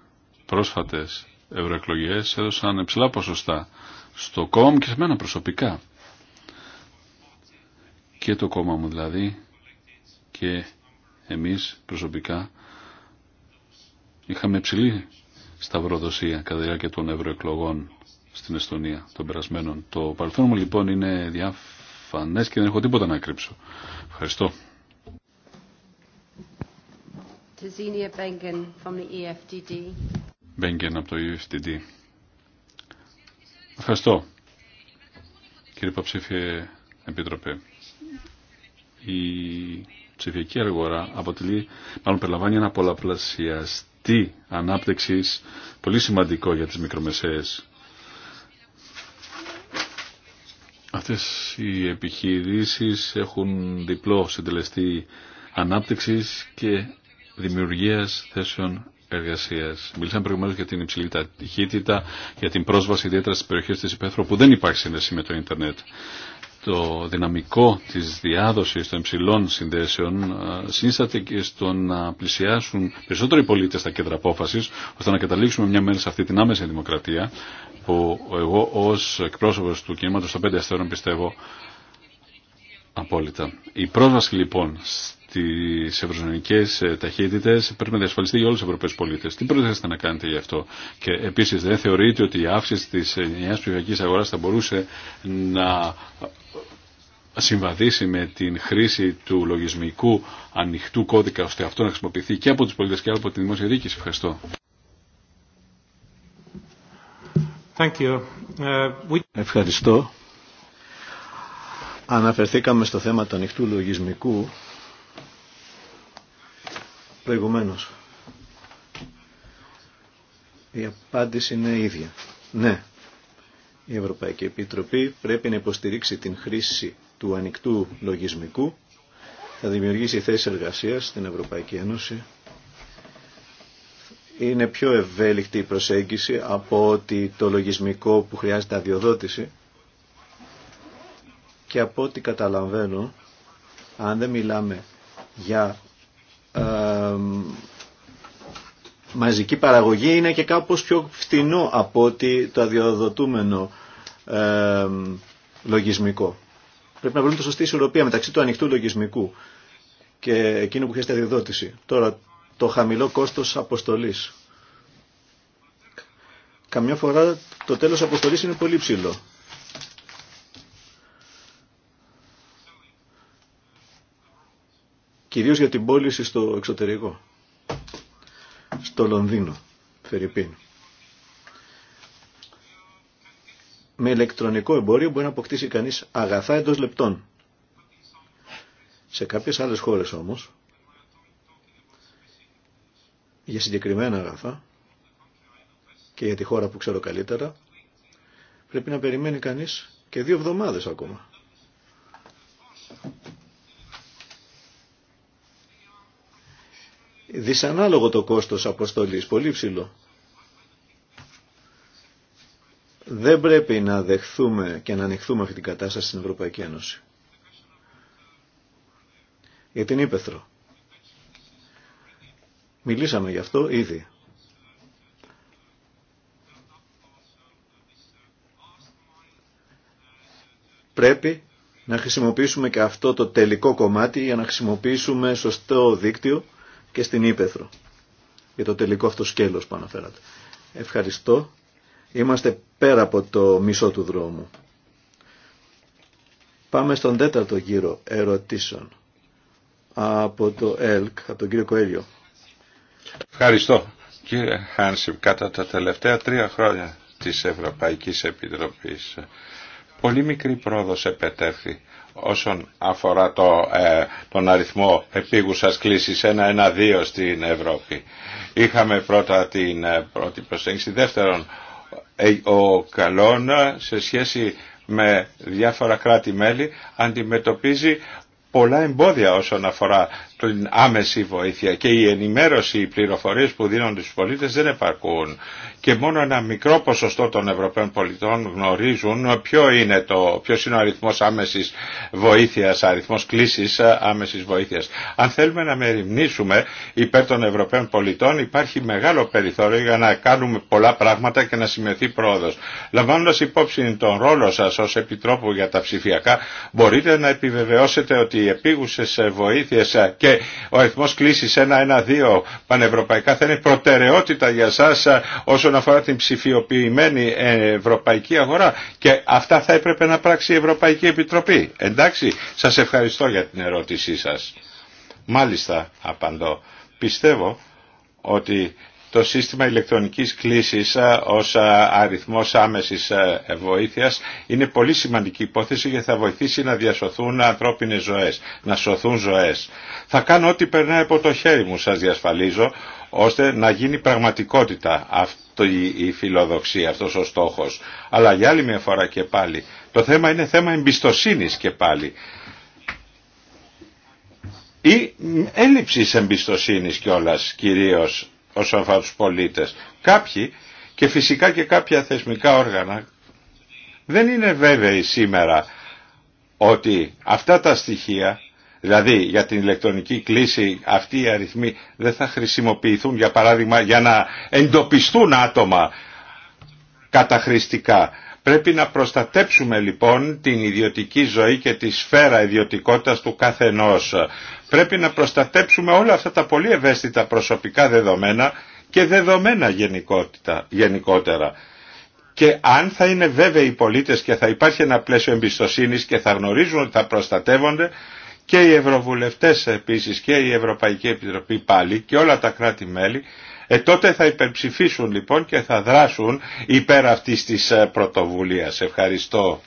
πρόσφατες ευρωεκλογέ έδωσαν υψηλά ποσοστά στο κόμμα και σε μένα προσωπικά. Και το κόμμα μου δηλαδή και εμείς προσωπικά είχαμε ψηλή σταυροδοσία κατά διάρκεια των ευρωεκλογών στην Εστονία των περασμένων. Το παρελθόν μου λοιπόν είναι διαφανές και δεν έχω τίποτα να κρύψω. Ευχαριστώ. Μπέγγεν e από το EFTD. Ευχαριστώ. Κύριε Παψήφιε Επίτροπε, η ψηφιακή αγορά αποτελεί, μάλλον περιλαμβάνει ένα πολλαπλασιαστή ανάπτυξη πολύ σημαντικό για τις μικρομεσαίες. Αυτές οι επιχειρήσεις έχουν διπλό συντελεστή ανάπτυξης και δημιουργίας θέσεων εργασίας. Μιλήσαμε προηγουμένως για την υψηλή ταχύτητα, για την πρόσβαση ιδιαίτερα στις περιοχές της υπαίθρου που δεν υπάρχει σύνδεση με το ίντερνετ το δυναμικό της διάδοσης των υψηλών συνδέσεων ε, σύσταται και στο να πλησιάσουν περισσότεροι πολίτες στα κέντρα απόφασης ώστε να καταλήξουμε μια μέρα σε αυτή την άμεση δημοκρατία που εγώ ως εκπρόσωπος του κινήματος των πέντε αστέρων πιστεύω απόλυτα. Η πρόσβαση λοιπόν τις ευρωζωνικές ε, ταχύτητες πρέπει να διασφαλιστεί για όλους τους Ευρωπαίους πολίτες. Τι προτείνετε να κάνετε γι' αυτό. Και επίσης δεν θεωρείτε ότι η αύξηση της νέας ψηφιακής αγοράς θα μπορούσε να συμβαδίσει με την χρήση του λογισμικού ανοιχτού κώδικα ώστε αυτό να χρησιμοποιηθεί και από τους πολίτες και από τη δημόσια διοίκηση. Ευχαριστώ. Thank you. Ε, Ευχαριστώ. Αναφερθήκαμε στο θέμα του ανοιχτού λογισμικού προηγουμένως. Η απάντηση είναι η ίδια. Ναι, η Ευρωπαϊκή Επιτροπή πρέπει να υποστηρίξει την χρήση του ανοιχτού λογισμικού, θα δημιουργήσει θέσεις εργασίας στην Ευρωπαϊκή Ένωση. Είναι πιο ευέλικτη η προσέγγιση από ότι το λογισμικό που χρειάζεται αδειοδότηση και από ό,τι καταλαβαίνω, αν δεν μιλάμε για ε, μαζική παραγωγή είναι και κάπως πιο φτηνό από ότι το αδειοδοτούμενο λογισμικό. Πρέπει να βρούμε τη σωστή ισορροπία μεταξύ του ανοιχτού λογισμικού και εκείνου που χρειάζεται αδειοδότηση. Τώρα, το χαμηλό κόστος αποστολής. Καμιά φορά το τέλος αποστολής είναι πολύ ψηλό. κυρίως για την πώληση στο εξωτερικό, στο Λονδίνο, Φερρυπίν. Με ηλεκτρονικό εμπόριο μπορεί να αποκτήσει κανείς αγαθά εντός λεπτών. Σε κάποιες άλλες χώρες όμως, για συγκεκριμένα αγαθά και για τη χώρα που ξέρω καλύτερα, πρέπει να περιμένει κανείς και δύο εβδομάδες ακόμα. δυσανάλογο το κόστος αποστολής, πολύ ψηλό. Δεν πρέπει να δεχθούμε και να ανοιχθούμε αυτή την κατάσταση στην Ευρωπαϊκή Ένωση. Για την Ήπεθρο. Μιλήσαμε γι' αυτό ήδη. Πρέπει να χρησιμοποιήσουμε και αυτό το τελικό κομμάτι για να χρησιμοποιήσουμε σωστό δίκτυο και στην Ήπεθρο. Για το τελικό αυτό σκέλος που αναφέρατε. Ευχαριστώ. Είμαστε πέρα από το μισό του δρόμου. Πάμε στον τέταρτο γύρο ερωτήσεων από το ΕΛΚ, από τον κύριο Κοέλιο. Ευχαριστώ. Κύριε Χάνσιμ, κατά τα τελευταία τρία χρόνια της Ευρωπαϊκής Επιτροπής πολύ μικρή πρόοδος επετέχθη όσον αφορά ε, τον αριθμό επίγουσας κλίσης 1-1-2 στην Ευρώπη. Είχαμε πρώτα την ε, πρώτη προσέγγιση. Δεύτερον, ε, ο Καλόν σε σχέση με διάφορα κράτη-μέλη αντιμετωπίζει πολλά εμπόδια όσον αφορά την άμεση βοήθεια και η ενημέρωση, οι πληροφορίες που δίνονται στους πολίτες δεν επαρκούν και μόνο ένα μικρό ποσοστό των Ευρωπαίων πολιτών γνωρίζουν ποιο είναι, το, ποιος είναι ο αριθμός άμεσης βοήθειας, αριθμός κλήσης άμεσης βοήθειας. Αν θέλουμε να μεριμνήσουμε υπέρ των Ευρωπαίων πολιτών υπάρχει μεγάλο περιθώριο για να κάνουμε πολλά πράγματα και να σημειωθεί πρόοδος. Λαμβάνοντας υπόψη τον ρόλο σας ως Επιτρόπου για τα ψηφιακά μπορείτε να επιβεβαιώσετε ότι οι επίγουσες βοήθειες και ο αριθμός κλήσης 2 πανευρωπαϊκά θα είναι προτεραιότητα για σας όσον αφορά την ψηφιοποιημένη ευρωπαϊκή αγορά και αυτά θα έπρεπε να πράξει η Ευρωπαϊκή Επιτροπή. Εντάξει, σας ευχαριστώ για την ερώτησή σας. Μάλιστα, απαντώ. Πιστεύω ότι το σύστημα ηλεκτρονικής κλήσης ε, ως ε, αριθμός άμεσης ε, βοήθειας είναι πολύ σημαντική υπόθεση γιατί θα βοηθήσει να διασωθούν ανθρώπινες ζωές, να σωθούν ζωές. Θα κάνω ό,τι περνάει από το χέρι μου, σας διασφαλίζω, ώστε να γίνει πραγματικότητα αυτή η φιλοδοξία, αυτός ο στόχος. Αλλά για άλλη μια φορά και πάλι, το θέμα είναι θέμα εμπιστοσύνης και πάλι ή έλλειψης εμπιστοσύνης κιόλας κυρίως όσο αφορά πολίτες. Κάποιοι και φυσικά και κάποια θεσμικά όργανα δεν είναι βέβαιοι σήμερα ότι αυτά τα στοιχεία, δηλαδή για την ηλεκτρονική κλίση αυτοί οι αριθμοί δεν θα χρησιμοποιηθούν για παράδειγμα για να εντοπιστούν άτομα καταχρηστικά. Πρέπει να προστατέψουμε λοιπόν την ιδιωτική ζωή και τη σφαίρα ιδιωτικότητας του καθενός. Πρέπει να προστατέψουμε όλα αυτά τα πολύ ευαίσθητα προσωπικά δεδομένα και δεδομένα γενικότερα. Και αν θα είναι βέβαιοι οι πολίτες και θα υπάρχει ένα πλαίσιο εμπιστοσύνης και θα γνωρίζουν ότι θα προστατεύονται και οι ευρωβουλευτές επίσης και η Ευρωπαϊκή Επιτροπή πάλι και όλα τα κράτη-μέλη ε, τότε θα υπερψηφίσουν λοιπόν και θα δράσουν υπέρ αυτής της ε, πρωτοβουλίας. Ευχαριστώ.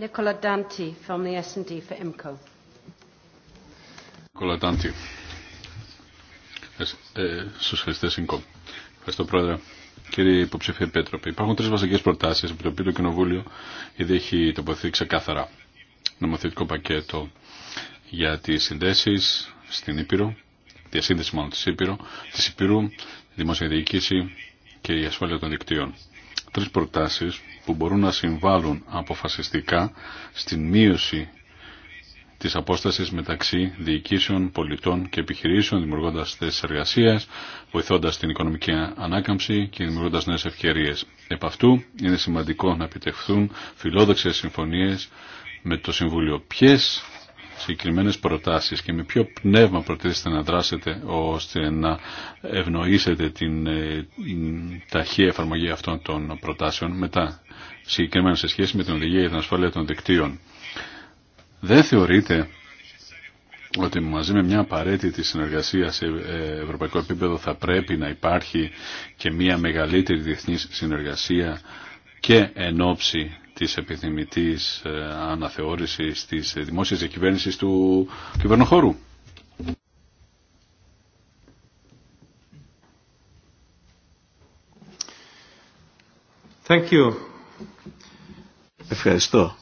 Nicola Danti from the S&D for ε, ε, Ευχαριστώ Πρόεδρε. Κύριε Υποψήφιε Πέτροπε, υπάρχουν τρεις βασικές προτάσεις από το οποίο το Κοινοβούλιο ήδη έχει τοποθετεί ξεκάθαρα. Νομοθετικό πακέτο για τις συνδέσεις στην Ήπειρο, διασύνδεση μάλλον της, Ήπειρο, της Ήπειρου, δημόσια διοίκηση και η ασφάλεια των δικτύων. Τρεις προτάσεις που μπορούν να συμβάλλουν αποφασιστικά στην μείωση της απόστασης μεταξύ διοικήσεων, πολιτών και επιχειρήσεων, δημιουργώντας θέσεις εργασίας, βοηθώντας την οικονομική ανάκαμψη και δημιουργώντας νέες ευκαιρίες. Επ' αυτού είναι σημαντικό να επιτευχθούν φιλόδοξες συμφωνίες με το Συμβούλιο. Ποιες συγκεκριμένε προτάσεις και με ποιο πνεύμα προτείνετε να δράσετε ώστε να ευνοήσετε την ε, ταχεία εφαρμογή αυτών των προτάσεων μετά συγκεκριμένα σε σχέση με την οδηγία για την ασφάλεια των δικτύων. Δεν θεωρείτε ότι μαζί με μια απαραίτητη συνεργασία σε ε, ευρωπαϊκό επίπεδο θα πρέπει να υπάρχει και μια μεγαλύτερη διεθνής συνεργασία και εν της επιθυμητής ε, αναθεώρησης της δημόσιας διακυβέρνησης του κυβερνοχώρου. Ευχαριστώ.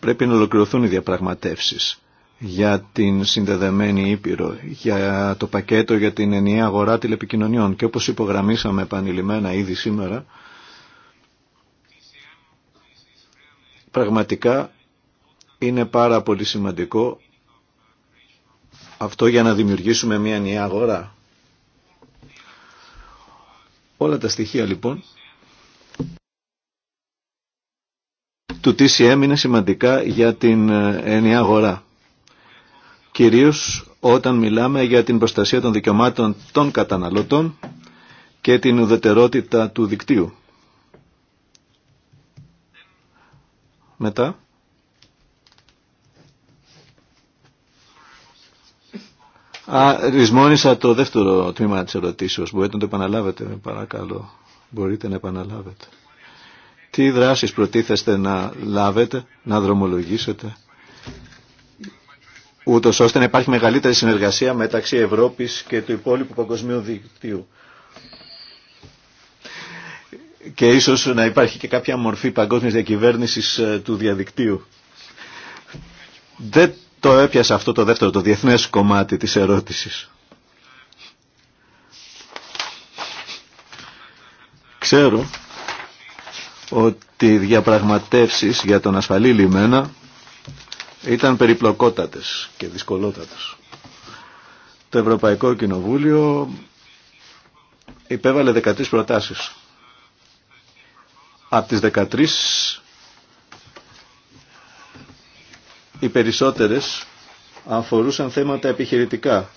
Πρέπει να ολοκληρωθούν οι διαπραγματεύσεις για την συνδεδεμένη Ήπειρο, για το πακέτο για την ενιαία αγορά τηλεπικοινωνιών και όπως υπογραμμίσαμε επανειλημμένα ήδη σήμερα, πραγματικά είναι πάρα πολύ σημαντικό αυτό για να δημιουργήσουμε μια ενιαία αγορά. Όλα τα στοιχεία λοιπόν του TCM είναι σημαντικά για την ενιαία αγορά κυρίως όταν μιλάμε για την προστασία των δικαιωμάτων των καταναλωτών και την ουδετερότητα του δικτύου. Μετά. Α, ρισμόνισα το δεύτερο τμήμα της ερωτήσεως. Μπορείτε να το επαναλάβετε, παρακαλώ. Μπορείτε να επαναλάβετε. Τι δράσεις προτίθεστε να λάβετε, να δρομολογήσετε ούτω ώστε να υπάρχει μεγαλύτερη συνεργασία μεταξύ Ευρώπης και του υπόλοιπου παγκοσμίου δικτύου. Και ίσως να υπάρχει και κάποια μορφή παγκόσμια διακυβέρνηση ε, του διαδικτύου. Δεν το έπιασα αυτό το δεύτερο, το διεθνές κομμάτι της ερώτησης. Ξέρω ότι οι διαπραγματεύσεις για τον ασφαλή λιμένα ήταν περιπλοκότατες και δυσκολότατες. Το Ευρωπαϊκό Κοινοβούλιο υπέβαλε 13 προτάσεις. Από τις 13 οι περισσότερες αφορούσαν θέματα επιχειρητικά.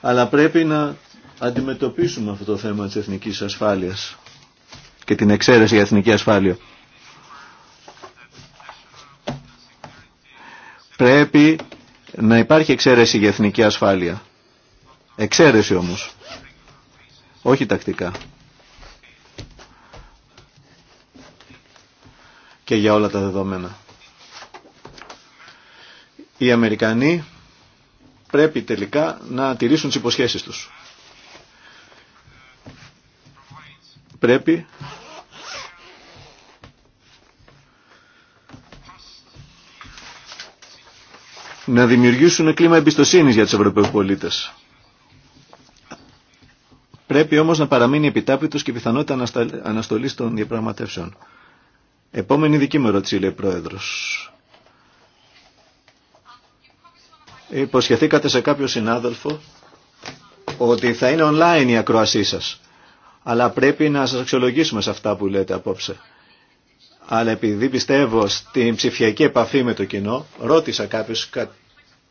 Αλλά πρέπει να αντιμετωπίσουμε αυτό το θέμα της εθνικής ασφάλειας και την εξαίρεση για εθνική ασφάλεια. Πρέπει να υπάρχει εξαίρεση για εθνική ασφάλεια. Εξαίρεση όμως. Όχι τακτικά. Και για όλα τα δεδομένα. Οι Αμερικανοί πρέπει τελικά να τηρήσουν τις υποσχέσεις τους. πρέπει να δημιουργήσουν κλίμα εμπιστοσύνης για τους Ευρωπαίους πολίτες. Πρέπει όμως να παραμείνει επιτάπητος και η πιθανότητα αναστολής των διαπραγματεύσεων. Επόμενη δική μου ερώτηση, λέει Πρόεδρος. Υποσχεθήκατε σε κάποιο συνάδελφο ότι θα είναι online η ακροασή σας αλλά πρέπει να σας αξιολογήσουμε σε αυτά που λέτε απόψε. Αλλά επειδή πιστεύω στην ψηφιακή επαφή με το κοινό, ρώτησα κάποιους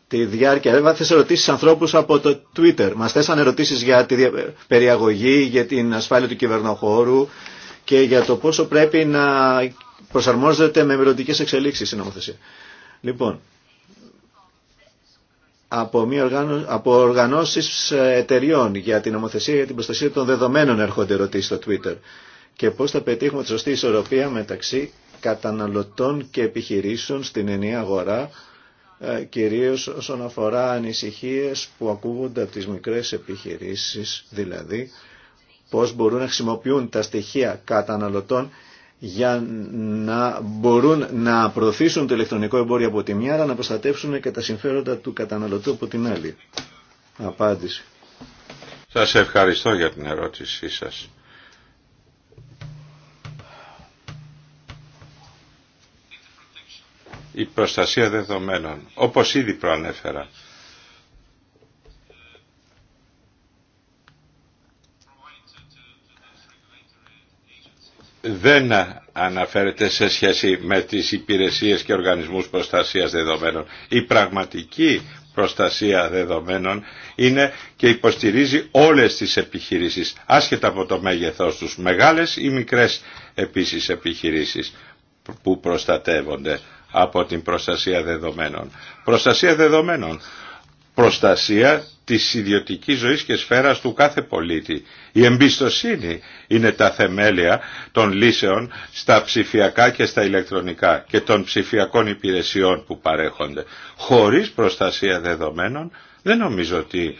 τη διάρκεια, βέβαια θες ερωτήσεις ανθρώπους από το Twitter. Μας θέσανε ερωτήσεις για τη περιαγωγή, για την ασφάλεια του κυβερνοχώρου και για το πόσο πρέπει να προσαρμόζεται με μελλοντικές εξελίξεις η νομοθεσία. Λοιπόν, από, μη από οργανώσεις ε, εταιριών για την ομοθεσία για την προστασία των δεδομένων έρχονται ερωτήσει στο Twitter και πώς θα πετύχουμε τη σωστή ισορροπία μεταξύ καταναλωτών και επιχειρήσεων στην ενιαία αγορά ε, κυρίως όσον αφορά ανησυχίες που ακούγονται από τις μικρές επιχειρήσεις, δηλαδή πώς μπορούν να χρησιμοποιούν τα στοιχεία καταναλωτών για να μπορούν να προωθήσουν το ηλεκτρονικό εμπόριο από τη μια, αλλά να προστατεύσουν και τα συμφέροντα του καταναλωτού από την άλλη. Απάντηση. Σας ευχαριστώ για την ερώτησή σας. Η προστασία δεδομένων, όπως ήδη προανέφερα, δεν αναφέρεται σε σχέση με τις υπηρεσίες και οργανισμούς προστασίας δεδομένων. Η πραγματική προστασία δεδομένων είναι και υποστηρίζει όλες τις επιχειρήσεις, άσχετα από το μέγεθός τους, μεγάλες ή μικρές επίσης επιχειρήσεις που προστατεύονται από την προστασία δεδομένων. Προστασία δεδομένων προστασία της ιδιωτικής ζωής και σφαίρας του κάθε πολίτη. Η εμπιστοσύνη είναι τα θεμέλια των λύσεων στα ψηφιακά και στα ηλεκτρονικά και των ψηφιακών υπηρεσιών που παρέχονται. Χωρίς προστασία δεδομένων δεν νομίζω ότι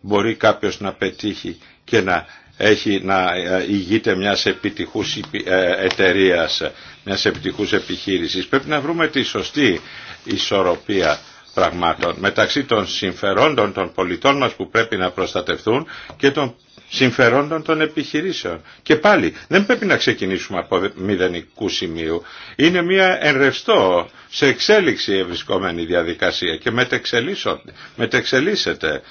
μπορεί κάποιος να πετύχει και να έχει να ε, ηγείται μιας επιτυχούς ε, εταιρείας, μιας επιτυχούς επιχείρησης. Πρέπει να βρούμε τη σωστή ισορροπία πραγμάτων μεταξύ των συμφερόντων των πολιτών μας που πρέπει να προστατευτούν και των συμφερόντων των επιχειρήσεων. Και πάλι δεν πρέπει να ξεκινήσουμε από μηδενικού σημείου. Είναι μια ενρευστό σε εξέλιξη ευρισκόμενη διαδικασία και μετεξελίσσεται.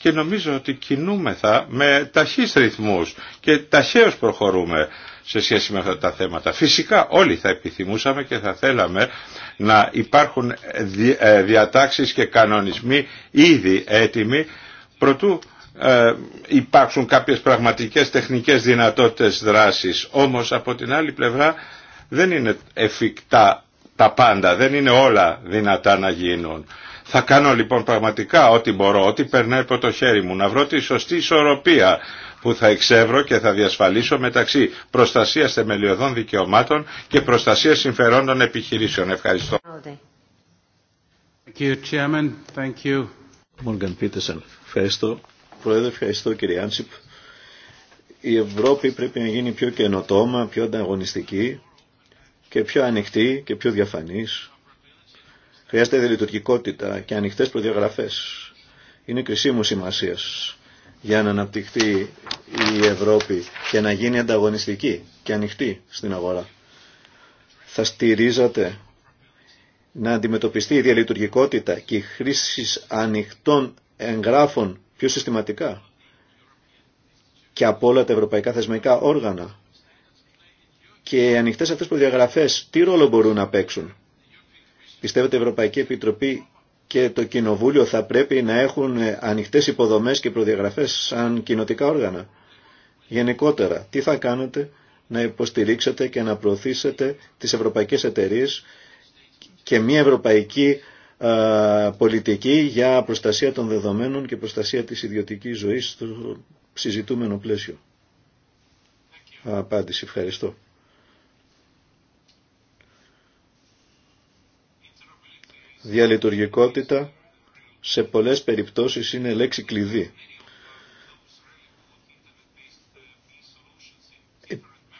Και νομίζω ότι κινούμεθα με ταχύς ρυθμούς και ταχαίως προχωρούμε σε σχέση με αυτά τα θέματα. Φυσικά όλοι θα επιθυμούσαμε και θα θέλαμε να υπάρχουν ε, διατάξεις και κανονισμοί ήδη έτοιμοι προτού ε, υπάρξουν κάποιες πραγματικές τεχνικές δυνατότητες δράσης. Όμως από την άλλη πλευρά δεν είναι εφικτά τα πάντα, δεν είναι όλα δυνατά να γίνουν. Θα κάνω λοιπόν πραγματικά ό,τι μπορώ, ό,τι περνάει από το χέρι μου, να βρω τη σωστή ισορροπία που θα εξεύρω και θα διασφαλίσω μεταξύ προστασίας θεμελιωδών δικαιωμάτων και προστασίας συμφερόντων επιχειρήσεων. Ευχαριστώ. Thank you, Chairman. Thank you. Morgan Peterson. Ευχαριστώ. Πρόεδρε, ευχαριστώ κύριε Άντσιπ. Η Ευρώπη πρέπει να γίνει πιο καινοτόμα, πιο ανταγωνιστική και πιο ανοιχτή και πιο διαφανής. Χρειάζεται λειτουργικότητα και ανοιχτές προδιαγραφέ. Είναι κρισίμου σημασίας για να αναπτυχθεί η Ευρώπη και να γίνει ανταγωνιστική και ανοιχτή στην αγορά. Θα στηρίζατε να αντιμετωπιστεί η διαλειτουργικότητα και η χρήση ανοιχτών εγγράφων πιο συστηματικά και από όλα τα ευρωπαϊκά θεσμικά όργανα. Και οι ανοιχτές αυτές προδιαγραφές τι ρόλο μπορούν να παίξουν. Πιστεύετε η Ευρωπαϊκή Επιτροπή και το Κοινοβούλιο θα πρέπει να έχουν ανοιχτές υποδομές και προδιαγραφές σαν κοινοτικά όργανα. Γενικότερα, τι θα κάνετε να υποστηρίξετε και να προωθήσετε τις ευρωπαϊκές εταιρείες και μια ευρωπαϊκή πολιτική για προστασία των δεδομένων και προστασία της ιδιωτικής ζωής στο συζητούμενο πλαίσιο. Απάντηση, ευχαριστώ. Διαλειτουργικότητα σε πολλές περιπτώσεις είναι λέξη κλειδί.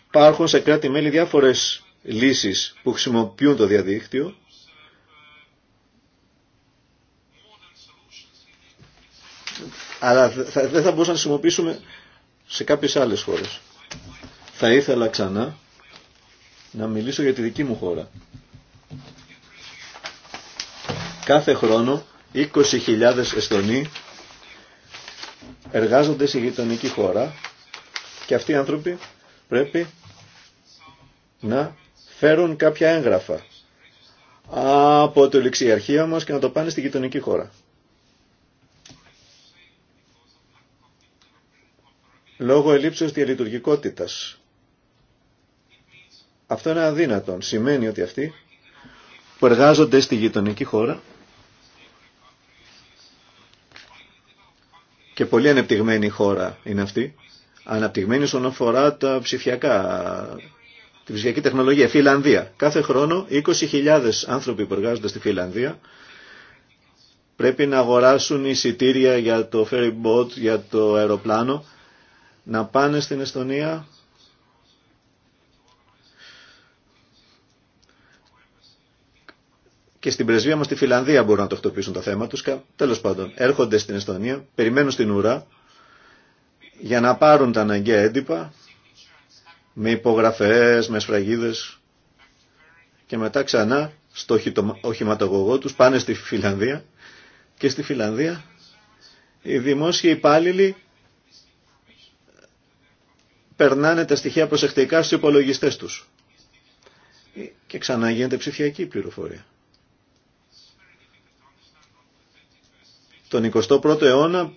Υπάρχουν σε κράτη-μέλη διάφορες λύσεις που χρησιμοποιούν το διαδίκτυο αλλά δεν θα μπορούσαμε να χρησιμοποιήσουμε σε κάποιες άλλες χώρες. Θα ήθελα ξανά να μιλήσω για τη δική μου χώρα. Κάθε χρόνο 20.000 Εστονοί εργάζονται στη γειτονική χώρα και αυτοί οι άνθρωποι πρέπει να φέρουν κάποια έγγραφα από το ληξιαρχείο μας και να το πάνε στη γειτονική χώρα. Λόγω ελλείψεως διαλειτουργικότητας. Αυτό είναι αδύνατον. Σημαίνει ότι αυτοί που εργάζονται στη γειτονική χώρα και πολύ ανεπτυγμένη χώρα είναι αυτή. Αναπτυγμένη όσον αφορά τα ψηφιακά, τη ψηφιακή τεχνολογία. Φιλανδία. Κάθε χρόνο 20.000 άνθρωποι που εργάζονται στη Φιλανδία πρέπει να αγοράσουν εισιτήρια για το ferry boat, για το αεροπλάνο, να πάνε στην Εστονία και στην πρεσβεία μας στη Φιλανδία μπορούν να τοκτοποιήσουν τα το θέματα τους. Τέλος πάντων, έρχονται στην Εσθονία, περιμένουν στην ουρά για να πάρουν τα αναγκαία έντυπα με υπογραφές, με σφραγίδες και μετά ξανά στο οχηματογωγό τους πάνε στη Φιλανδία και στη Φιλανδία οι δημόσιοι υπάλληλοι περνάνε τα στοιχεία προσεκτικά στους υπολογιστές τους και ξανά γίνεται ψηφιακή πληροφορία. τον 21ο αιώνα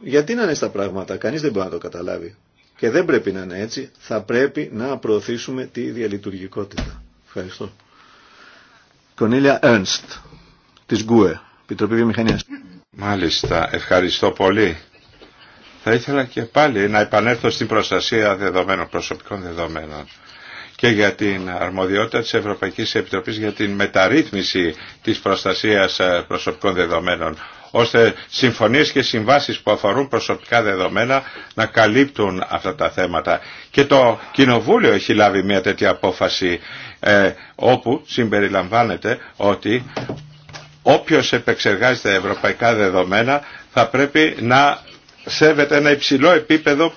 γιατί να είναι στα πράγματα, κανείς δεν μπορεί να το καταλάβει. Και δεν πρέπει να είναι έτσι, θα πρέπει να προωθήσουμε τη διαλειτουργικότητα. Ευχαριστώ. Κονίλια Ernst, της ΓΚΟΕ, Επιτροπή Βιομηχανίας. Μάλιστα, ευχαριστώ πολύ. Θα ήθελα και πάλι να επανέλθω στην προστασία δεδομένων, προσωπικών δεδομένων και για την αρμοδιότητα της Ευρωπαϊκής Επιτροπής για την μεταρρύθμιση της προστασίας ε, προσωπικών δεδομένων ώστε συμφωνίες και συμβάσεις που αφορούν προσωπικά δεδομένα να καλύπτουν αυτά τα θέματα. Και το Κοινοβούλιο έχει λάβει μια τέτοια απόφαση ε, όπου συμπεριλαμβάνεται ότι όποιος επεξεργάζεται ευρωπαϊκά δεδομένα θα πρέπει να σέβεται ένα υψηλό επίπεδο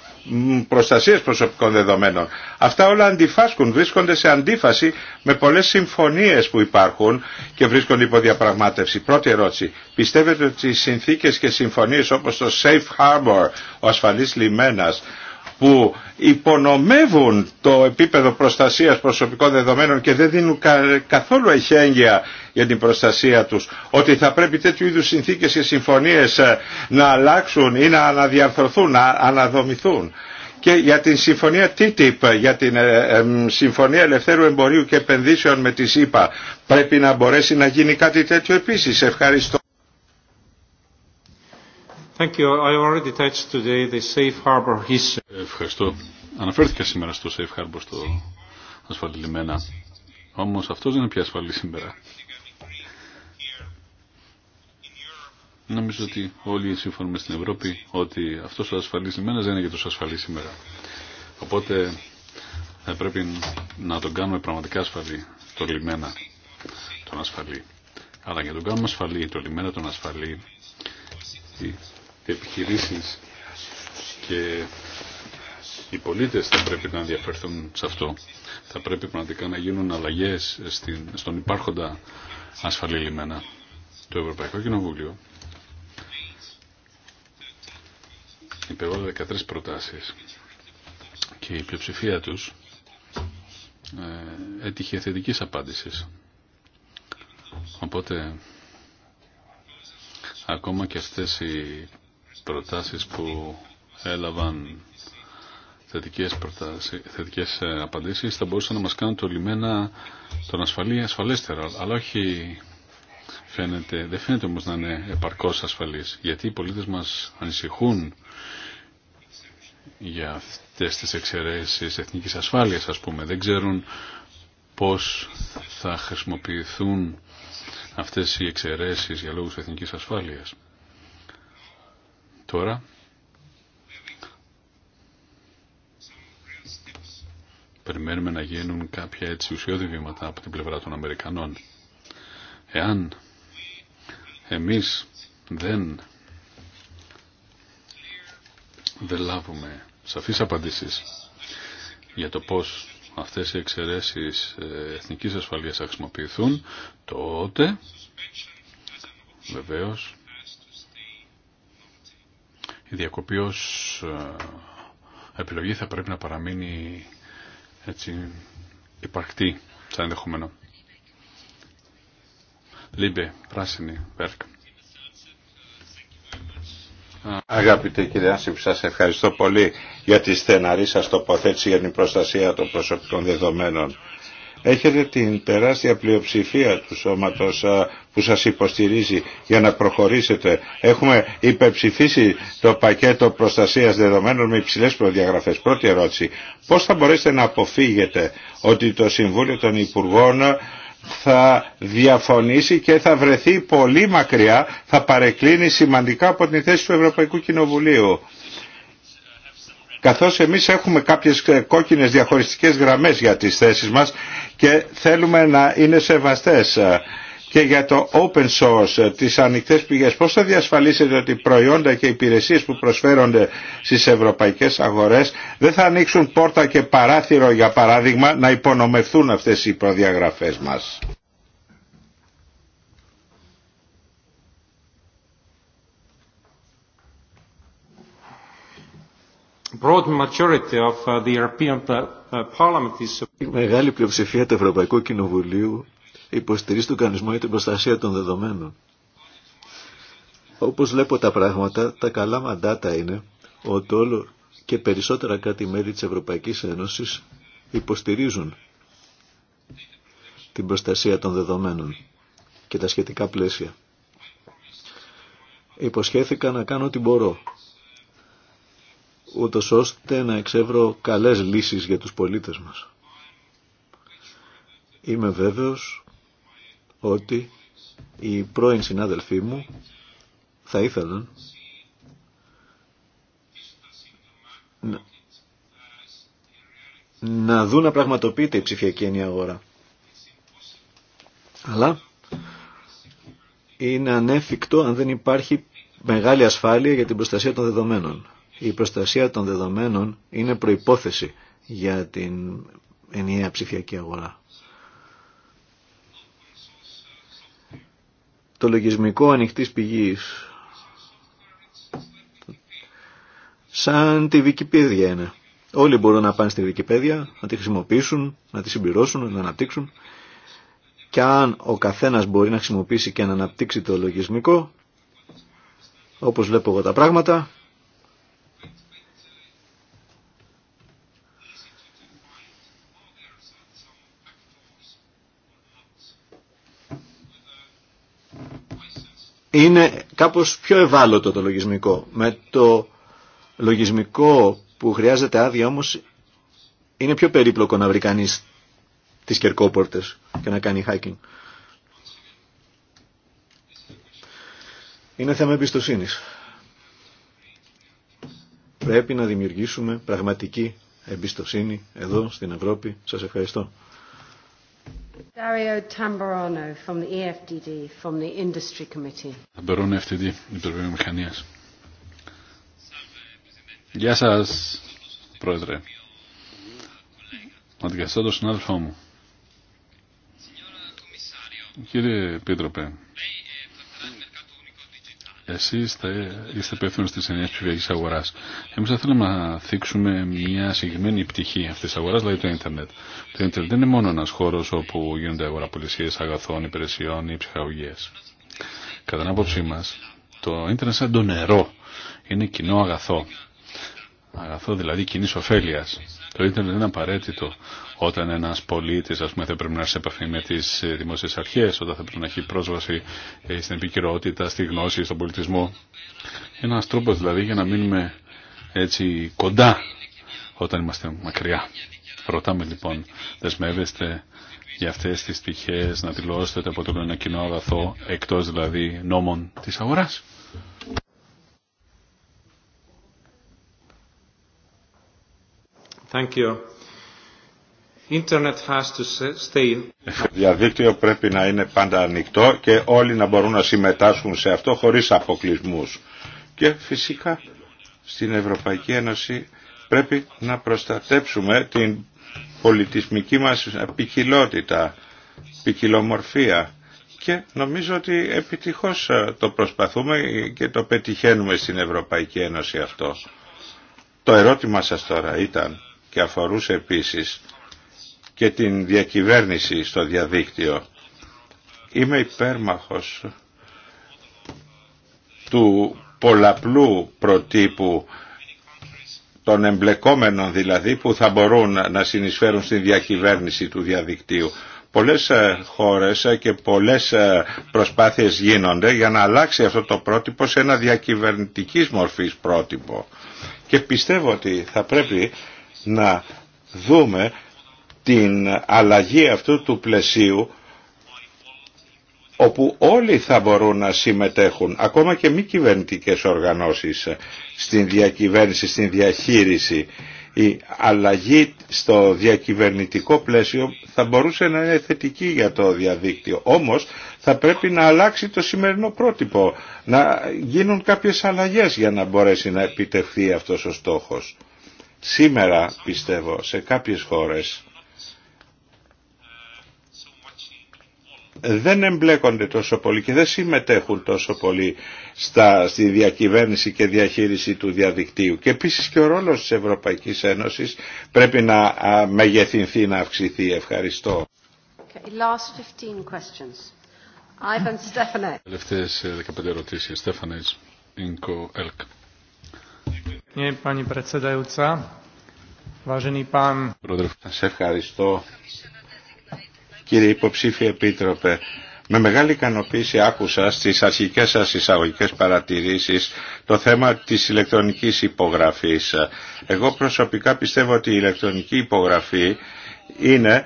προστασίες προσωπικών δεδομένων. Αυτά όλα αντιφάσκουν, βρίσκονται σε αντίφαση με πολλές συμφωνίες που υπάρχουν και βρίσκονται υπό διαπραγμάτευση. Πρώτη ερώτηση. Πιστεύετε ότι οι συνθήκες και συμφωνίες όπως το Safe Harbor, ο ασφαλής λιμένας, που υπονομεύουν το επίπεδο προστασίας προσωπικών δεδομένων και δεν δίνουν καθόλου εχέγγυα για την προστασία τους. Ότι θα πρέπει τέτοιου είδους συνθήκες και συμφωνίες ε, να αλλάξουν ή να αναδιαρθρωθούν, να αναδομηθούν. Και για την συμφωνία TTIP, για την ε, Συμφωνία Ελευθέρου Εμπορίου και Επενδύσεων με τη ΣΥΠΑ, πρέπει να μπορέσει να γίνει κάτι τέτοιο επίσης. Ευχαριστώ. Ευχαριστώ. Αναφέρθηκα σήμερα στο safe harbor στο ασφαλή λιμένα. Όμως αυτό δεν είναι πια ασφαλή σήμερα. Νομίζω ότι όλοι συμφωνούμε στην Ευρώπη ότι αυτός ο ασφαλής λιμένας δεν είναι για τους ασφαλή σήμερα. Οπότε θα ε, πρέπει να τον κάνουμε πραγματικά ασφαλή το λιμένα τον ασφαλή. Αλλά για να τον κάνουμε ασφαλή το λιμένα τον ασφαλή επιχειρήσεις και οι πολίτες θα πρέπει να ενδιαφερθούν σε αυτό. Θα πρέπει πραγματικά να γίνουν αλλαγές στον υπάρχοντα ασφαλή λιμένα. Το Ευρωπαϊκό Κοινοβούλιο υπέβαλε 13 προτάσεις και η πλειοψηφία τους ε, έτυχε θετική απάντησης. Οπότε ακόμα και αυτές οι προτάσεις που έλαβαν θετικές, προτάσεις, θετικές ε, απαντήσεις θα μπορούσαν να μας κάνουν το λιμένα τον ασφαλή ασφαλέστερα αλλά όχι φαίνεται, δεν φαίνεται όμως να είναι επαρκώς ασφαλής γιατί οι πολίτες μας ανησυχούν για αυτές τις εξαιρέσεις εθνικής ασφάλειας ας πούμε δεν ξέρουν πώς θα χρησιμοποιηθούν αυτές οι εξαιρέσεις για λόγους εθνικής ασφάλειας. Τώρα περιμένουμε να γίνουν κάποια έτσι ουσιώδη βήματα από την πλευρά των Αμερικανών. Εάν εμείς δεν δεν λάβουμε σαφείς απαντήσεις για το πώς αυτές οι εξαιρέσεις ε, εθνικής ασφαλείας θα χρησιμοποιηθούν, τότε βεβαίως η διακοπή ως ε, επιλογή θα πρέπει να παραμείνει έτσι υπαρκτή σαν ενδεχόμενο. Λίμπε, πράσινη, βέρκ. Αγαπητέ κύριε σας ευχαριστώ πολύ για τη στεναρή σας τοποθέτηση για την προστασία των προσωπικών δεδομένων έχετε την τεράστια πλειοψηφία του σώματος που σας υποστηρίζει για να προχωρήσετε. Έχουμε υπεψηφίσει το πακέτο προστασίας δεδομένων με υψηλές προδιαγραφές. Πρώτη ερώτηση. Πώς θα μπορέσετε να αποφύγετε ότι το Συμβούλιο των Υπουργών θα διαφωνήσει και θα βρεθεί πολύ μακριά, θα παρεκκλίνει σημαντικά από την θέση του Ευρωπαϊκού Κοινοβουλίου καθώς εμείς έχουμε κάποιες ε, κόκκινες διαχωριστικές γραμμές για τις θέσεις μας και θέλουμε να είναι σεβαστές ε, και για το open source, ε, τις ανοιχτές πηγές. Πώς θα διασφαλίσετε ότι οι προϊόντα και οι υπηρεσίες που προσφέρονται στις ευρωπαϊκές αγορές δεν θα ανοίξουν πόρτα και παράθυρο, για παράδειγμα, να υπονομευθούν αυτές οι προδιαγραφές μας. Uh, uh, uh, Η μεγάλη πλειοψηφία του Ευρωπαϊκού Κοινοβουλίου υποστηρίζει τον κανονισμό για την προστασία των δεδομένων. Όπως βλέπω τα πράγματα, τα καλά μαντάτα είναι ότι όλο και περισσοτερα κάτι κράτη-μέλη της Ευρωπαϊκής Ένωσης υποστηρίζουν την προστασία των δεδομένων και τα σχετικά πλαίσια. Υποσχέθηκα να κάνω ό,τι μπορώ ούτως ώστε να εξεύρω καλές λύσεις για τους πολίτες μας. Είμαι βέβαιος ότι οι πρώην συνάδελφοί μου θα ήθελαν να δουν να πραγματοποιείται η ψηφιακή ενιαία αγορά. Αλλά είναι ανέφικτο αν δεν υπάρχει μεγάλη ασφάλεια για την προστασία των δεδομένων. Η προστασία των δεδομένων είναι προϋπόθεση για την ενιαία ψηφιακή αγορά. Το λογισμικό ανοιχτής πηγής σαν τη Wikipedia είναι. Όλοι μπορούν να πάνε στη Wikipedia, να τη χρησιμοποιήσουν, να τη συμπληρώσουν, να αναπτύξουν. Και αν ο καθένας μπορεί να χρησιμοποιήσει και να αναπτύξει το λογισμικό, όπως βλέπω εγώ τα πράγματα, είναι κάπως πιο ευάλωτο το λογισμικό. Με το λογισμικό που χρειάζεται άδεια όμως είναι πιο περίπλοκο να βρει κανείς τις κερκόπορτες και να κάνει hiking. Είναι θέμα εμπιστοσύνη. Πρέπει να δημιουργήσουμε πραγματική εμπιστοσύνη εδώ στην Ευρώπη. Σας ευχαριστώ. Dario Tamburano from the EFDD, from the Industry Committee. Tamburano EFDD, FTD, Επιτροπή Γεια σας, Πρόεδρε. Αντικαθιστώ τον συνάδελφό μου. Κύριε Επίτροπε, Εσεί θα είστε υπεύθυνοι της ενιαίας ψηφιακή αγορά. Εμεί θα θέλαμε να θίξουμε μια συγκεκριμένη πτυχή αυτή τη αγορά, δηλαδή το ίντερνετ. Το ίντερνετ δεν είναι μόνο ένα χώρο όπου γίνονται αγοραπολισίε αγαθών, υπηρεσιών ή ψυχαγωγίε. Κατά την άποψή μας, το ίντερνετ σαν το νερό είναι κοινό αγαθό αγαθό δηλαδή κοινή ωφέλεια. Το ίντερνετ είναι απαραίτητο όταν ένα πολίτη, α πούμε, θα πρέπει να έρθει σε επαφή με τι ε, δημόσιε αρχέ, όταν θα πρέπει να έχει πρόσβαση ε, στην επικαιρότητα, στη γνώση, στον πολιτισμό. Ένα τρόπο δηλαδή για να μείνουμε έτσι κοντά όταν είμαστε μακριά. Ρωτάμε λοιπόν, δεσμεύεστε για αυτέ τι στοιχείε να δηλώσετε ότι αποτελούν ένα κοινό αγαθό εκτό δηλαδή νόμων τη αγορά. Thank you. Ε, διαδίκτυο πρέπει να είναι πάντα ανοιχτό και όλοι να μπορούν να συμμετάσχουν σε αυτό χωρίς αποκλεισμούς. Και φυσικά στην Ευρωπαϊκή Ένωση πρέπει να προστατέψουμε την πολιτισμική μας ποικιλότητα, ποικιλομορφία και νομίζω ότι επιτυχώς ε, το προσπαθούμε και το πετυχαίνουμε στην Ευρωπαϊκή Ένωση αυτό. Το ερώτημα σας τώρα ήταν και αφορούσε επίσης και την διακυβέρνηση στο διαδίκτυο. Είμαι υπέρμαχος του πολλαπλού προτύπου των εμπλεκόμενων δηλαδή που θα μπορούν να συνεισφέρουν στην διακυβέρνηση του διαδικτύου. Πολλές ε, χώρες ε, και πολλές ε, προσπάθειες γίνονται για να αλλάξει αυτό το πρότυπο σε ένα διακυβερνητικής μορφής πρότυπο. Και πιστεύω ότι θα πρέπει να δούμε την αλλαγή αυτού του πλαισίου όπου όλοι θα μπορούν να συμμετέχουν, ακόμα και μη κυβερνητικέ οργανώσεις στην διακυβέρνηση, στην διαχείριση. Η αλλαγή στο διακυβερνητικό πλαίσιο θα μπορούσε να είναι θετική για το διαδίκτυο. Όμως θα πρέπει να αλλάξει το σημερινό πρότυπο, να γίνουν κάποιες αλλαγές για να μπορέσει να επιτευχθεί αυτός ο στόχος. Σήμερα πιστεύω σε κάποιες χώρες δεν εμπλέκονται τόσο πολύ και δεν συμμετέχουν τόσο πολύ στα, στη διακυβέρνηση και διαχείριση του διαδικτύου. Και επίσης και ο ρόλος της Ευρωπαϊκής Ένωσης πρέπει να μεγεθυνθεί, να αυξηθεί. Ευχαριστώ. Okay, 15 ε, ερωτήσεις. Στέφανες, Ινκο, Ελκ. Σας ευχαριστώ. Κύριε Υποψήφιε Επίτροπε, με μεγάλη ικανοποίηση άκουσα στις αρχικές σας εισαγωγικές παρατηρήσεις το θέμα της ηλεκτρονικής υπογραφής. Εγώ προσωπικά πιστεύω ότι η ηλεκτρονική υπογραφή είναι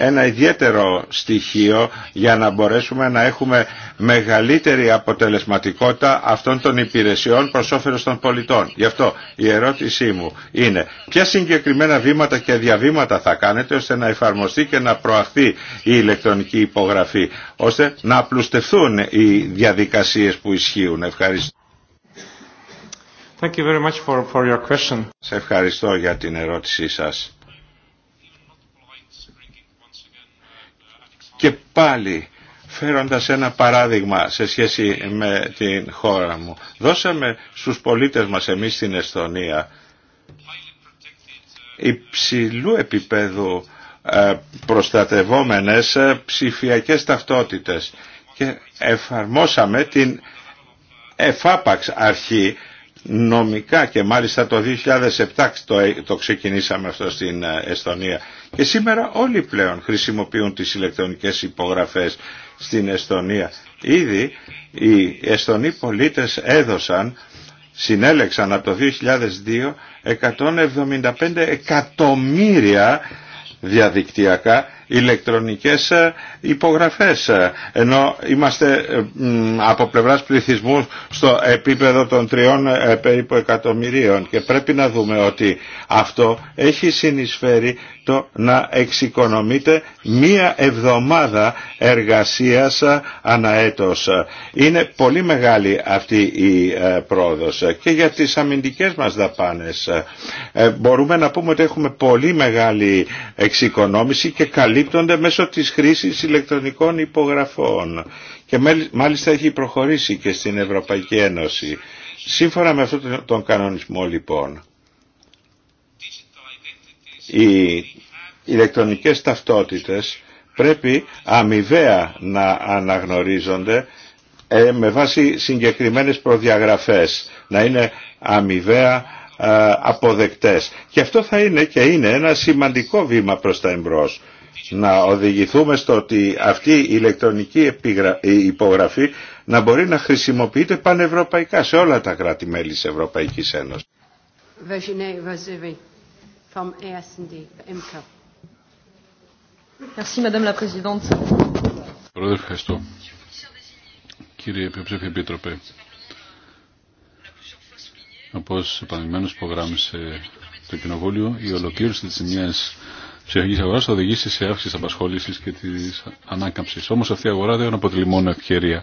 ένα ιδιαίτερο στοιχείο για να μπορέσουμε να έχουμε μεγαλύτερη αποτελεσματικότητα αυτών των υπηρεσιών προς όφελος των πολιτών. Γι' αυτό η ερώτησή μου είναι ποια συγκεκριμένα βήματα και διαβήματα θα κάνετε ώστε να εφαρμοστεί και να προαχθεί η ηλεκτρονική υπογραφή, ώστε να απλουστευτούν οι διαδικασίες που ισχύουν. Ευχαριστώ. Thank you very Σε ευχαριστώ για την ερώτησή σας. Και πάλι φέροντας ένα παράδειγμα σε σχέση με την χώρα μου. Δώσαμε στους πολίτες μας εμείς στην Εστονία υψηλού επίπεδου ε, προστατευόμενες ε, ψηφιακές ταυτότητες και εφαρμόσαμε την εφάπαξ αρχή νομικά και μάλιστα το 2007 το ξεκινήσαμε αυτό στην ε, Εστονία και σήμερα όλοι πλέον χρησιμοποιούν τις ηλεκτρονικές υπογραφές στην Εστονία. Ήδη οι Εστονοί πολίτες έδωσαν, συνέλεξαν από το 2002 175 εκατομμύρια διαδικτυακά ηλεκτρονικές ε, υπογραφές ε, ενώ είμαστε ε, από πλευράς πληθυσμού στο επίπεδο των τριών περίπου εκατομμυρίων και πρέπει να δούμε ότι αυτό έχει συνεισφέρει να εξοικονομείτε μία εβδομάδα εργασίας ε, αναέτος. Είναι πολύ μεγάλη αυτή η ε, πρόοδος και για τις αμυντικές μας δαπάνες. Ε, μπορούμε να πούμε ότι έχουμε πολύ μεγάλη εξοικονόμηση και καλύπτονται μέσω της χρήσης ηλεκτρονικών υπογραφών. Και μάλιστα έχει προχωρήσει και στην Ευρωπαϊκή Ένωση. Σύμφωνα με αυτόν τον κανονισμό λοιπόν οι ηλεκτρονικές ταυτότητες πρέπει αμοιβαία να αναγνωρίζονται ε, με βάση συγκεκριμένες προδιαγραφές, να είναι αμοιβαία ε, αποδεκτές. Και αυτό θα είναι και είναι ένα σημαντικό βήμα προς τα εμπρός. Να οδηγηθούμε στο ότι αυτή η ηλεκτρονική υπογραφή να μπορεί να χρησιμοποιείται πανευρωπαϊκά σε όλα τα κράτη-μέλη της Ευρωπαϊκής Ένωσης from ASD, Πρόεδρε, ευχαριστώ. Κύριε Επιψήφι Επίτροπε, όπω επανειλημμένω υπογράμμισε το Κοινοβούλιο, η ολοκλήρωση τη νέα ψυχική αγορά θα οδηγήσει σε αύξηση τη απασχόληση και τη ανάκαμψη. Όμω αυτή η αγορά δεν αποτελεί μόνο ευκαιρία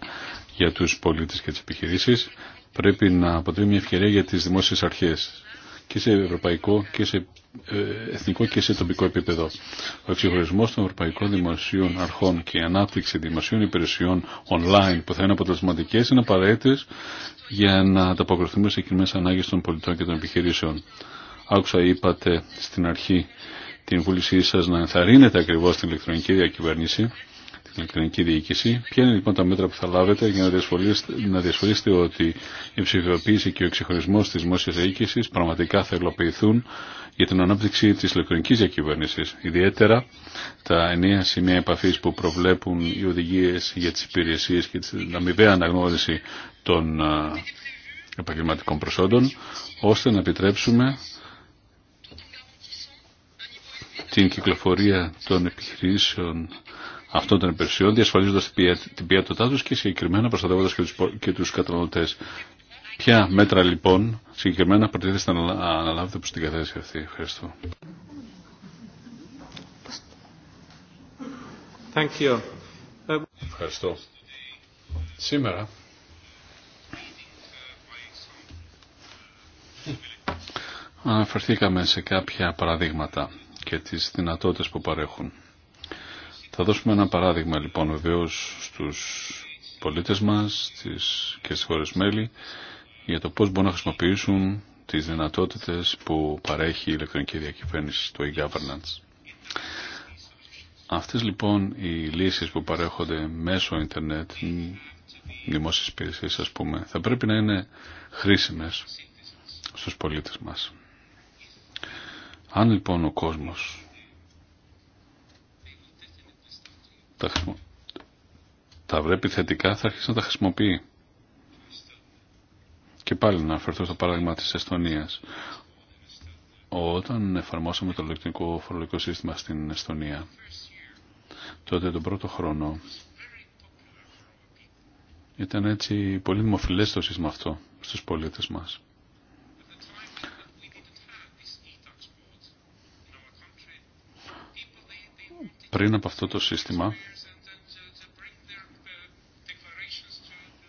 για του πολίτε και τι επιχειρήσει, πρέπει να αποτελεί μια ευκαιρία για τι δημόσιε αρχέ και σε ευρωπαϊκό και σε ε, εθνικό και σε τοπικό επίπεδο. Ο εξυγχρονισμό των ευρωπαϊκών δημοσίων αρχών και η ανάπτυξη δημοσίων υπηρεσιών online που θα είναι αποτελεσματικέ είναι απαραίτητε για να ανταποκριθούμε σε κοινέ ανάγκε των πολιτών και των επιχειρήσεων. Άκουσα, είπατε στην αρχή την βούλησή σα να ενθαρρύνετε ακριβώ την ηλεκτρονική διακυβέρνηση ηλεκτρονική διοίκηση. Ποια είναι λοιπόν τα μέτρα που θα λάβετε για να διασφαλίσετε, ότι η ψηφιοποίηση και ο εξυγχρονισμό τη δημόσια διοίκηση πραγματικά θα υλοποιηθούν για την ανάπτυξη τη ηλεκτρονική διακυβέρνηση. Ιδιαίτερα τα εννέα σημεία επαφή που προβλέπουν οι οδηγίε για τι υπηρεσίε και την αμοιβαία αναγνώριση των επαγγελματικών προσόντων, ώστε να επιτρέψουμε την κυκλοφορία των επιχειρήσεων αυτών των υπηρεσιών, διασφαλίζοντα την ποιότητά του και συγκεκριμένα προστατεύοντα και του καταναλωτέ. Ποια μέτρα λοιπόν συγκεκριμένα προτείνετε να αναλάβετε προ την κατάσταση αυτή. Ευχαριστώ. Ευχαριστώ. Σήμερα αναφερθήκαμε σε κάποια παραδείγματα και τις δυνατότητες που παρέχουν. Θα δώσουμε ένα παράδειγμα λοιπόν βεβαίω στους πολίτες μας στις, και στις χώρες μέλη για το πώς μπορούν να χρησιμοποιήσουν τις δυνατότητες που παρέχει η ηλεκτρονική διακυβέρνηση, το e-governance. Αυτές λοιπόν οι λύσεις που παρέχονται μέσω ίντερνετ, δημόσιες υπηρεσίες ας πούμε, θα πρέπει να είναι χρήσιμες στους πολίτες μας. Αν λοιπόν ο κόσμος τα, τα βρέπει θετικά θα αρχίσει να τα χρησιμοποιεί. Και πάλι να αφαιρθώ στο παράδειγμα της Εστονίας. Όταν εφαρμόσαμε το ηλεκτρονικό φορολογικό σύστημα στην Εστονία, τότε τον πρώτο χρόνο ήταν έτσι πολύ δημοφιλές το σύστημα αυτό στους πολίτες μας. πριν από αυτό το σύστημα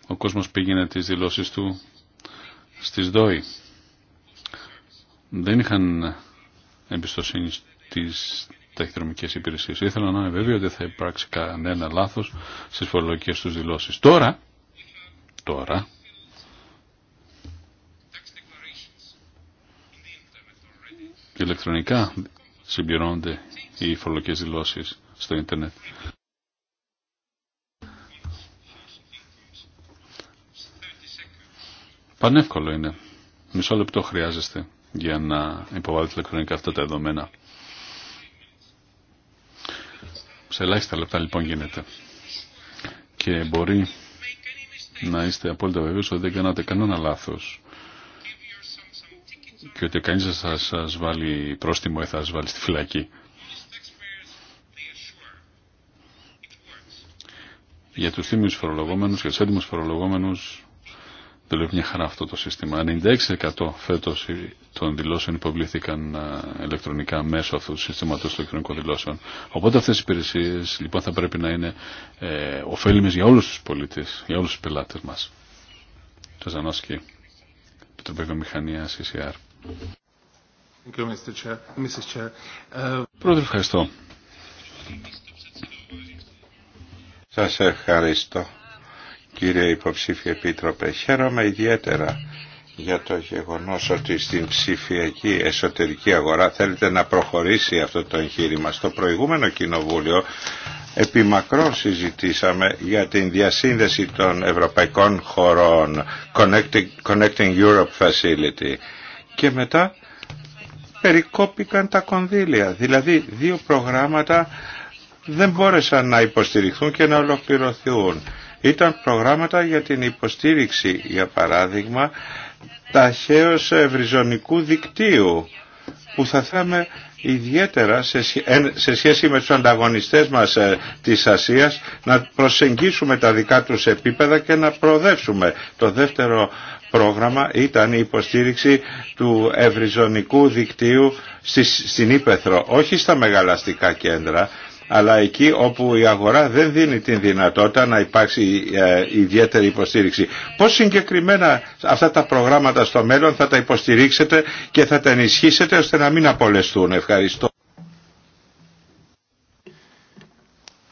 ο κόσμος πήγαινε τις δηλώσεις του στις ΔΟΗ. Δεν είχαν εμπιστοσύνη στις ταχυδρομικές υπηρεσίες. Ήθελα να είμαι βέβαιο ότι θα υπάρξει κανένα λάθος στις φορολογικές τους δηλώσεις. Τώρα, τώρα, ηλεκτρονικά συμπληρώνονται οι φορολογικές δηλώσεις στο ίντερνετ. Πανεύκολο είναι. Μισό λεπτό χρειάζεστε για να υποβάλλετε ηλεκτρονικά αυτά τα δεδομένα. Σε ελάχιστα λεπτά λοιπόν γίνεται. Και μπορεί να είστε απόλυτα βεβαίως ότι δεν κάνατε κανένα λάθος και ότι κανείς δεν θα σας βάλει πρόστιμο ή θα σας βάλει στη φυλακή. Για τους θύμιους φορολογόμενους για τους έντιμους φορολογόμενους δουλεύει μια χαρά αυτό το σύστημα. 96% φέτος των δηλώσεων υποβλήθηκαν ε, ηλεκτρονικά μέσω αυτού του συστήματος των ηλεκτρονικών δηλώσεων. Οπότε αυτές οι υπηρεσίες λοιπόν θα πρέπει να είναι ε, ωφέλιμες για όλους τους πολίτες, για όλους τους πελάτες μας. Τζαζανόσκι, Επιτροπή Βιομηχανία, CCR. Uh, Πρόεδρε, ευχαριστώ. Σας ευχαριστώ κύριε υποψήφιε επίτροπε. Χαίρομαι ιδιαίτερα για το γεγονός ότι στην ψηφιακή εσωτερική αγορά θέλετε να προχωρήσει αυτό το εγχείρημα. Στο προηγούμενο κοινοβούλιο επιμακρόν συζητήσαμε για την διασύνδεση των ευρωπαϊκών χωρών Connecting Europe Facility και μετά περικόπηκαν τα κονδύλια. Δηλαδή δύο προγράμματα δεν μπόρεσαν να υποστηριχθούν και να ολοκληρωθούν. Ήταν προγράμματα για την υποστήριξη, για παράδειγμα, ταχαίως ευρυζωνικού δικτύου που θα θέλαμε ιδιαίτερα σε σχέση με τους ανταγωνιστές μας ε, της Ασίας να προσεγγίσουμε τα δικά τους επίπεδα και να προοδεύσουμε. Το δεύτερο πρόγραμμα ήταν η υποστήριξη του ευρυζωνικού δικτύου στην Ήπεθρο, όχι στα μεγαλαστικά κέντρα αλλά εκεί όπου η αγορά δεν δίνει την δυνατότητα να υπάρξει ε, ιδιαίτερη υποστήριξη. Πώς συγκεκριμένα αυτά τα προγράμματα στο μέλλον θα τα υποστηρίξετε και θα τα ενισχύσετε ώστε να μην απολεστούν. Ευχαριστώ.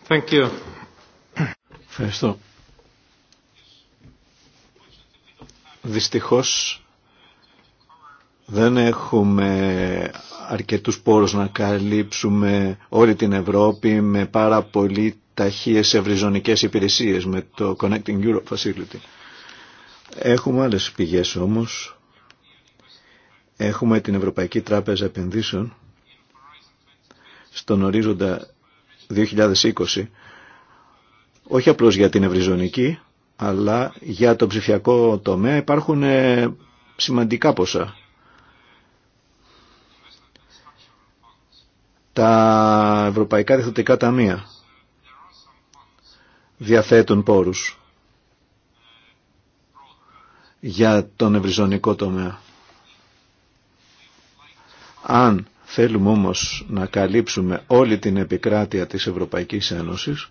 Thank you. Ευχαριστώ. Δυστυχώς δεν έχουμε αρκετούς πόρους να καλύψουμε όλη την Ευρώπη με πάρα πολύ ταχείες ευρυζωνικές υπηρεσίες με το Connecting Europe Facility. Έχουμε άλλες πηγές όμως. Έχουμε την Ευρωπαϊκή Τράπεζα Επενδύσεων στον ορίζοντα 2020 όχι απλώς για την ευρυζωνική αλλά για το ψηφιακό τομέα υπάρχουν ε, σημαντικά ποσά τα ευρωπαϊκά διεθνωτικά ταμεία διαθέτουν πόρους για τον ευρυζωνικό τομέα. Αν θέλουμε όμως να καλύψουμε όλη την επικράτεια της Ευρωπαϊκής Ένωσης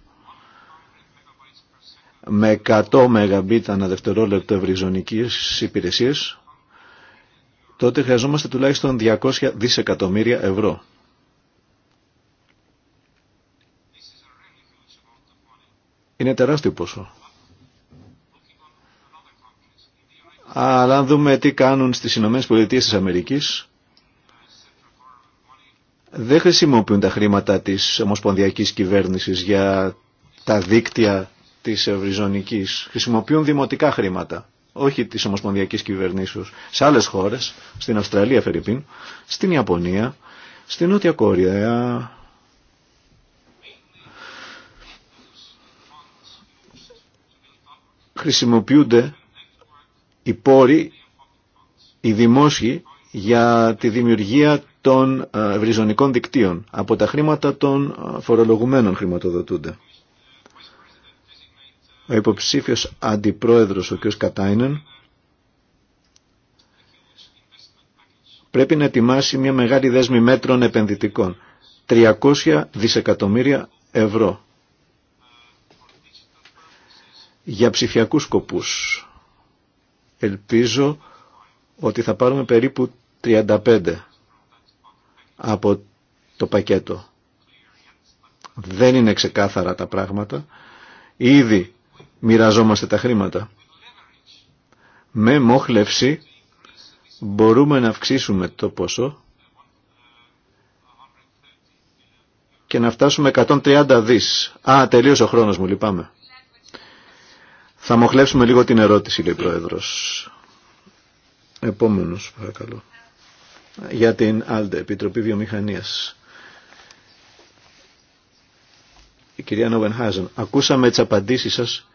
με 100 μεγαμπίτ ανά δευτερόλεπτο ευρυζωνικής υπηρεσίας τότε χρειαζόμαστε τουλάχιστον 200 δισεκατομμύρια ευρώ. είναι τεράστιο ποσό. Αλλά αν δούμε τι κάνουν στις Ηνωμένες Πολιτείες της Αμερικής, δεν χρησιμοποιούν τα χρήματα της ομοσπονδιακής κυβέρνησης για τα δίκτυα της ευρυζωνικής. Χρησιμοποιούν δημοτικά χρήματα, όχι της ομοσπονδιακής κυβερνήσεως. Σε άλλες χώρες, στην Αυστραλία Φερρυπίν, στην Ιαπωνία, στην Νότια Κόρια... χρησιμοποιούνται οι πόροι, οι δημόσιοι, για τη δημιουργία των ε, ευρυζωνικών δικτύων. Από τα χρήματα των ε, φορολογουμένων χρηματοδοτούνται. Ο υποψήφιος αντιπρόεδρος, ο κ. Κατάινεν, πρέπει να ετοιμάσει μια μεγάλη δέσμη μέτρων επενδυτικών. 300 δισεκατομμύρια ευρώ για ψηφιακούς σκοπούς. Ελπίζω ότι θα πάρουμε περίπου 35 από το πακέτο. Δεν είναι ξεκάθαρα τα πράγματα. Ήδη μοιραζόμαστε τα χρήματα. Με μόχλευση μπορούμε να αυξήσουμε το ποσό και να φτάσουμε 130 δις. Α, τελείωσε ο χρόνος μου, λυπάμαι. Θα μοχλεύσουμε λίγο την ερώτηση, λέει ο Πρόεδρος. Επόμενος, παρακαλώ. Για την Άλτε, Επιτροπή Βιομηχανίας. Η κυρία Νόβενχάζεν, ακούσαμε τις απαντήσεις σας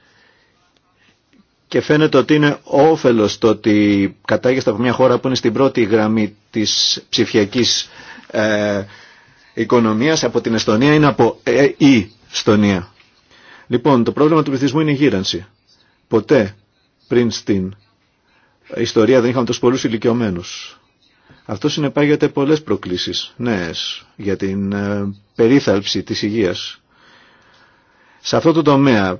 και φαίνεται ότι είναι όφελος το ότι κατάγεστε από μια χώρα που είναι στην πρώτη γραμμή της ψηφιακής ε, οικονομίας από την Εστονία είναι από ε, η Εστονία. Λοιπόν, το πρόβλημα του πληθυσμού είναι η γύρανση. Ποτέ πριν στην ιστορία δεν είχαμε τόσο πολλούς ηλικιωμένους. Αυτό συνεπάγεται πολλές προκλήσεις νέες για την ε, περίθαλψη της υγείας. Σε αυτό το τομέα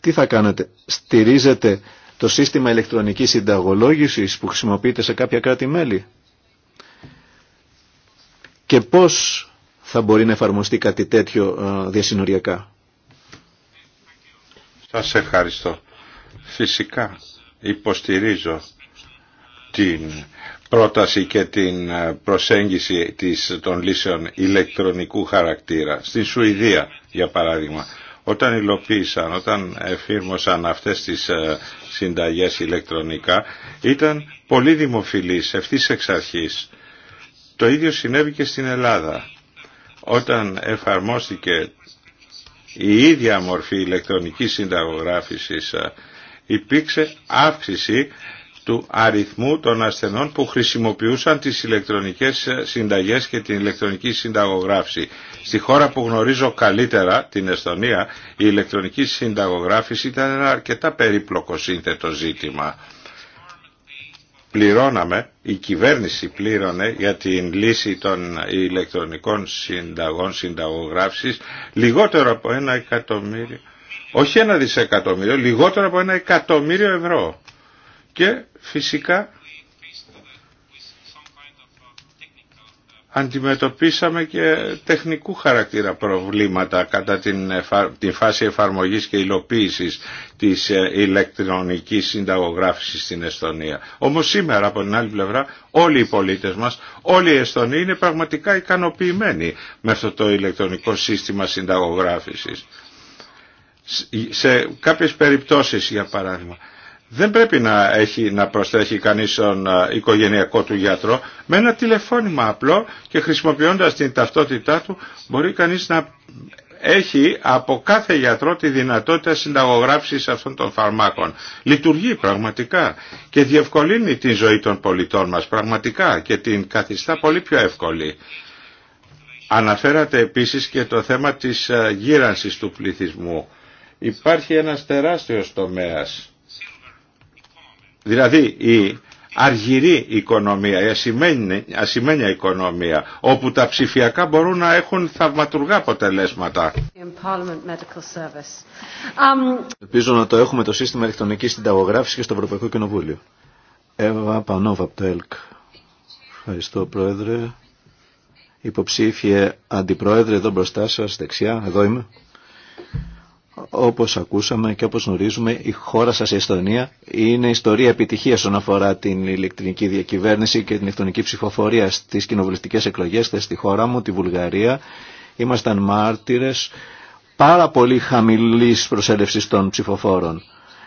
τι θα κάνετε, στηρίζετε το σύστημα ηλεκτρονικής συνταγολόγησης που χρησιμοποιείται σε κάποια κράτη-μέλη και πώς θα μπορεί να εφαρμοστεί κάτι τέτοιο ε, διασυνοριακά. Σας ευχαριστώ. Φυσικά υποστηρίζω την πρόταση και την προσέγγιση της, των λύσεων ηλεκτρονικού χαρακτήρα. Στην Σουηδία, για παράδειγμα, όταν υλοποίησαν, όταν εφήρμοσαν αυτές τις ε, συνταγές ηλεκτρονικά, ήταν πολύ δημοφιλής ευθύς εξ αρχής. Το ίδιο συνέβη και στην Ελλάδα. Όταν εφαρμόστηκε η ίδια μορφή ηλεκτρονικής συνταγογράφησης ε, υπήρξε αύξηση του αριθμού των ασθενών που χρησιμοποιούσαν τις ηλεκτρονικές ε, συνταγές και την ηλεκτρονική συνταγογράφηση. Στη χώρα που γνωρίζω καλύτερα, την Εστονία, η ηλεκτρονική συνταγογράφηση ήταν ένα αρκετά περίπλοκο σύνθετο ζήτημα πληρώναμε, η κυβέρνηση πλήρωνε για την λύση των ηλεκτρονικών συνταγών συνταγογράφησης λιγότερο από ένα εκατομμύριο, όχι ένα δισεκατομμύριο, λιγότερο από ένα εκατομμύριο ευρώ. Και φυσικά αντιμετωπίσαμε και τεχνικού χαρακτήρα προβλήματα κατά την, φάση εφαρμογής και υλοποίησης της ε, ηλεκτρονικής συνταγογράφησης στην Εστονία. Όμως σήμερα από την άλλη πλευρά όλοι οι πολίτες μας, όλοι οι Εστονοί είναι πραγματικά ικανοποιημένοι με αυτό το ηλεκτρονικό σύστημα συνταγογράφησης. Σε κάποιες περιπτώσεις για παράδειγμα δεν πρέπει να, έχει, να προσθέχει κανείς τον ε, οικογενειακό του γιατρό. Με ένα τηλεφώνημα απλό και χρησιμοποιώντας την ταυτότητά του μπορεί κανείς να έχει από κάθε γιατρό τη δυνατότητα συνταγογράψης αυτών των φαρμάκων. Λειτουργεί πραγματικά και διευκολύνει την ζωή των πολιτών μας πραγματικά και την καθιστά πολύ πιο εύκολη. Αναφέρατε επίσης και το θέμα της ε, γύρανσης του πληθυσμού. Υπάρχει ένας τεράστιος τομέας Δηλαδή η αργυρή οικονομία, η ασημένια, ασημένια οικονομία, όπου τα ψηφιακά μπορούν να έχουν θαυματουργά αποτελέσματα. Um, Ελπίζω να το έχουμε το σύστημα ηλεκτρονικής συνταγογράφησης και στο Ευρωπαϊκό Κοινοβούλιο. Εύα Πανόβα από το ΕΛΚ. Ευχαριστώ Πρόεδρε. Υποψήφιε Αντιπρόεδρε εδώ μπροστά σας, δεξιά, εδώ είμαι. Όπως ακούσαμε και όπως γνωρίζουμε, η χώρα σας, η Εστονία, είναι ιστορία επιτυχίας όσον αφορά την ηλεκτρική διακυβέρνηση και την ηλεκτρονική ψηφοφορία στις κοινοβουλευτικές εκλογές και στη χώρα μου, τη Βουλγαρία. Ήμασταν μάρτυρες πάρα πολύ χαμηλής προσέλευσης των ψηφοφόρων.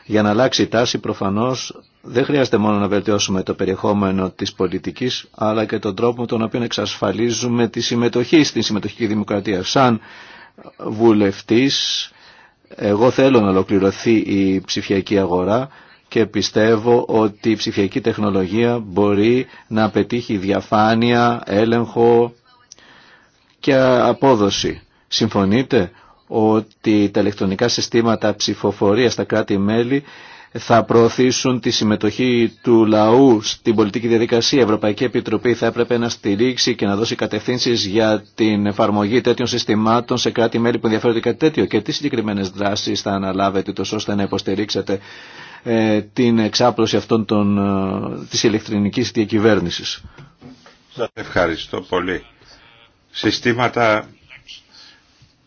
Για να αλλάξει η τάση προφανώς δεν χρειάζεται μόνο να βελτιώσουμε το περιεχόμενο της πολιτικής αλλά και τον τρόπο με τον οποίο εξασφαλίζουμε τη συμμετοχή στην συμμετοχική δημοκρατία. Σαν βουλευτής εγώ θέλω να ολοκληρωθεί η ψηφιακή αγορά και πιστεύω ότι η ψηφιακή τεχνολογία μπορεί να πετύχει διαφάνεια, έλεγχο και απόδοση. Συμφωνείτε ότι τα ηλεκτρονικά συστήματα ψηφοφορία στα κράτη-μέλη θα προωθήσουν τη συμμετοχή του λαού στην πολιτική διαδικασία. Η Ευρωπαϊκή Επιτροπή θα έπρεπε να στηρίξει και να δώσει κατευθύνσεις για την εφαρμογή τέτοιων συστημάτων σε κράτη-μέλη που ενδιαφέρονται κάτι τέτοιο. Και τι συγκεκριμένες δράσεις θα αναλάβετε τόσο ώστε να υποστηρίξετε ε, την εξάπλωση αυτών των, ε, της ηλεκτρονικής διακυβέρνησης. Σας ευχαριστώ πολύ. Συστήματα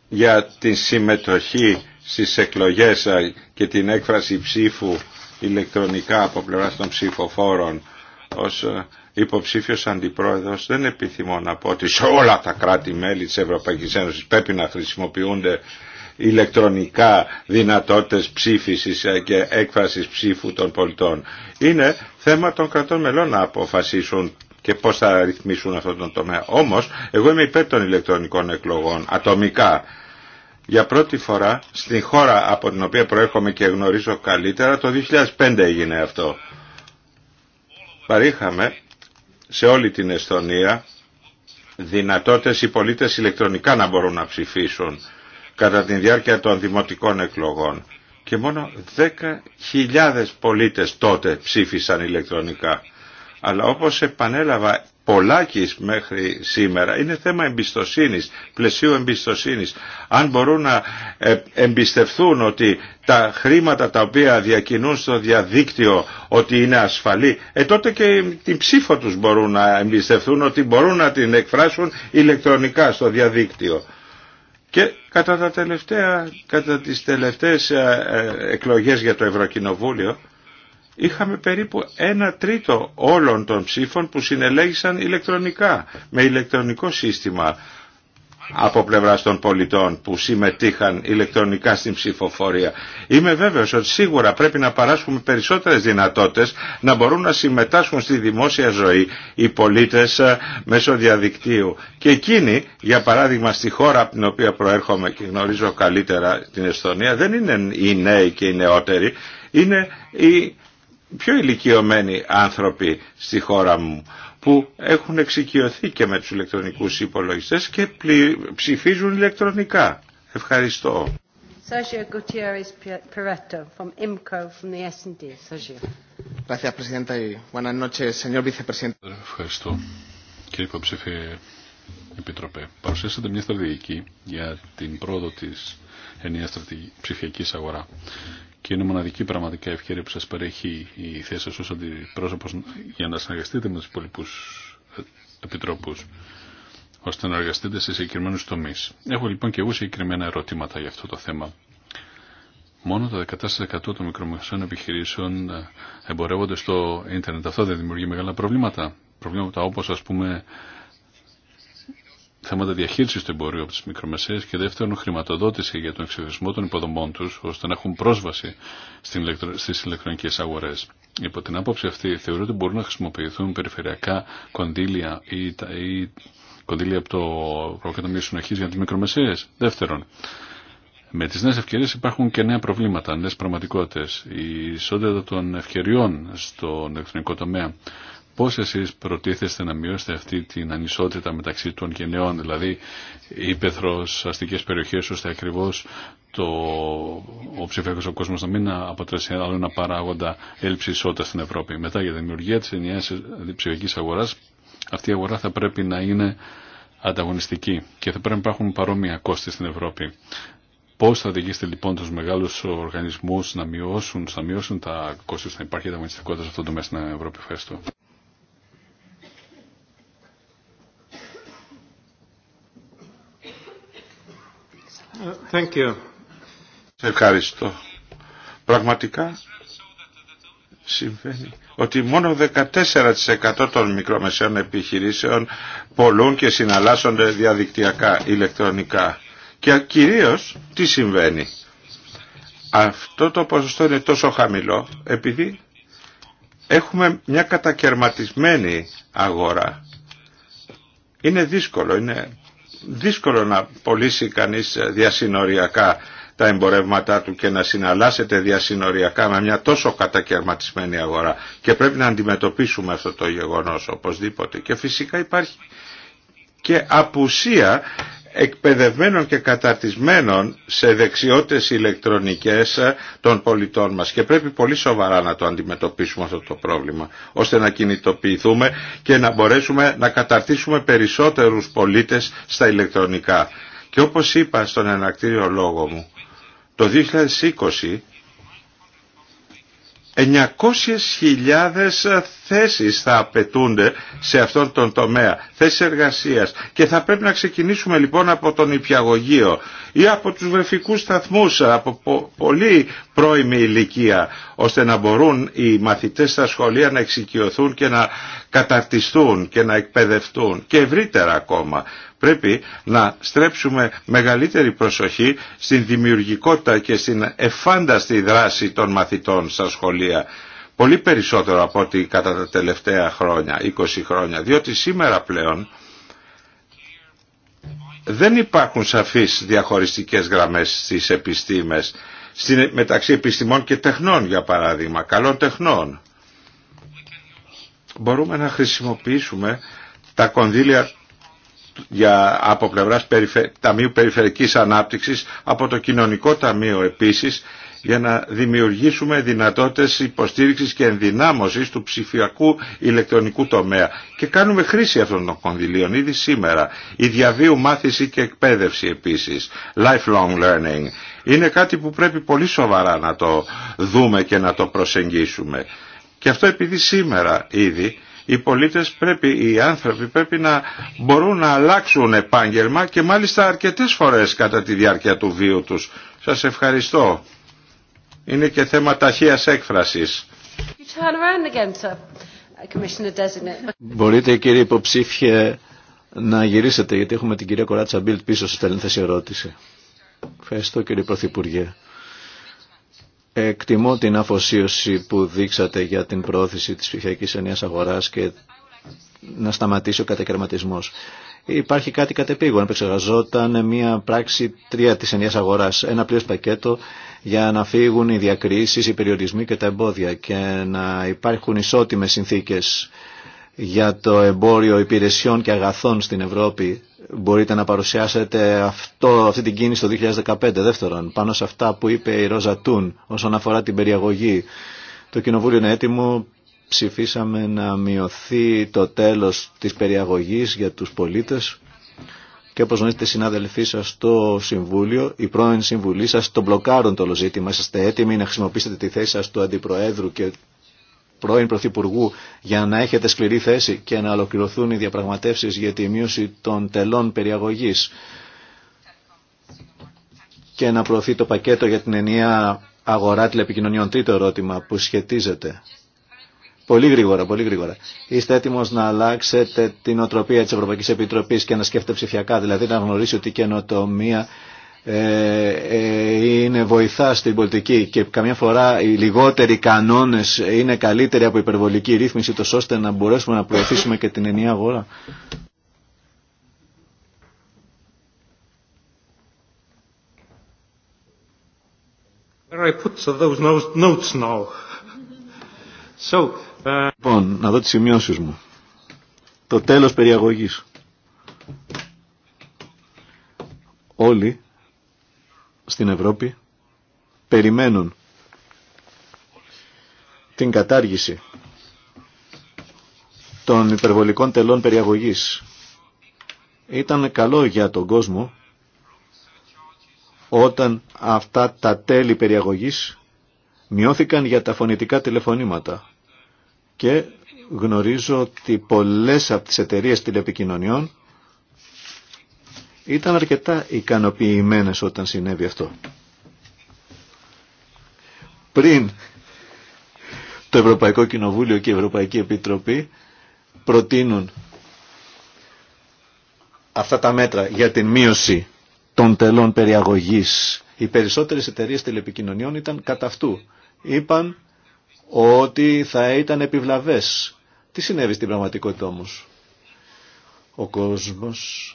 για τη συμμετοχή στις εκλογές ε, και την έκφραση ψήφου ηλεκτρονικά από πλευράς των ψηφοφόρων ως ε, υποψήφιος αντιπρόεδρος δεν επιθυμώ να πω ότι σε όλα τα κράτη-μέλη της Ευρωπαϊκής Ένωσης πρέπει να χρησιμοποιούνται ηλεκτρονικά δυνατότητες ψήφισης ε, και έκφρασης ψήφου των πολιτών. Είναι θέμα των κρατών μελών να αποφασίσουν και πώς θα ρυθμίσουν αυτόν τον τομέα. Όμως, εγώ είμαι υπέρ των ηλεκτρονικών εκλογών, ατομικά για πρώτη φορά στην χώρα από την οποία προέρχομαι και γνωρίζω καλύτερα το 2005 έγινε αυτό. Παρήχαμε σε όλη την Εστονία δυνατότητες οι πολίτες ηλεκτρονικά να μπορούν να ψηφίσουν κατά τη διάρκεια των δημοτικών εκλογών. Και μόνο 10.000 πολίτες τότε ψήφισαν ηλεκτρονικά. Αλλά όπως επανέλαβα πολλάκις μέχρι σήμερα είναι θέμα εμπιστοσύνης, πλαισίου εμπιστοσύνης. Αν μπορούν να ε, εμπιστευθούν ότι τα χρήματα τα οποία διακινούν στο διαδίκτυο ότι είναι ασφαλή, ε, τότε και την ψήφο τους μπορούν να εμπιστευθούν ότι μπορούν να την εκφράσουν ηλεκτρονικά στο διαδίκτυο. Και κατά, τα τελευταία, κατά τις τελευταίες ε, ε, εκλογές για το Ευρωκοινοβούλιο, είχαμε περίπου ένα τρίτο όλων των ψήφων που συνελέγησαν ηλεκτρονικά, με ηλεκτρονικό σύστημα από πλευρά των πολιτών που συμμετείχαν ηλεκτρονικά στην ψηφοφορία. Είμαι βέβαιος ότι σίγουρα πρέπει να παράσχουμε περισσότερες δυνατότητες να μπορούν να συμμετάσχουν στη δημόσια ζωή οι πολίτες ε, μέσω διαδικτύου. Και εκείνοι, για παράδειγμα στη χώρα από την οποία προέρχομαι και γνωρίζω καλύτερα την Εστονία, δεν είναι οι νέοι και οι νεότεροι, είναι οι πιο ηλικιωμένοι άνθρωποι στη χώρα μου που έχουν εξοικειωθεί και με τους ηλεκτρονικούς υπολογιστές και ψηφίζουν ηλεκτρονικά. Ευχαριστώ. Ευχαριστώ, κύριε υποψήφιε Επιτροπέ. Παρουσιάσατε μια στρατηγική για την πρόοδο της ενιαίας ψηφιακής αγορά και είναι μοναδική πραγματικά ευκαιρία που σα παρέχει η θέση σας ω αντιπρόσωπο για να συνεργαστείτε με του υπόλοιπου ε, επιτρόπους ώστε να εργαστείτε σε συγκεκριμένου τομεί. Έχω λοιπόν και εγώ συγκεκριμένα ερωτήματα για αυτό το θέμα. Μόνο το 14% των μικρομεσαίων επιχειρήσεων ε, εμπορεύονται στο ίντερνετ. Αυτό δεν δημιουργεί μεγάλα προβλήματα. Προβλήματα όπω α πούμε θέματα διαχείριση του εμπορίου από τι μικρομεσαίε και δεύτερον χρηματοδότηση για τον εξοπλισμό των υποδομών του, ώστε να έχουν πρόσβαση στι ηλεκτρονικέ αγορέ. Υπό την άποψη αυτή θεωρώ ότι μπορούν να χρησιμοποιηθούν περιφερειακά κονδύλια ή, ή κονδύλια από το Προκαταμείο Συνοχή για τι μικρομεσαίε. Δεύτερον, με τι νέε ευκαιρίε υπάρχουν και νέα προβλήματα, νέε πραγματικότητε. Η ισότητα των ευκαιριών στον ηλεκτρονικό τομέα Πώς εσείς προτίθεστε να μειώσετε αυτή την ανισότητα μεταξύ των γενεών, δηλαδή ύπεθρος, αστικές περιοχές, ώστε ακριβώς το, ο ψηφιακό κόσμο να μην αποτρέψει άλλο ένα παράγοντα έλλειψη ισότητα στην Ευρώπη. Μετά για τη δημιουργία τη ενιαίας ψηφιακή αγορά, αυτή η αγορά θα πρέπει να είναι ανταγωνιστική και θα πρέπει να υπάρχουν παρόμοια κόστη στην Ευρώπη. Πώ θα οδηγήσετε λοιπόν του μεγάλου οργανισμού να μειώσουν, να μειώσουν τα κόστη, να υπάρχει ανταγωνιστικότητα σε αυτό το μέσο στην Ευρώπη. Ευχαριστώ. Ευχαριστώ. Πραγματικά συμβαίνει ότι μόνο 14% των μικρομεσαίων επιχειρήσεων πολλούν και συναλλάσσονται διαδικτυακά ηλεκτρονικά. Και κυρίως τι συμβαίνει. Αυτό το ποσοστό είναι τόσο χαμηλό επειδή έχουμε μια κατακαιρματισμένη αγορά. Είναι δύσκολο, είναι δύσκολο να πωλήσει κανείς ε, διασυνοριακά τα εμπορεύματά του και να συναλλάσσεται διασυνοριακά με μια τόσο κατακαιρματισμένη αγορά. Και πρέπει να αντιμετωπίσουμε αυτό το γεγονός οπωσδήποτε. Και φυσικά υπάρχει και απουσία εκπαιδευμένων και καταρτισμένων σε δεξιότητες ηλεκτρονικές των πολιτών μας και πρέπει πολύ σοβαρά να το αντιμετωπίσουμε αυτό το πρόβλημα ώστε να κινητοποιηθούμε και να μπορέσουμε να καταρτήσουμε περισσότερους πολίτες στα ηλεκτρονικά. Και όπως είπα στον ανακτήριο λόγο μου, το 2020 900.000 θέσεις θα απαιτούνται σε αυτόν τον τομέα, θέσεις εργασίας και θα πρέπει να ξεκινήσουμε λοιπόν από τον υπιαγωγείο ή από τους βρεφικούς σταθμούς από πολύ πρώιμη ηλικία ώστε να μπορούν οι μαθητές στα σχολεία να εξοικειωθούν και να καταρτιστούν και να εκπαιδευτούν και ευρύτερα ακόμα πρέπει να στρέψουμε μεγαλύτερη προσοχή στην δημιουργικότητα και στην εφάνταστη δράση των μαθητών στα σχολεία πολύ περισσότερο από ό,τι κατά τα τελευταία χρόνια, 20 χρόνια, διότι σήμερα πλέον δεν υπάρχουν σαφείς διαχωριστικές γραμμές στις επιστήμες, μεταξύ επιστημών και τεχνών για παράδειγμα, καλών τεχνών. Μπορούμε να χρησιμοποιήσουμε τα κονδύλια για, από πλευράς περιφε, Ταμείου Περιφερικής Ανάπτυξης, από το Κοινωνικό Ταμείο επίσης, για να δημιουργήσουμε δυνατότητες υποστήριξης και ενδυνάμωσης του ψηφιακού ηλεκτρονικού τομέα. Και κάνουμε χρήση αυτών των κονδυλίων ήδη σήμερα. Η διαβίου μάθηση και εκπαίδευση επίσης. Lifelong learning. Είναι κάτι που πρέπει πολύ σοβαρά να το δούμε και να το προσεγγίσουμε. Και αυτό επειδή σήμερα ήδη οι πολίτες πρέπει, οι άνθρωποι πρέπει να μπορούν να αλλάξουν επάγγελμα και μάλιστα αρκετές φορές κατά τη διάρκεια του βίου τους. Σας ευχαριστώ. Είναι και θέμα ταχείας έκφρασης. Uh, Μπορείτε κύριε υποψήφιε να γυρίσετε γιατί έχουμε την κυρία Κοράτσα Μπίλτ πίσω σε θέλει θέση ερώτηση. Ευχαριστώ κύριε Πρωθυπουργέ. Εκτιμώ την αφοσίωση που δείξατε για την πρόθεση της ψηφιακής ενιαίας αγοράς και να σταματήσει ο κατακαιρματισμός. Υπάρχει κάτι κατεπήγον. Επεξεργαζόταν μια πράξη τρία της ενιαίας αγοράς. Ένα πλήρες πακέτο για να φύγουν οι διακρίσεις, οι περιορισμοί και τα εμπόδια και να υπάρχουν ισότιμες συνθήκες για το εμπόριο υπηρεσιών και αγαθών στην Ευρώπη μπορείτε να παρουσιάσετε αυτό, αυτή την κίνηση το 2015. Δεύτερον, πάνω σε αυτά που είπε η Ρόζα Τούν όσον αφορά την περιαγωγή. Το Κοινοβούλιο είναι έτοιμο, ψηφίσαμε να μειωθεί το τέλος της περιαγωγής για τους πολίτες και όπως γνωρίζετε συνάδελφοί σας στο Συμβούλιο, οι πρώην Συμβουλοί σας τον μπλοκάρουν το όλο ζήτημα. Είσαστε έτοιμοι να χρησιμοποιήσετε τη θέση σας του Αντιπροέδρου και πρώην Πρωθυπουργού για να έχετε σκληρή θέση και να ολοκληρωθούν οι διαπραγματεύσεις για τη μείωση των τελών περιαγωγής και να προωθεί το πακέτο για την ενιαία αγορά τηλεπικοινωνιών. Τρίτο ερώτημα που σχετίζεται. Πολύ γρήγορα, πολύ γρήγορα. Είστε έτοιμο να αλλάξετε την οτροπία τη Ευρωπαϊκή Επιτροπή και να σκέφτεται ψηφιακά, δηλαδή να γνωρίσει ότι η καινοτομία ε, ε, είναι βοηθά στην πολιτική και καμιά φορά οι λιγότεροι κανόνες είναι καλύτεροι από υπερβολική ρύθμιση τόσο ώστε να μπορέσουμε να προωθήσουμε και την ενιαία αγορά. Uh, λοιπόν, να δω τι σημειώσεις μου. Το τέλος περιαγωγής. Όλοι στην Ευρώπη περιμένουν την κατάργηση των υπερβολικών τελών περιαγωγής. Ήταν καλό για τον κόσμο όταν αυτά τα τέλη περιαγωγής μειώθηκαν για τα φωνητικά τηλεφωνήματα και γνωρίζω ότι πολλές από τις εταιρείες τηλεπικοινωνιών ήταν αρκετά ικανοποιημένες όταν συνέβη αυτό. Πριν το Ευρωπαϊκό Κοινοβούλιο και η Ευρωπαϊκή Επιτροπή προτείνουν αυτά τα μέτρα για την μείωση των τελών περιαγωγής. Οι περισσότερες εταιρείες τηλεπικοινωνιών ήταν κατά αυτού. Είπαν ότι θα ήταν επιβλαβές. Τι συνέβη στην πραγματικότητα όμως. Ο κόσμος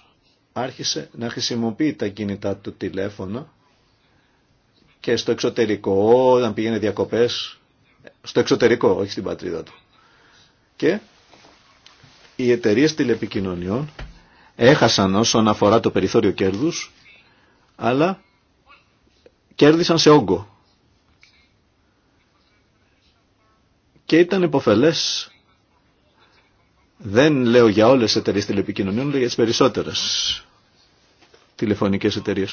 άρχισε να χρησιμοποιεί τα κινητά του τηλέφωνα και στο εξωτερικό, όταν πήγαινε διακοπές, στο εξωτερικό, όχι στην πατρίδα του. Και οι εταιρείε τηλεπικοινωνιών έχασαν όσον αφορά το περιθώριο κέρδους, αλλά κέρδισαν σε όγκο. Και ήταν υποφελές δεν λέω για όλε τις εταιρείε τηλεπικοινωνιών, λέω για τι περισσότερε τηλεφωνικέ εταιρείε.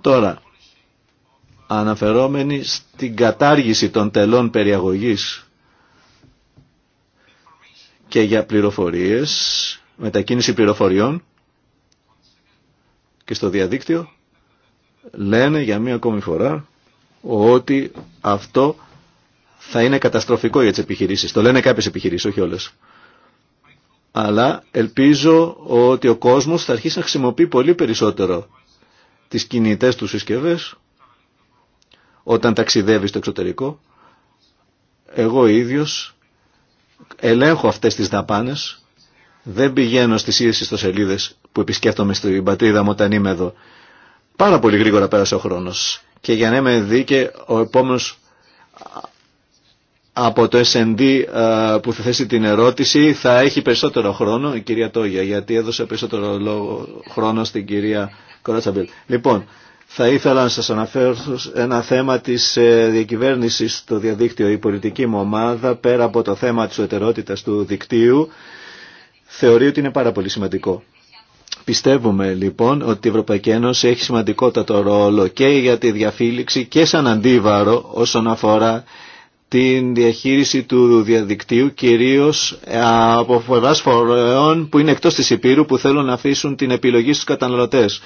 Τώρα, αναφερόμενοι στην κατάργηση των τελών περιαγωγής και για πληροφορίες, μετακίνηση πληροφοριών και στο διαδίκτυο, λένε για μία ακόμη φορά ότι αυτό θα είναι καταστροφικό για τις επιχειρήσεις. Το λένε κάποιες επιχειρήσεις, όχι όλες αλλά ελπίζω ότι ο κόσμος θα αρχίσει να χρησιμοποιεί πολύ περισσότερο τις κινητές του συσκευέ όταν ταξιδεύει στο εξωτερικό. Εγώ ίδιος ελέγχω αυτές τις δαπάνες, δεν πηγαίνω στις ίδιες ιστοσελίδες που επισκέφτομαι στην πατρίδα μου όταν είμαι εδώ. Πάρα πολύ γρήγορα πέρασε ο χρόνος και για να είμαι δίκαιο ο επόμενος από το S&D ε, που θα θέσει την ερώτηση θα έχει περισσότερο χρόνο η κυρία Τόγια γιατί έδωσε περισσότερο λόγο, χρόνο στην κυρία Κορότσαμπελ. Λοιπόν, θα ήθελα να σας αναφέρω ένα θέμα της ε, διακυβέρνησης στο διαδίκτυο. Η πολιτική μου ομάδα πέρα από το θέμα της ουτερότητας του δικτύου θεωρεί ότι είναι πάρα πολύ σημαντικό. Πιστεύουμε λοιπόν ότι η Ευρωπαϊκή Ένωση έχει σημαντικότατο ρόλο και για τη διαφύλιξη και σαν αντίβαρο όσον αφορά την διαχείριση του διαδικτύου κυρίως ε, από φοράς φορέων που είναι εκτός της Επίρου που θέλουν να αφήσουν την επιλογή στους καταναλωτές.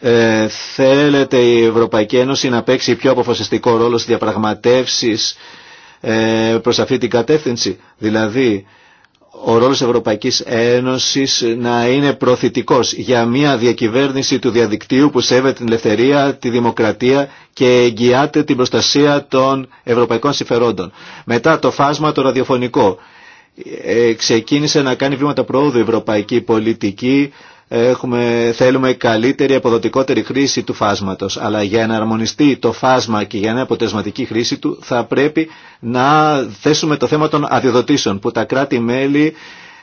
Ε, θέλετε η Ευρωπαϊκή Ένωση να παίξει πιο αποφασιστικό ρόλο στις διαπραγματεύσεις ε, προς αυτή την κατεύθυνση. Δηλαδή ο ρόλος Ευρωπαϊκής Ένωσης να είναι προθητικός για μια διακυβέρνηση του διαδικτύου που σέβεται την ελευθερία, τη δημοκρατία και εγγυάται την προστασία των ευρωπαϊκών συμφερόντων. Μετά το φάσμα το ραδιοφωνικό. Ε, ξεκίνησε να κάνει βήματα προόδου η ευρωπαϊκή πολιτική έχουμε, θέλουμε καλύτερη αποδοτικότερη χρήση του φάσματος. Αλλά για να αρμονιστεί το φάσμα και για να είναι αποτελεσματική χρήση του θα πρέπει να θέσουμε το θέμα των αδειοδοτήσεων που τα κράτη-μέλη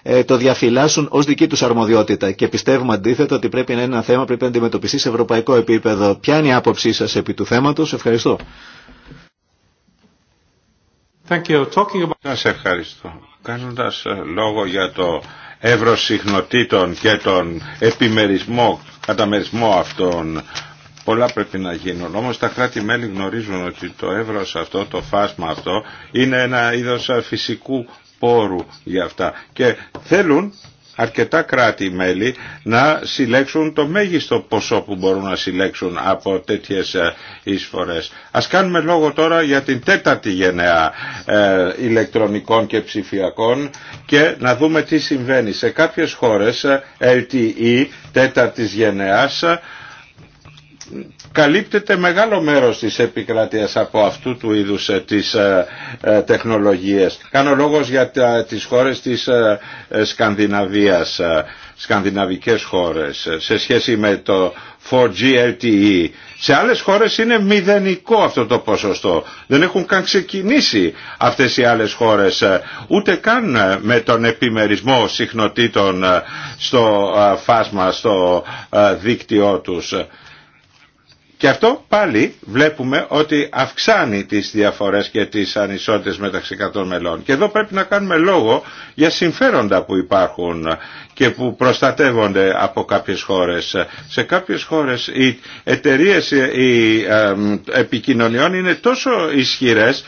ε, το διαφυλάσσουν ως δική τους αρμοδιότητα και πιστεύουμε αντίθετα ότι πρέπει να είναι ένα θέμα πρέπει να αντιμετωπιστεί σε ευρωπαϊκό επίπεδο. Ποια είναι η άποψή σας επί του θέματος. Ευχαριστώ. Σας ευχαριστώ. Κάνοντας ε, λόγο για το συχνοτήτων και τον επιμερισμό, καταμερισμό αυτών. Πολλά πρέπει να γίνουν. Όμως τα κράτη-μέλη γνωρίζουν ότι το εύρος αυτό, το φάσμα αυτό, είναι ένα είδος φυσικού πόρου για αυτά. Και θέλουν αρκετά κράτη-μέλη να συλλέξουν το μέγιστο ποσό που μπορούν να συλλέξουν από τέτοιες ε, εισφορές. Ας κάνουμε λόγο τώρα για την τέταρτη γενεά ηλεκτρονικών και ψηφιακών και να δούμε τι συμβαίνει. Σε κάποιες χώρες ε, LTE τέταρτης γενεάς καλύπτεται μεγάλο μέρος της επικράτειας από αυτού του είδους ε, της ε, ε, τεχνολογίας. Κάνω λόγος για τις χώρες της Σκανδιναβίας, σκανδιναβικές χώρες, σε σχέση με το 4G LTE. Σε άλλες χώρες είναι μηδενικό αυτό το ποσοστό. Δεν έχουν καν ξεκινήσει αυτές οι άλλες χώρες ούτε καν με τον επιμερισμό συχνοτήτων στο φάσμα, στο δίκτυό τους. Και αυτό πάλι βλέπουμε ότι αυξάνει τις διαφορές και τις ανισότητες μεταξύ κατών μελών. Και εδώ πρέπει να κάνουμε λόγο για συμφέροντα που υπάρχουν και που προστατεύονται από κάποιες χώρες. Σε κάποιες χώρες οι εταιρείε οι επικοινωνιών είναι τόσο ισχυρές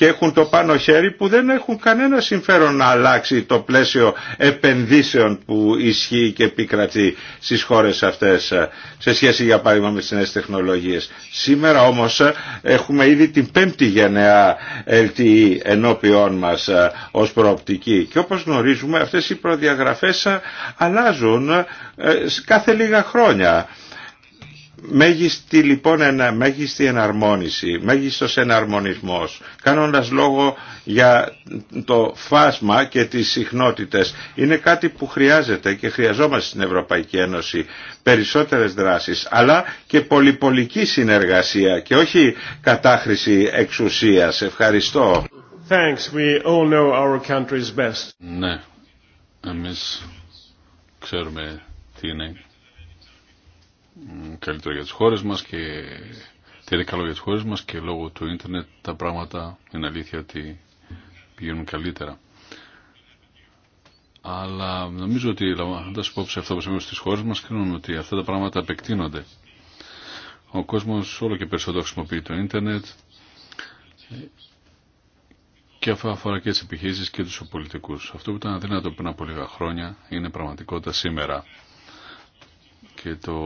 και έχουν το πάνω χέρι που δεν έχουν κανένα συμφέρον να αλλάξει το πλαίσιο επενδύσεων που ισχύει και επικρατεί στις χώρες αυτές ε, σε σχέση για παράδειγμα με τις νέες τεχνολογίες. Σήμερα όμως ε, έχουμε ήδη την πέμπτη γενεά LTE ενώπιόν μας ε, ως προοπτική και όπως γνωρίζουμε αυτές οι προδιαγραφές αλλάζουν κάθε λίγα χρόνια μέγιστη λοιπόν ένα, μέγιστη εναρμόνιση, μέγιστος εναρμονισμός, κάνοντας λόγο για το φάσμα και τις συχνότητες. Είναι κάτι που χρειάζεται και χρειαζόμαστε στην Ευρωπαϊκή Ένωση περισσότερες δράσεις, αλλά και πολυπολική συνεργασία και όχι κατάχρηση εξουσίας. Ευχαριστώ. Thanks. We ναι, καλύτερο για τις χώρες μας και τι είναι καλό για τις χώρες μας και λόγω του ίντερνετ τα πράγματα είναι αλήθεια ότι πηγαίνουν καλύτερα. Αλλά νομίζω ότι λαμβάνοντας υπόψη αυτό που συμβαίνει στις χώρες μας κρίνουμε ότι αυτά τα πράγματα επεκτείνονται. Ο κόσμος όλο και περισσότερο χρησιμοποιεί το ίντερνετ και αυτό αφορά και τις επιχείρησεις και τους πολιτικούς. Αυτό που ήταν αδύνατο πριν από λίγα χρόνια είναι πραγματικότητα σήμερα και το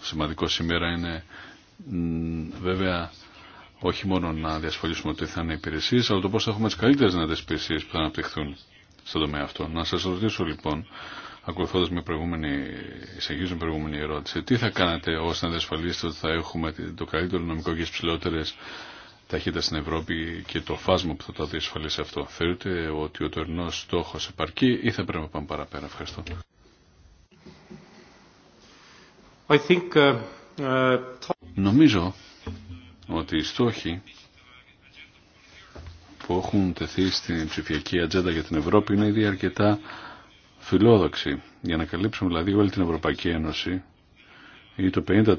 σημαντικό σήμερα είναι βέβαια όχι μόνο να διασφαλίσουμε ότι θα είναι υπηρεσίε, αλλά το πώ θα έχουμε τι καλύτερε δυνατέ υπηρεσίε που θα αναπτυχθούν στον τομέα αυτό. Να σα ρωτήσω λοιπόν, ακολουθώντα με προηγούμενη, εισαγγίζουν προηγούμενη ερώτηση, τι θα κάνετε ώστε να διασφαλίσετε ότι θα έχουμε το καλύτερο νομικό και τι ψηλότερε ταχύτητα στην Ευρώπη και το φάσμα που θα το διασφαλίσει αυτό. Θεωρείτε ότι ο τωρινός στόχο επαρκεί ή θα πρέπει να πάμε παραπέρα. Ευχαριστώ. Uh, uh, Νομίζω ότι οι στόχοι που έχουν τεθεί στην ψηφιακή ατζέντα για την Ευρώπη είναι ήδη αρκετά φιλόδοξοι. Για να καλύψουμε δηλαδή όλη την Ευρωπαϊκή Ένωση ή το 50%,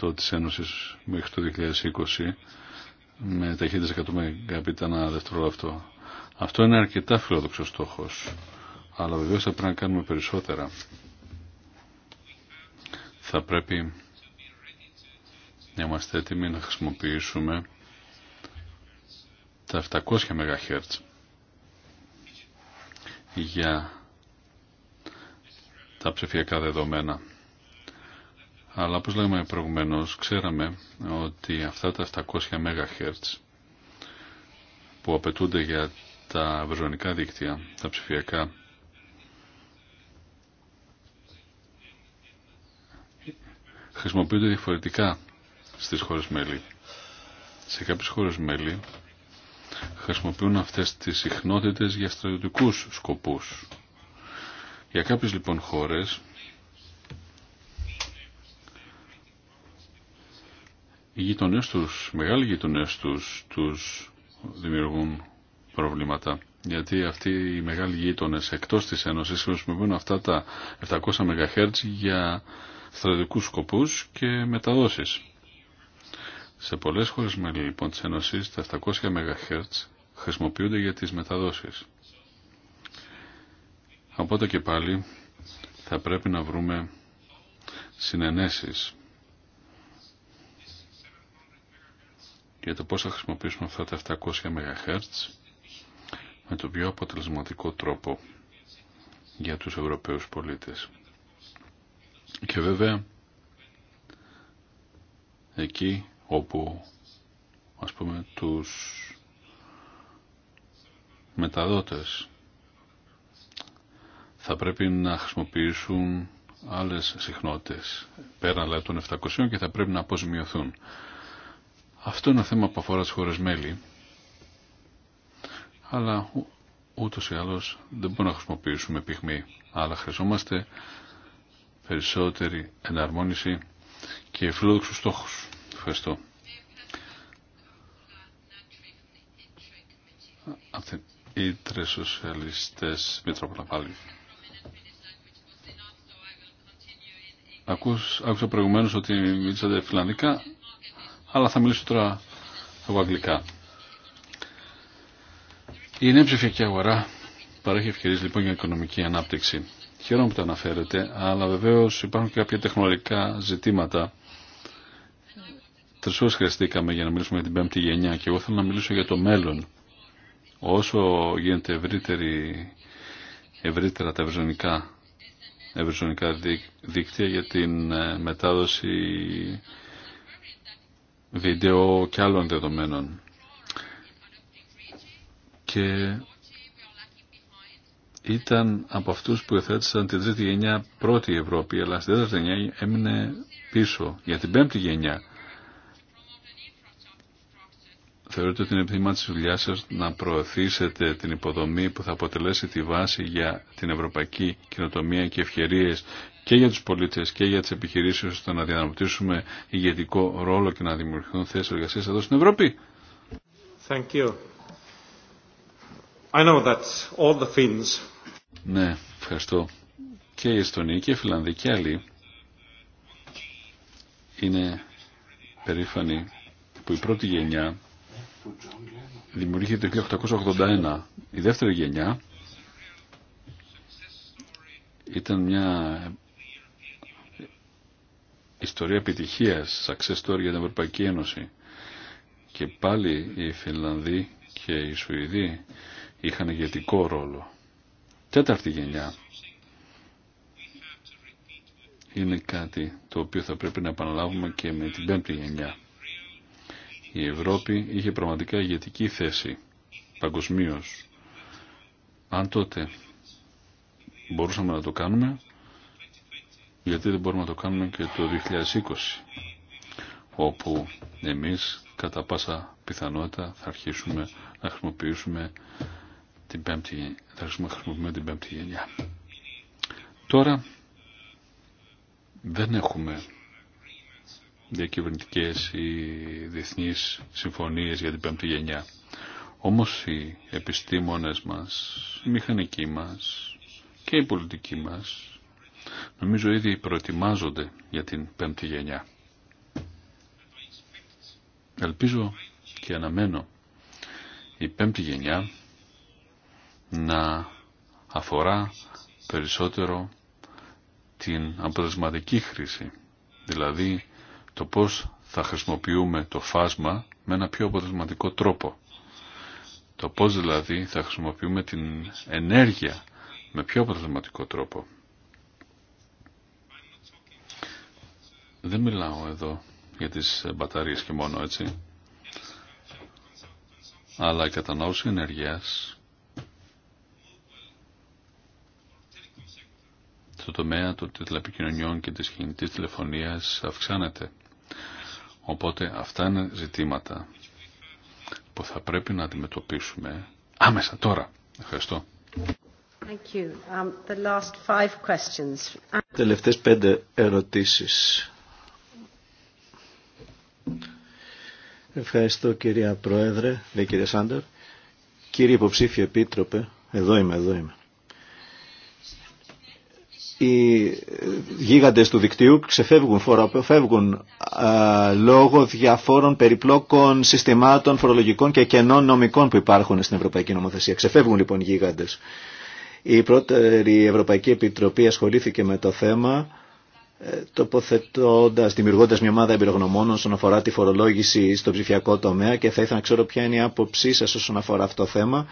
50 της Ένωσης μέχρι το 2020 με ταχύτητα 100 μεγαπίτα ένα δευτερόλεπτο. Αυτό είναι αρκετά φιλόδοξο στόχος. Αλλά βεβαίως θα πρέπει να κάνουμε περισσότερα θα πρέπει να είμαστε έτοιμοι να χρησιμοποιήσουμε τα 700 MHz για τα ψηφιακά δεδομένα. Αλλά όπως λέγαμε προηγουμένως, ξέραμε ότι αυτά τα 700 MHz που απαιτούνται για τα ευρωζωνικά δίκτυα, τα ψηφιακά, χρησιμοποιούνται διαφορετικά στις χώρες μέλη. Σε κάποιες χώρες μέλη χρησιμοποιούν αυτές τις συχνότητες για στρατιωτικούς σκοπούς. Για κάποιες λοιπόν χώρες οι γειτονές τους, μεγάλοι γειτονές τους, τους δημιουργούν προβλήματα. Γιατί αυτοί οι μεγάλοι γείτονες εκτός της Ένωσης χρησιμοποιούν αυτά τα 700 MHz για στρατιωτικούς σκοπούς και μεταδόσεις. Σε πολλές χώρες μέλη λοιπόν της Ένωσης τα 700 MHz χρησιμοποιούνται για τις μεταδόσεις. Οπότε και πάλι θα πρέπει να βρούμε συνενέσεις για το πώς θα χρησιμοποιήσουμε αυτά τα 700 MHz με τον πιο αποτελεσματικό τρόπο για τους Ευρωπαίους πολίτες. Και βέβαια εκεί όπου ας πούμε τους μεταδότες θα πρέπει να χρησιμοποιήσουν άλλες συχνότητες πέραν λέει δηλαδή, των 700 και θα πρέπει να αποζημιωθούν. Αυτό είναι ένα θέμα που αφορά τις χώρες μέλη αλλά ούτως ή άλλως δεν μπορούμε να χρησιμοποιήσουμε πυγμή αλλά χρειαζόμαστε περισσότερη εναρμόνιση και φιλόδοξους στόχους. Ευχαριστώ. Οι την Ήτρε Σοσιαλιστές πάλι. Ακούς, άκουσα ότι μίλησατε φιλανδικά, αλλά θα μιλήσω τώρα από αγγλικά. Η νέα ψηφιακή αγορά παρέχει ευκαιρίες λοιπόν για οικονομική ανάπτυξη. Χαίρομαι που τα αναφέρετε, αλλά βεβαίω υπάρχουν και κάποια τεχνολογικά ζητήματα. Τρει φορές χρειαστήκαμε για να μιλήσουμε για την πέμπτη γενιά και εγώ θέλω να μιλήσω για το μέλλον. Όσο γίνεται ευρύτερη, ευρύτερα τα ευρυζωνικά δίκτυα για την ε, μετάδοση βίντεο και άλλων δεδομένων. Και ήταν από αυτούς που εθέτησαν την τρίτη γενιά πρώτη Ευρώπη, αλλά στην τέταρτη γενιά έμεινε πίσω. Για την πέμπτη γενιά θεωρείτε ότι είναι επιθυμά της δουλειά σα να προωθήσετε την υποδομή που θα αποτελέσει τη βάση για την ευρωπαϊκή κοινοτομία και ευκαιρίε και για τους πολίτες και για τις επιχειρήσεις ώστε να διαναπτύσσουμε ηγετικό ρόλο και να δημιουργηθούν θέσεις εργασία εδώ στην Ευρώπη. Thank you. I know that all the Finns... Ναι, ευχαριστώ. Και οι Εστονοί και οι Φιλανδοί και άλλοι είναι περήφανοι που η πρώτη γενιά δημιουργήθηκε το 1881. Η δεύτερη γενιά ήταν μια ιστορία επιτυχίας, success story για την Ευρωπαϊκή Ένωση. Και πάλι οι Φιλανδοί και οι Σουηδοί είχαν ηγετικό ρόλο. Τέταρτη γενιά είναι κάτι το οποίο θα πρέπει να επαναλάβουμε και με την πέμπτη γενιά. Η Ευρώπη είχε πραγματικά ηγετική θέση παγκοσμίω. Αν τότε μπορούσαμε να το κάνουμε, γιατί δεν μπορούμε να το κάνουμε και το 2020, όπου εμείς κατά πάσα πιθανότητα θα αρχίσουμε να χρησιμοποιήσουμε την πέμπτη, θα χρησιμοποιούμε την πέμπτη γενιά. Τώρα δεν έχουμε διακυβερνητικές ή διεθνείς συμφωνίες για την πέμπτη γενιά. Όμως οι επιστήμονες μας, οι μηχανικοί μας και οι πολιτικοί μας νομίζω ήδη προετοιμάζονται για την πέμπτη γενιά. Ελπίζω και αναμένω η πέμπτη γενιά να αφορά περισσότερο την αποτελεσματική χρήση. Δηλαδή το πώς θα χρησιμοποιούμε το φάσμα με ένα πιο αποτελεσματικό τρόπο. Το πώς δηλαδή θα χρησιμοποιούμε την ενέργεια με πιο αποτελεσματικό τρόπο. Δεν μιλάω εδώ για τις μπαταρίες και μόνο έτσι, αλλά η κατανάλωση ενέργειας το τομέα των τηλεπικοινωνιών και της κινητής τηλεφωνίας αυξάνεται. Οπότε αυτά είναι ζητήματα που θα πρέπει να αντιμετωπίσουμε άμεσα τώρα. Ευχαριστώ. Thank um, Τελευταίες πέντε ερωτήσεις. Ευχαριστώ κυρία Πρόεδρε, κύριε Σάντερ. Κύριε Υποψήφιο Επίτροπε, εδώ είμαι, εδώ είμαι οι γίγαντες του δικτύου ξεφεύγουν, λόγω διαφόρων περιπλόκων συστημάτων φορολογικών και κενών νομικών που υπάρχουν στην Ευρωπαϊκή Νομοθεσία. Ξεφεύγουν λοιπόν οι γίγαντες. Η πρώτερη Ευρωπαϊκή Επιτροπή ασχολήθηκε με το θέμα ε, τοποθετώντα, δημιουργώντα μια ομάδα εμπειρογνωμόνων όσον αφορά τη φορολόγηση στο ψηφιακό τομέα και θα ήθελα να ξέρω ποια είναι η άποψή σα όσον αφορά αυτό το θέμα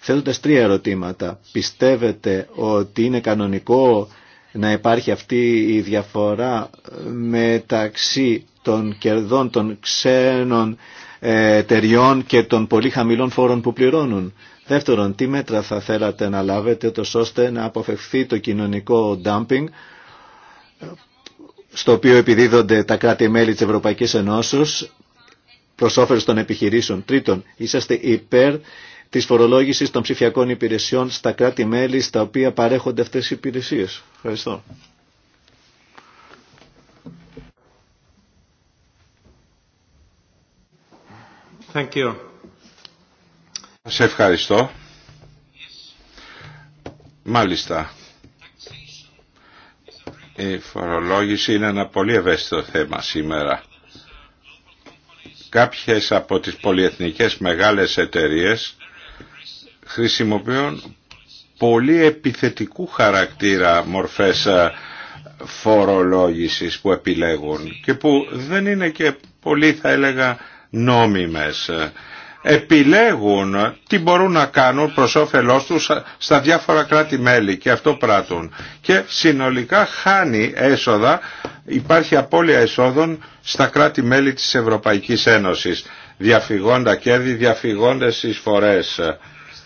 θέτοντας τρία ερωτήματα. Πιστεύετε ότι είναι κανονικό να υπάρχει αυτή η διαφορά μεταξύ των κερδών των ξένων ε, εταιριών και των πολύ χαμηλών φόρων που πληρώνουν. Δεύτερον, τι μέτρα θα θέλατε να λάβετε ώστε να αποφευθεί το κοινωνικό dumping στο οποίο επιδίδονται τα κράτη-μέλη της Ευρωπαϊκής Ενώσεως προς όφελος των επιχειρήσεων. Τρίτον, είσαστε υπέρ της φορολόγησης των ψηφιακών υπηρεσιών στα κράτη-μέλη στα οποία παρέχονται αυτές οι υπηρεσίες. Ευχαριστώ. Thank you. Σε ευχαριστώ. Μάλιστα. Η φορολόγηση είναι ένα πολύ ευαίσθητο θέμα σήμερα. Κάποιες από τις πολυεθνικές μεγάλες εταιρείες χρησιμοποιούν πολύ επιθετικού χαρακτήρα μορφές ε, φορολόγησης που επιλέγουν και που δεν είναι και πολύ θα έλεγα νόμιμες. Επιλέγουν τι μπορούν να κάνουν προς όφελός τους ε, στα διάφορα κράτη-μέλη και αυτό πράττουν. Και συνολικά χάνει έσοδα, υπάρχει απώλεια εσόδων στα κράτη-μέλη της Ευρωπαϊκής Ένωσης. Διαφυγόντα κέρδη, διαφυγόντες εισφορές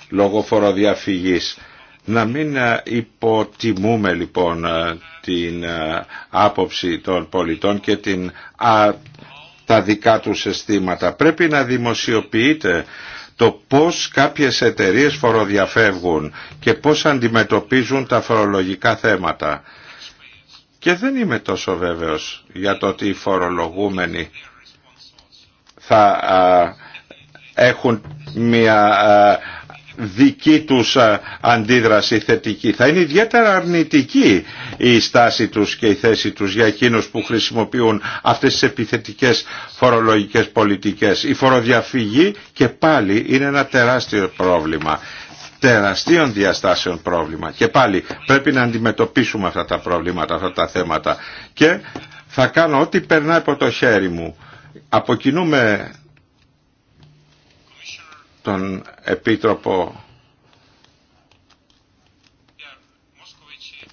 λόγω φοροδιαφυγής. Να μην ε, υποτιμούμε λοιπόν ε, την ε, άποψη των πολιτών και την, α, τα δικά τους αισθήματα. Πρέπει να δημοσιοποιείτε το πώς κάποιες εταιρείες φοροδιαφεύγουν και πώς αντιμετωπίζουν τα φορολογικά θέματα. Και δεν είμαι τόσο βέβαιος για το ότι οι φορολογούμενοι θα έχουν μια δική τους αντίδραση θετική. Θα είναι ιδιαίτερα αρνητική η στάση τους και η θέση τους για εκείνους που χρησιμοποιούν αυτές τις επιθετικές φορολογικές πολιτικές. Η φοροδιαφυγή και πάλι είναι ένα τεράστιο πρόβλημα τεραστίων διαστάσεων πρόβλημα. Και πάλι πρέπει να αντιμετωπίσουμε αυτά τα προβλήματα, αυτά τα θέματα. Και θα κάνω ό,τι περνάει από το χέρι μου. Αποκινούμε τον Επίτροπο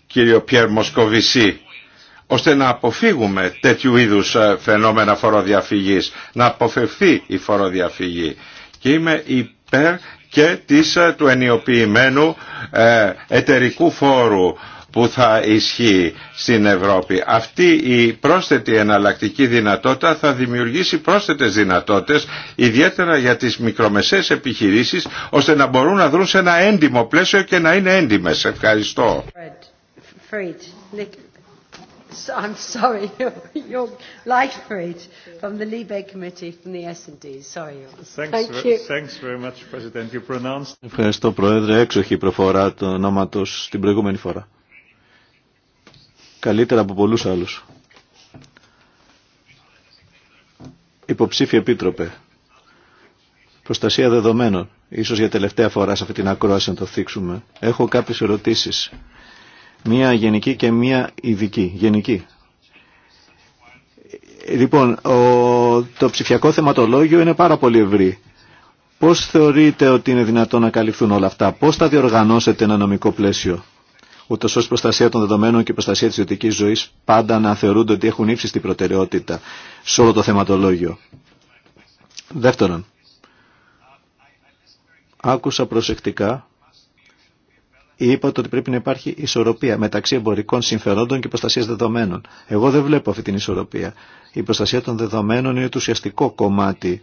κύριο Πιέρ Μοσκοβισή ώστε να αποφύγουμε τέτοιου είδους ε, φαινόμενα φοροδιαφυγής, να αποφευθεί η φοροδιαφυγή. Και είμαι υπέρ και της, ε, του ενιοποιημένου ε, εταιρικού φόρου που θα ισχύει στην Ευρώπη. Αυτή η πρόσθετη εναλλακτική δυνατότητα θα δημιουργήσει πρόσθετες δυνατότητες ιδιαίτερα για τις μικρομεσαίες επιχειρήσεις ώστε να μπορούν να δρουν σε ένα έντιμο πλαίσιο και να είναι έντιμες. Ευχαριστώ. I'm sorry, Ευχαριστώ, Πρόεδρε. Έξοχη προφορά του ονόματο την προηγούμενη φορά καλύτερα από πολλούς άλλους. Υποψήφιε επίτροπε, προστασία δεδομένων, ίσως για τελευταία φορά σε αυτή την ακρόαση να το θίξουμε. Έχω κάποιες ερωτήσεις, μία γενική και μία ειδική, γενική. Λοιπόν, το ψηφιακό θεματολόγιο είναι πάρα πολύ ευρύ. Πώς θεωρείτε ότι είναι δυνατόν να καλυφθούν όλα αυτά, πώς θα διοργανώσετε ένα νομικό πλαίσιο ούτω ώστε προστασία των δεδομένων και προστασία τη ιδιωτική ζωή πάντα να θεωρούνται ότι έχουν ύψιστη προτεραιότητα σε όλο το θεματολόγιο. Δεύτερον, άκουσα προσεκτικά είπατε ότι πρέπει να υπάρχει ισορροπία μεταξύ εμπορικών συμφερόντων και προστασία δεδομένων. Εγώ δεν βλέπω αυτή την ισορροπία. Η προστασία των δεδομένων είναι το ουσιαστικό κομμάτι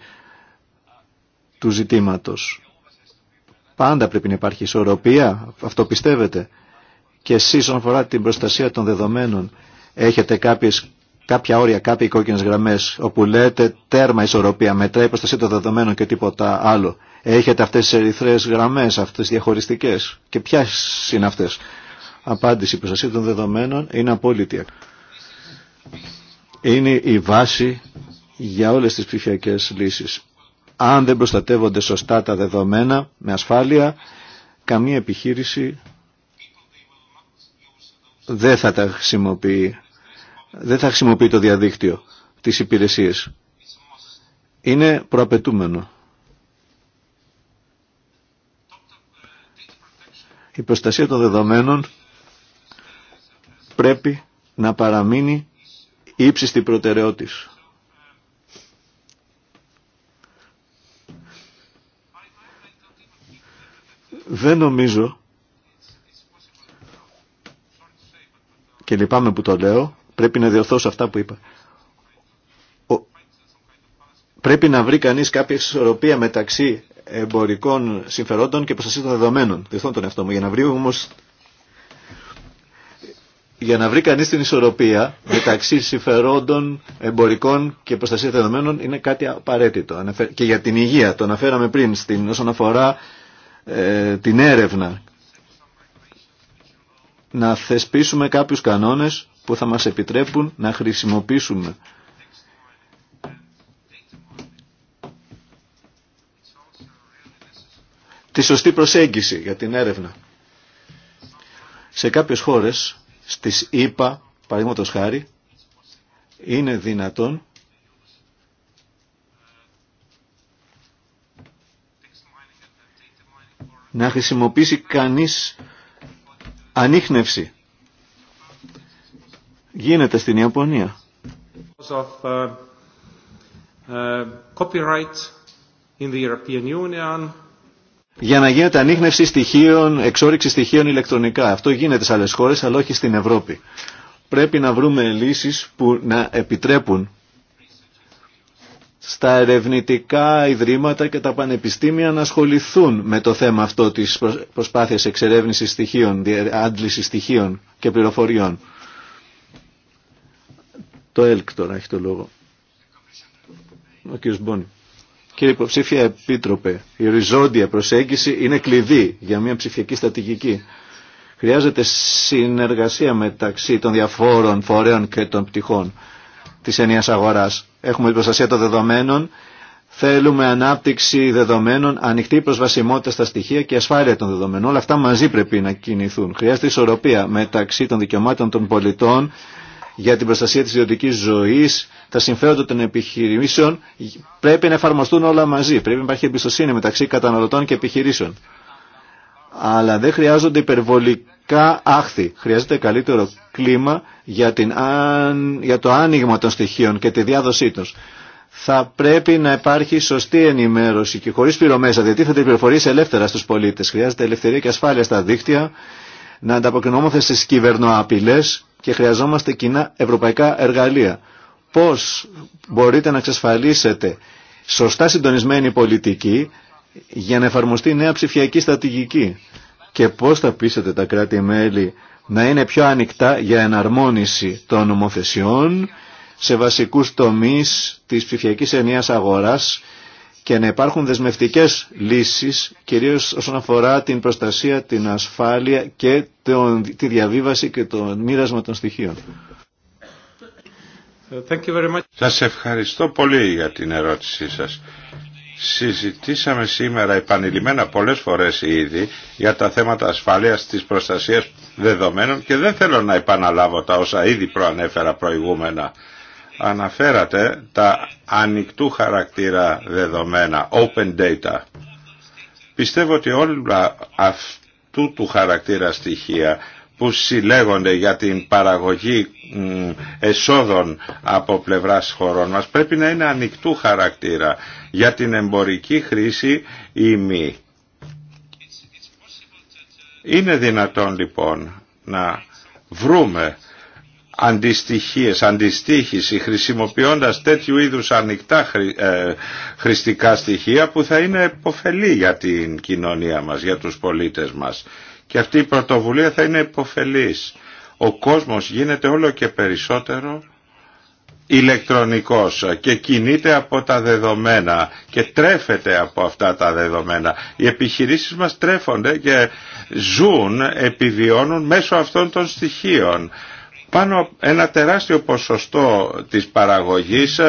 του ζητήματος. Πάντα πρέπει να υπάρχει ισορροπία, αυτό πιστεύετε. Και εσείς όσον αφορά την προστασία των δεδομένων έχετε κάποιες, κάποια όρια, κάποιες κόκκινες γραμμές όπου λέτε τέρμα ισορροπία, μετράει η προστασία των δεδομένων και τίποτα άλλο. Έχετε αυτές τις ερυθρές γραμμές, αυτές τις διαχωριστικές. Και ποιε είναι αυτές. Απάντηση, η προστασία των δεδομένων είναι απόλυτη. Είναι η βάση για όλες τις ψηφιακέ λύσεις. Αν δεν προστατεύονται σωστά τα δεδομένα, με ασφάλεια, καμία επιχείρηση δεν θα χρησιμοποιεί, το διαδίκτυο τις υπηρεσίες. Είναι προαπαιτούμενο. Η προστασία των δεδομένων πρέπει να παραμείνει ύψιστη προτεραιότητα. Δεν νομίζω και λυπάμαι που το λέω, πρέπει να διορθώσω αυτά που είπα. Πρέπει να βρει κανείς κάποια ισορροπία μεταξύ εμπορικών συμφερόντων και προστασία των δεδομένων. Διορθώνω τον εαυτό μου. Για να βρει όμως για να βρει κανεί την ισορροπία μεταξύ συμφερόντων εμπορικών και προστασία δεδομένων είναι κάτι απαραίτητο. Και για την υγεία, το αναφέραμε πριν, στην, όσον αφορά ε, την έρευνα να θεσπίσουμε κάποιους κανόνες που θα μας επιτρέπουν να χρησιμοποιήσουμε τη σωστή προσέγγιση για την έρευνα. Σε κάποιες χώρες, στις ΗΠΑ, παραδείγματος χάρη, είναι δυνατόν να χρησιμοποιήσει κανείς Ανείχνευση γίνεται στην Ιαπωνία. Uh, uh, Για να γίνεται ανείχνευση στοιχείων, εξόριξη στοιχείων ηλεκτρονικά. Αυτό γίνεται σε άλλες χώρες, αλλά όχι στην Ευρώπη. Πρέπει να βρούμε λύσεις που να επιτρέπουν στα ερευνητικά ιδρύματα και τα πανεπιστήμια να ασχοληθούν με το θέμα αυτό της προσπάθειας εξερεύνησης στοιχείων, άντλησης στοιχείων και πληροφοριών. Το ΕΛΚ τώρα έχει το λόγο. Ο κ. Μπόνι. Κύριε Υποψήφια Επίτροπε, η οριζόντια προσέγγιση είναι κλειδί για μια ψηφιακή στατηγική. Χρειάζεται συνεργασία μεταξύ των διαφόρων φορέων και των πτυχών της ενίας αγοράς. Έχουμε την προστασία των δεδομένων, θέλουμε ανάπτυξη δεδομένων, ανοιχτή προσβασιμότητα στα στοιχεία και ασφάλεια των δεδομένων. Όλα αυτά μαζί πρέπει να κινηθούν. Χρειάζεται ισορροπία μεταξύ των δικαιωμάτων των πολιτών για την προστασία της ιδιωτικής ζωής, τα συμφέροντα των επιχειρήσεων, πρέπει να εφαρμοστούν όλα μαζί. Πρέπει να υπάρχει εμπιστοσύνη μεταξύ καταναλωτών και επιχειρήσεων. Αλλά δεν χρειάζονται υπερβολικά πραγματικά άχθη. Χρειάζεται καλύτερο κλίμα για, την, για το άνοιγμα των στοιχείων και τη διάδοσή του. Θα πρέπει να υπάρχει σωστή ενημέρωση και χωρίς γιατί θα την πληροφορίες ελεύθερα στους πολίτες. Χρειάζεται ελευθερία και ασφάλεια στα δίκτυα, να ανταποκρινόμαστε στι κυβερνοαπειλές και χρειαζόμαστε κοινά ευρωπαϊκά εργαλεία. Πώς μπορείτε να εξασφαλίσετε σωστά συντονισμένη πολιτική για να εφαρμοστεί νέα ψηφιακή στρατηγική και πώς θα πείσετε τα κράτη-μέλη να είναι πιο ανοιχτά για εναρμόνιση των νομοθεσιών σε βασικούς τομείς της ψηφιακής ενίας αγοράς και να υπάρχουν δεσμευτικές λύσεις, κυρίως όσον αφορά την προστασία, την ασφάλεια και τη διαβίβαση και το μοίρασμα των στοιχείων. Thank Σας ευχαριστώ πολύ για την ερώτησή σας. Συζητήσαμε σήμερα επανειλημμένα πολλές φορές ήδη για τα θέματα ασφαλείας της προστασίας δεδομένων και δεν θέλω να επαναλάβω τα όσα ήδη προανέφερα προηγούμενα. Αναφέρατε τα ανοιχτού χαρακτήρα δεδομένα, open data. Πιστεύω ότι όλα αυτού του χαρακτήρα στοιχεία που συλλέγονται για την παραγωγή εσόδων από πλευράς χωρών μας πρέπει να είναι ανοιχτού χαρακτήρα για την εμπορική χρήση ή μη. Είναι δυνατόν λοιπόν να βρούμε αντιστοιχίες, αντιστοίχηση χρησιμοποιώντας τέτοιου είδους ανοιχτά ε, χρηστικά στοιχεία που θα είναι επωφελή για την κοινωνία μας, για τους πολίτες μας και αυτή η πρωτοβουλία θα είναι υποφελής. Ο κόσμος γίνεται όλο και περισσότερο ηλεκτρονικός και κινείται από τα δεδομένα και τρέφεται από αυτά τα δεδομένα. Οι επιχειρήσεις μας τρέφονται και ζουν, επιβιώνουν μέσω αυτών των στοιχείων. Πάνω ένα τεράστιο ποσοστό της παραγωγής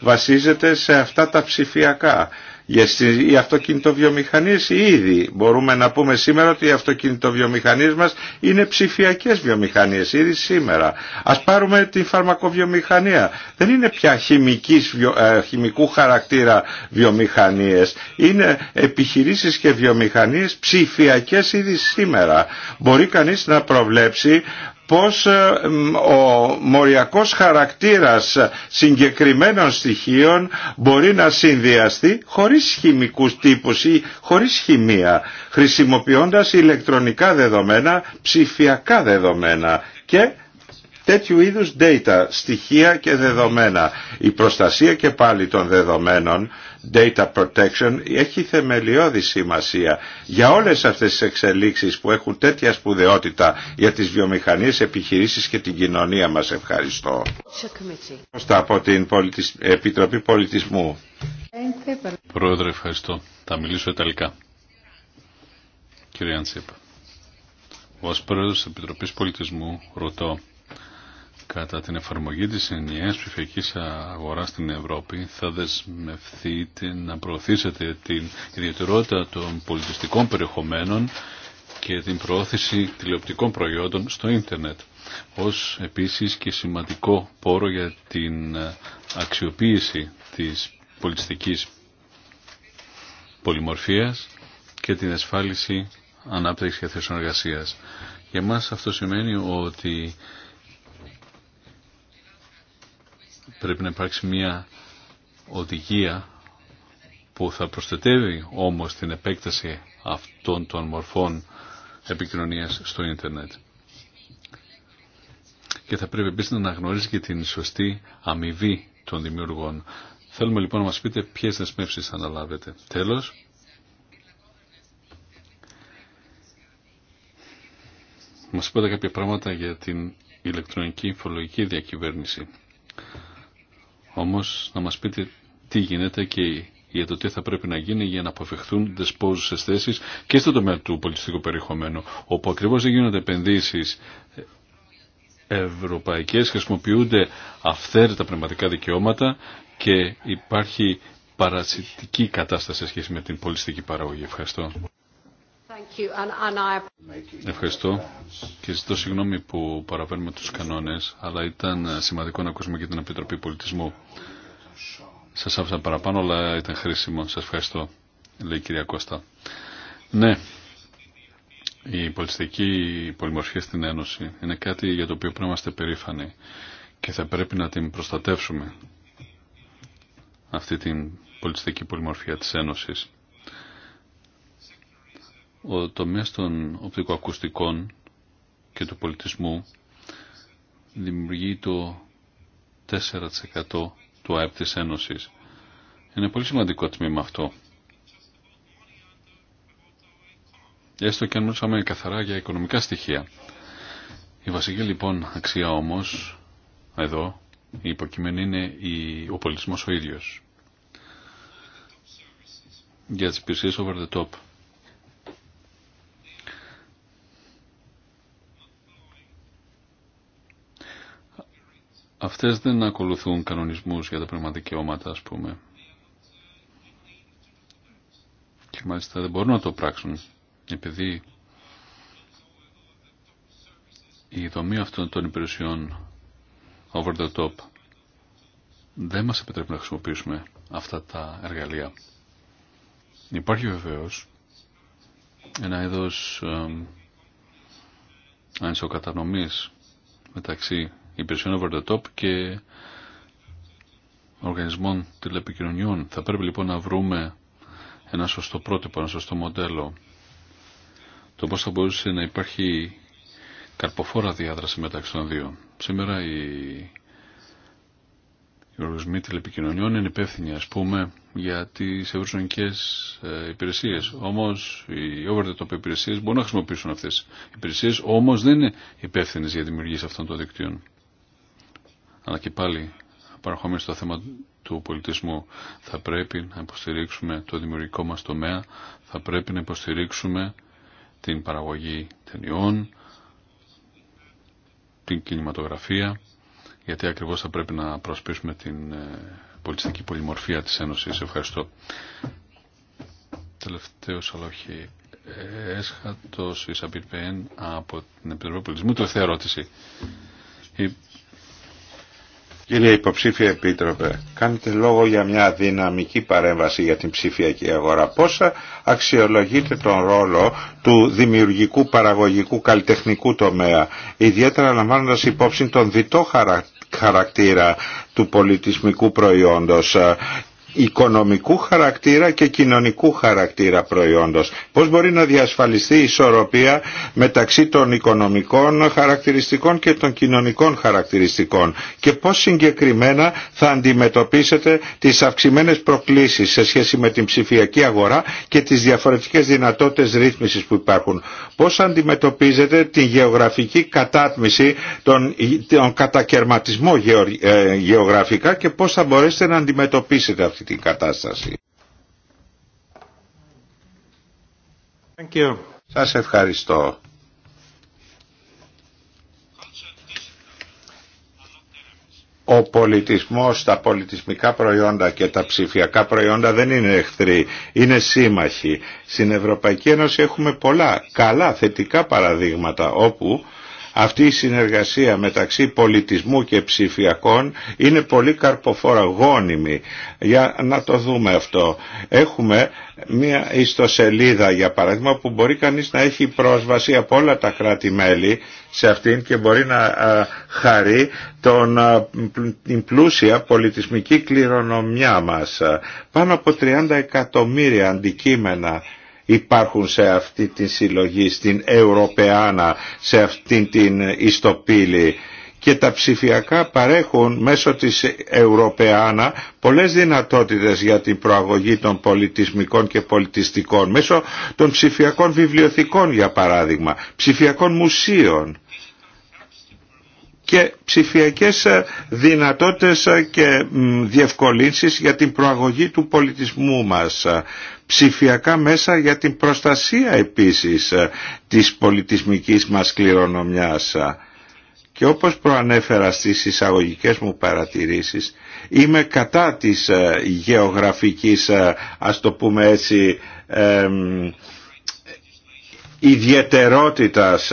βασίζεται σε αυτά τα ψηφιακά οι αυτοκινητοβιομηχανίες ήδη μπορούμε να πούμε σήμερα ότι οι αυτοκινητοβιομηχανίες μας είναι ψηφιακές βιομηχανίες ήδη σήμερα. Ας πάρουμε την φαρμακοβιομηχανία. Δεν είναι πια χημικής, ε, χημικού χαρακτήρα βιομηχανίες. Είναι επιχειρήσεις και βιομηχανίες ψηφιακές ήδη σήμερα. Μπορεί κανείς να προβλέψει πως ε, ο μοριακός χαρακτήρας συγκεκριμένων στοιχείων μπορεί να συνδυαστεί χωρίς χημικούς τύπους ή χωρίς χημεία, χρησιμοποιώντας ηλεκτρονικά δεδομένα, ψηφιακά δεδομένα και τέτοιου είδους data, στοιχεία και δεδομένα. Η προστασία και πάλι των δεδομένων data protection έχει θεμελιώδη σημασία για όλες αυτές τις εξελίξεις που έχουν τέτοια σπουδαιότητα για τις βιομηχανίες, επιχειρήσεις και την κοινωνία μας. Ευχαριστώ. Κώστα από την Επιτροπή Πολιτισμού. Πρόεδρε, ευχαριστώ. Θα μιλήσω ιταλικά. Κύριε Αντσίπα. Ο πρόεδρος της Επιτροπής Πολιτισμού ρωτώ κατά την εφαρμογή της ενιαίας ψηφιακής αγοράς στην Ευρώπη θα δεσμευθείτε να προωθήσετε την ιδιαιτερότητα των πολιτιστικών περιεχομένων και την προώθηση τηλεοπτικών προϊόντων στο ίντερνετ ως επίσης και σημαντικό πόρο για την αξιοποίηση της πολιτιστικής πολυμορφίας και την ασφάλιση ανάπτυξης και θέσεων Για μας αυτό σημαίνει ότι Πρέπει να υπάρξει μια οδηγία που θα προστατεύει όμως την επέκταση αυτών των μορφών επικοινωνίας στο ίντερνετ. Και θα πρέπει επίσης να αναγνωρίζει και την σωστή αμοιβή των δημιουργών. Θέλουμε λοιπόν να μας πείτε ποιες δεσμεύσεις αναλάβετε. Τέλος, μας είπατε κάποια πράγματα για την ηλεκτρονική φορολογική διακυβέρνηση. Όμως να μας πείτε τι γίνεται και για το τι θα πρέπει να γίνει για να αποφευχθούν δεσπόζουσες θέσεις και στο τομέα του πολιτιστικού περιεχομένου, όπου ακριβώς δεν γίνονται επενδύσεις ευρωπαϊκές, χρησιμοποιούνται αυθαίρετα πνευματικά δικαιώματα και υπάρχει παρασυντική κατάσταση σε σχέση με την πολιτιστική παραγωγή. Ευχαριστώ. Ευχαριστώ και ζητώ συγγνώμη που παραβαίνουμε τους κανόνες, αλλά ήταν σημαντικό να ακούσουμε και την Επιτροπή Πολιτισμού. Σας άφησα παραπάνω, αλλά ήταν χρήσιμο. Σας ευχαριστώ, λέει η κυρία Κώστα. Ναι, η πολιτιστική πολυμορφία στην Ένωση είναι κάτι για το οποίο πρέπει να είμαστε περήφανοι και θα πρέπει να την προστατεύσουμε αυτή την πολιτιστική πολυμορφία της Ένωσης ο τομέας των οπτικοακουστικών και του πολιτισμού δημιουργεί το 4% του ΑΕΠ της Ένωσης. Είναι πολύ σημαντικό τμήμα αυτό. Έστω και αν μιλούσαμε καθαρά για οικονομικά στοιχεία. Η βασική λοιπόν αξία όμως, εδώ, η υποκειμένη είναι η, ο πολιτισμός ο ίδιος. Για τις υπηρεσίες over the top αυτές δεν ακολουθούν κανονισμούς για τα πραγματικά ας πούμε. Και μάλιστα δεν μπορούν να το πράξουν, επειδή η δομή αυτών των υπηρεσιών over the top δεν μας επιτρέπει να χρησιμοποιήσουμε αυτά τα εργαλεία. Υπάρχει βεβαίως ένα είδος ε, ανισοκατανομής μεταξύ υπηρεσιών over the top και οργανισμών τηλεπικοινωνιών. Θα πρέπει λοιπόν να βρούμε ένα σωστό πρότυπο, ένα σωστό μοντέλο. Το πώς θα μπορούσε να υπάρχει καρποφόρα διάδραση μεταξύ των δύο. Σήμερα οι, οι οργανισμοί τηλεπικοινωνιών είναι υπεύθυνοι ας πούμε για τις ευρωσονικές ε, υπηρεσίες. Όμως οι over the top υπηρεσίες μπορούν να χρησιμοποιήσουν αυτές οι υπηρεσίες, όμως δεν είναι υπεύθυνε για δημιουργία αυτών των δικτύων αλλά και πάλι παραχωμένοι στο θέμα του πολιτισμού. Θα πρέπει να υποστηρίξουμε το δημιουργικό μας τομέα, θα πρέπει να υποστηρίξουμε την παραγωγή ταινιών, την κινηματογραφία, γιατί ακριβώς θα πρέπει να προσπίσουμε την ε, πολιτιστική πολυμορφία της Ένωσης. Ευχαριστώ. Τελευταίος, αλλά όχι έσχατος, Ισαμπίρ από την Επιτροπή Πολιτισμού. Τελευταία ερώτηση. Κύριε Υποψήφια Επίτροπε, κάνετε λόγο για μια δυναμική παρέμβαση για την ψηφιακή αγορά. Πώς αξιολογείτε τον ρόλο του δημιουργικού, παραγωγικού, καλλιτεχνικού τομέα, ιδιαίτερα λαμβάνοντας υπόψη τον διτό χαρακτήρα του πολιτισμικού προϊόντος οικονομικού χαρακτήρα και κοινωνικού χαρακτήρα προϊόντος. Πώς μπορεί να διασφαλιστεί η ισορροπία μεταξύ των οικονομικών χαρακτηριστικών και των κοινωνικών χαρακτηριστικών και πώς συγκεκριμένα θα αντιμετωπίσετε τις αυξημένες προκλήσεις σε σχέση με την ψηφιακή αγορά και τις διαφορετικές δυνατότητες ρύθμισης που υπάρχουν. Πώς αντιμετωπίζετε την γεωγραφική κατάτμιση, τον, τον κατακαιρματισμό ε, γεωγραφικά και πώς θα μπορέσετε να αντιμετωπίσετε αυτή την κατάσταση. Thank Σας ευχαριστώ. ο πολιτισμός, τα πολιτισμικά προϊόντα και τα ψηφιακά προϊόντα δεν είναι εχθροί, είναι σύμμαχοι. Στην Ευρωπαϊκή Ένωση έχουμε πολλά καλά θετικά παραδείγματα όπου αυτή η συνεργασία μεταξύ πολιτισμού και ψηφιακών είναι πολύ καρποφόρα γόνιμη. Για να το δούμε αυτό. Έχουμε μια ιστοσελίδα για παράδειγμα που μπορεί κανείς να έχει πρόσβαση από όλα τα κράτη-μέλη σε αυτήν και μπορεί να χαρεί τον, την πλούσια πολιτισμική κληρονομιά μας. Πάνω από 30 εκατομμύρια αντικείμενα υπάρχουν σε αυτή τη συλλογή, στην Ευρωπαϊάνα, σε αυτήν την ιστοπύλη και τα ψηφιακά παρέχουν μέσω της Ευρωπαϊάνα πολλές δυνατότητες για την προαγωγή των πολιτισμικών και πολιτιστικών μέσω των ψηφιακών βιβλιοθηκών για παράδειγμα, ψηφιακών μουσείων και ψηφιακές ε, δυνατότητες ε, και διευκολύνσεις για την προαγωγή του πολιτισμού μας ψηφιακά μέσα για την προστασία επίσης ε, της πολιτισμικής μας κληρονομιάς. Ε, και όπως προανέφερα στις εισαγωγικές μου παρατηρήσεις, είμαι κατά της ε, γεωγραφικής, ας το πούμε έτσι, ιδιαιτερότητας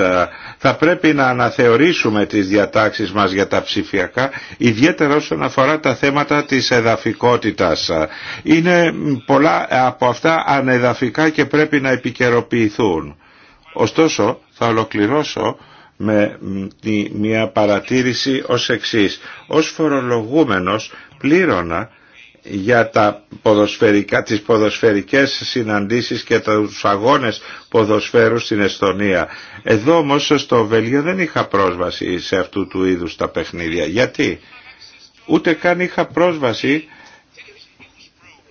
θα πρέπει να αναθεωρήσουμε τις διατάξεις μας για τα ψηφιακά, ιδιαίτερα όσον αφορά τα θέματα της εδαφικότητας. Είναι πολλά από αυτά ανεδαφικά και πρέπει να επικαιροποιηθούν. Ωστόσο, θα ολοκληρώσω με μια παρατήρηση ως εξής. Ως φορολογούμενος πλήρωνα για τα ποδοσφαιρικά, τις ποδοσφαιρικές συναντήσεις και τους αγώνες ποδοσφαίρου στην Εστονία. Εδώ όμως στο Βέλγιο δεν είχα πρόσβαση σε αυτού του είδους τα παιχνίδια. Γιατί ούτε καν είχα πρόσβαση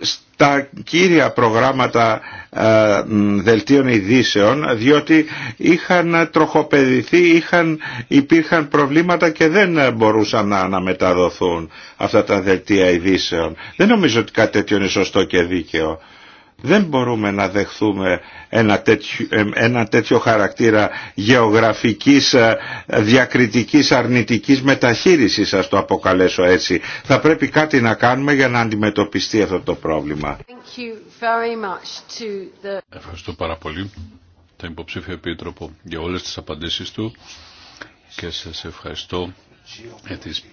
στα κύρια προγράμματα ε, δελτίων ειδήσεων διότι είχαν τροχοπεδηθεί, είχαν, υπήρχαν προβλήματα και δεν μπορούσαν να αναμεταδοθούν αυτά τα δελτία ειδήσεων. Δεν νομίζω ότι κάτι τέτοιο είναι σωστό και δίκαιο. Δεν μπορούμε να δεχθούμε ένα τέτοιο, ε, χαρακτήρα γεωγραφικής ε, διακριτικής αρνητικής μεταχείρισης, ας το αποκαλέσω έτσι. Θα πρέπει κάτι να κάνουμε για να αντιμετωπιστεί αυτό το πρόβλημα. Ευχαριστώ πάρα πολύ τα υποψήφιο επίτροπο για όλες τις απαντήσεις του και σας ευχαριστώ για τις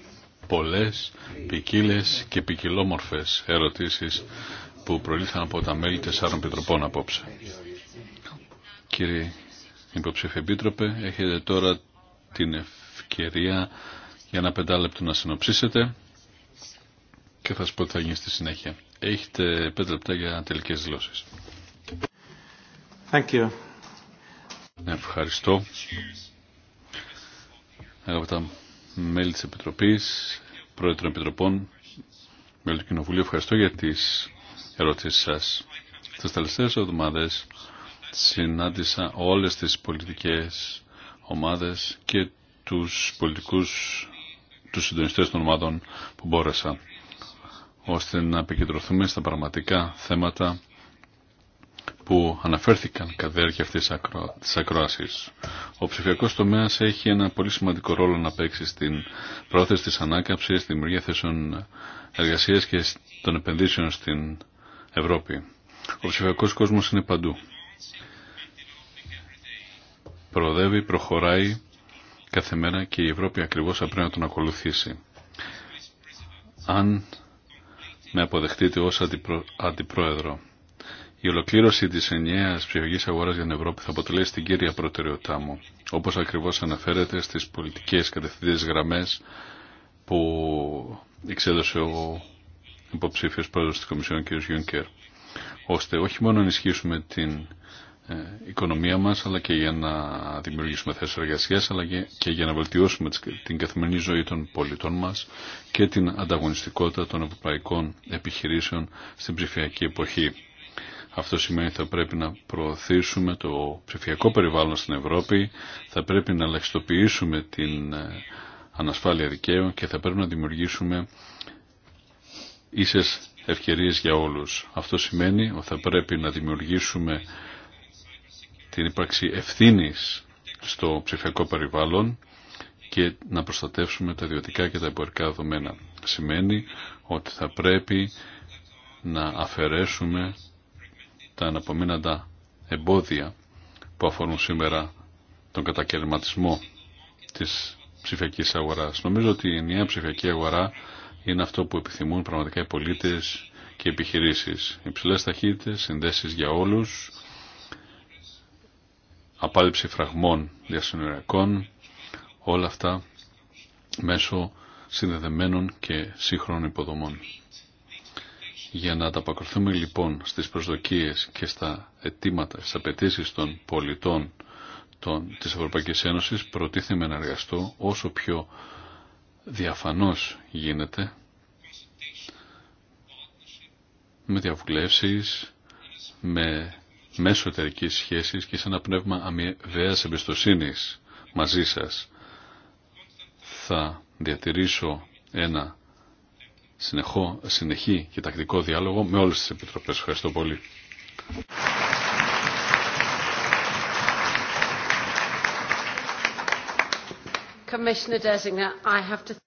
πολλές, ποικίλε και ποικιλόμορφες ερωτήσεις που προήλθαν από τα μέλη τεσσάρων επιτροπών απόψε. Κύριε Υποψήφιε Επίτροπε, έχετε τώρα την ευκαιρία για ένα πεντάλεπτο να συνοψίσετε και θα σας πω τι θα γίνει στη συνέχεια. Έχετε πέντε λεπτά για τελικές δηλώσεις. Thank you. Ευχαριστώ. Αγαπητά μέλη της Επιτροπής, Πρόεδρο Επιτροπών, μέλη του Κοινοβουλίου, ευχαριστώ για τις ερωτήσεις σας. Τις τελευταίες εβδομάδες συνάντησα όλες τις πολιτικές ομάδες και τους πολιτικούς, τους συντονιστές των ομάδων που μπόρεσα, ώστε να επικεντρωθούμε στα πραγματικά θέματα που αναφέρθηκαν κατά διάρκεια αυτής της ακρόασης. Ο ψηφιακός τομέας έχει ένα πολύ σημαντικό ρόλο να παίξει στην πρόθεση της ανάκαψης, στη δημιουργία θέσεων εργασίας και των επενδύσεων στην Ευρώπη. Ο ψηφιακό κόσμος είναι παντού. Προοδεύει, προχωράει κάθε μέρα και η Ευρώπη ακριβώς θα πρέπει να τον ακολουθήσει. Αν με αποδεχτείτε ως αντιπρόεδρο, η ολοκλήρωση της ενιαίας ψηφιακής αγοράς για την Ευρώπη θα αποτελέσει την κύρια προτεραιότητά μου, όπως ακριβώς αναφέρεται στις πολιτικές κατευθυντές γραμμές που εξέδωσε ο υποψήφιο πρόεδρο τη Κομισιόν κ. Γιούνκερ, ώστε όχι μόνο να ενισχύσουμε την ε, οικονομία μα, αλλά και για να δημιουργήσουμε θέσει εργασία, αλλά και για να βελτιώσουμε την καθημερινή ζωή των πολιτών μα και την ανταγωνιστικότητα των ευρωπαϊκών επιχειρήσεων στην ψηφιακή εποχή. Αυτό σημαίνει ότι θα πρέπει να προωθήσουμε το ψηφιακό περιβάλλον στην Ευρώπη, θα πρέπει να ελαχιστοποιήσουμε την ε, ανασφάλεια δικαίων και θα πρέπει να δημιουργήσουμε ίσες ευκαιρίες για όλους. Αυτό σημαίνει ότι θα πρέπει να δημιουργήσουμε την ύπαρξη ευθύνης στο ψηφιακό περιβάλλον και να προστατεύσουμε τα ιδιωτικά και τα εμπορικά δεδομένα. Σημαίνει ότι θα πρέπει να αφαιρέσουμε τα αναπομείναντα εμπόδια που αφορούν σήμερα τον κατακαιρματισμό της ψηφιακής αγοράς. Νομίζω ότι η νέα ψηφιακή αγορά είναι αυτό που επιθυμούν πραγματικά οι πολίτες και οι επιχειρήσεις. Υψηλές ταχύτητες, συνδέσεις για όλους, απάλληψη φραγμών διασυνοριακών, όλα αυτά μέσω συνδεδεμένων και σύγχρονων υποδομών. Για να ανταπακριθούμε λοιπόν στις προσδοκίες και στα αιτήματα, στις απαιτήσει των πολιτών των, της Ευρωπαϊκής Ένωσης προτίθεμαι να εργαστώ όσο πιο διαφανώς γίνεται με διαβουλεύσεις, με μέσω σχέσεις και σε ένα πνεύμα αμοιβαίας εμπιστοσύνης μαζί σας. Θα διατηρήσω ένα συνεχό, συνεχή και τακτικό διάλογο με όλες τις επιτροπές. Ευχαριστώ πολύ.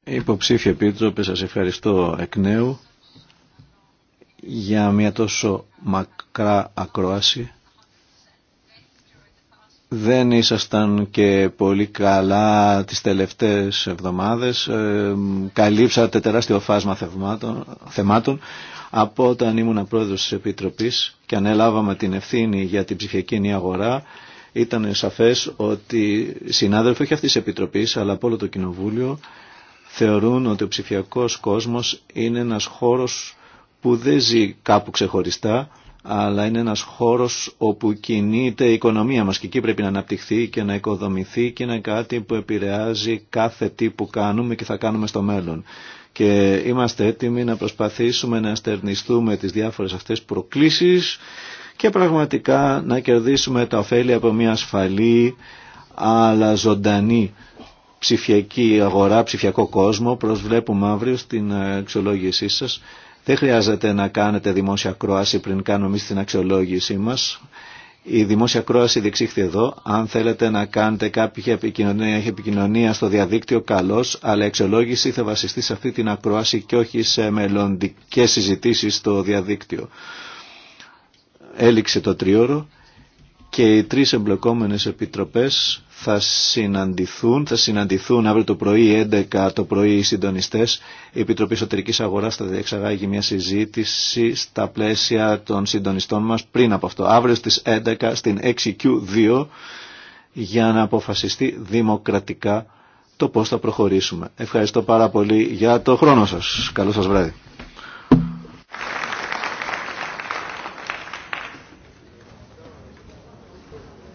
Υποψήφια Επίτροπε, σας ευχαριστώ εκ νέου για μια τόσο μακρά ακρόαση. Δεν ήσασταν και πολύ καλά τις τελευταίες εβδομάδες. Ε, καλύψατε τεράστιο φάσμα θεμάτων, θεμάτων. Από όταν ήμουν πρόεδρος της Επιτροπής και ανέλαβαμε την ευθύνη για την ψηφιακή νέα αγορά, ήταν σαφές ότι συνάδελφοι όχι αυτής της Επιτροπής αλλά από όλο το Κοινοβούλιο θεωρούν ότι ο ψηφιακός κόσμος είναι ένας χώρος που δεν ζει κάπου ξεχωριστά αλλά είναι ένας χώρος όπου κινείται η οικονομία μας και εκεί πρέπει να αναπτυχθεί και να οικοδομηθεί και είναι κάτι που επηρεάζει κάθε τι που κάνουμε και θα κάνουμε στο μέλλον. Και είμαστε έτοιμοι να προσπαθήσουμε να στερνιστούμε τις διάφορες αυτές προκλήσεις και πραγματικά να κερδίσουμε τα ωφέλη από μια ασφαλή αλλά ζωντανή ψηφιακή αγορά, ψηφιακό κόσμο. Προσβλέπουμε αύριο στην αξιολόγησή σας. Δεν χρειάζεται να κάνετε δημόσια κρόαση πριν κάνουμε εμείς την αξιολόγησή μας. Η δημόσια κρόαση διεξήχθη εδώ. Αν θέλετε να κάνετε κάποια επικοινωνία, έχει επικοινωνία στο διαδίκτυο, καλώς, αλλά η αξιολόγηση θα βασιστεί σε αυτή την ακρόαση και όχι σε μελλοντικές συζητήσεις στο διαδίκτυο. Έληξε το τρίωρο και οι τρεις εμπλεκόμενες επιτροπές θα συναντηθούν, θα συναντηθούν αύριο το πρωί 11 το πρωί οι συντονιστές. Η Επιτροπή Εσωτερικής Αγοράς θα διεξαγάγει μια συζήτηση στα πλαίσια των συντονιστών μας πριν από αυτό. Αύριο στις 11 στην 6Q2 για να αποφασιστεί δημοκρατικά το πώς θα προχωρήσουμε. Ευχαριστώ πάρα πολύ για το χρόνο σας. Καλό σας βράδυ.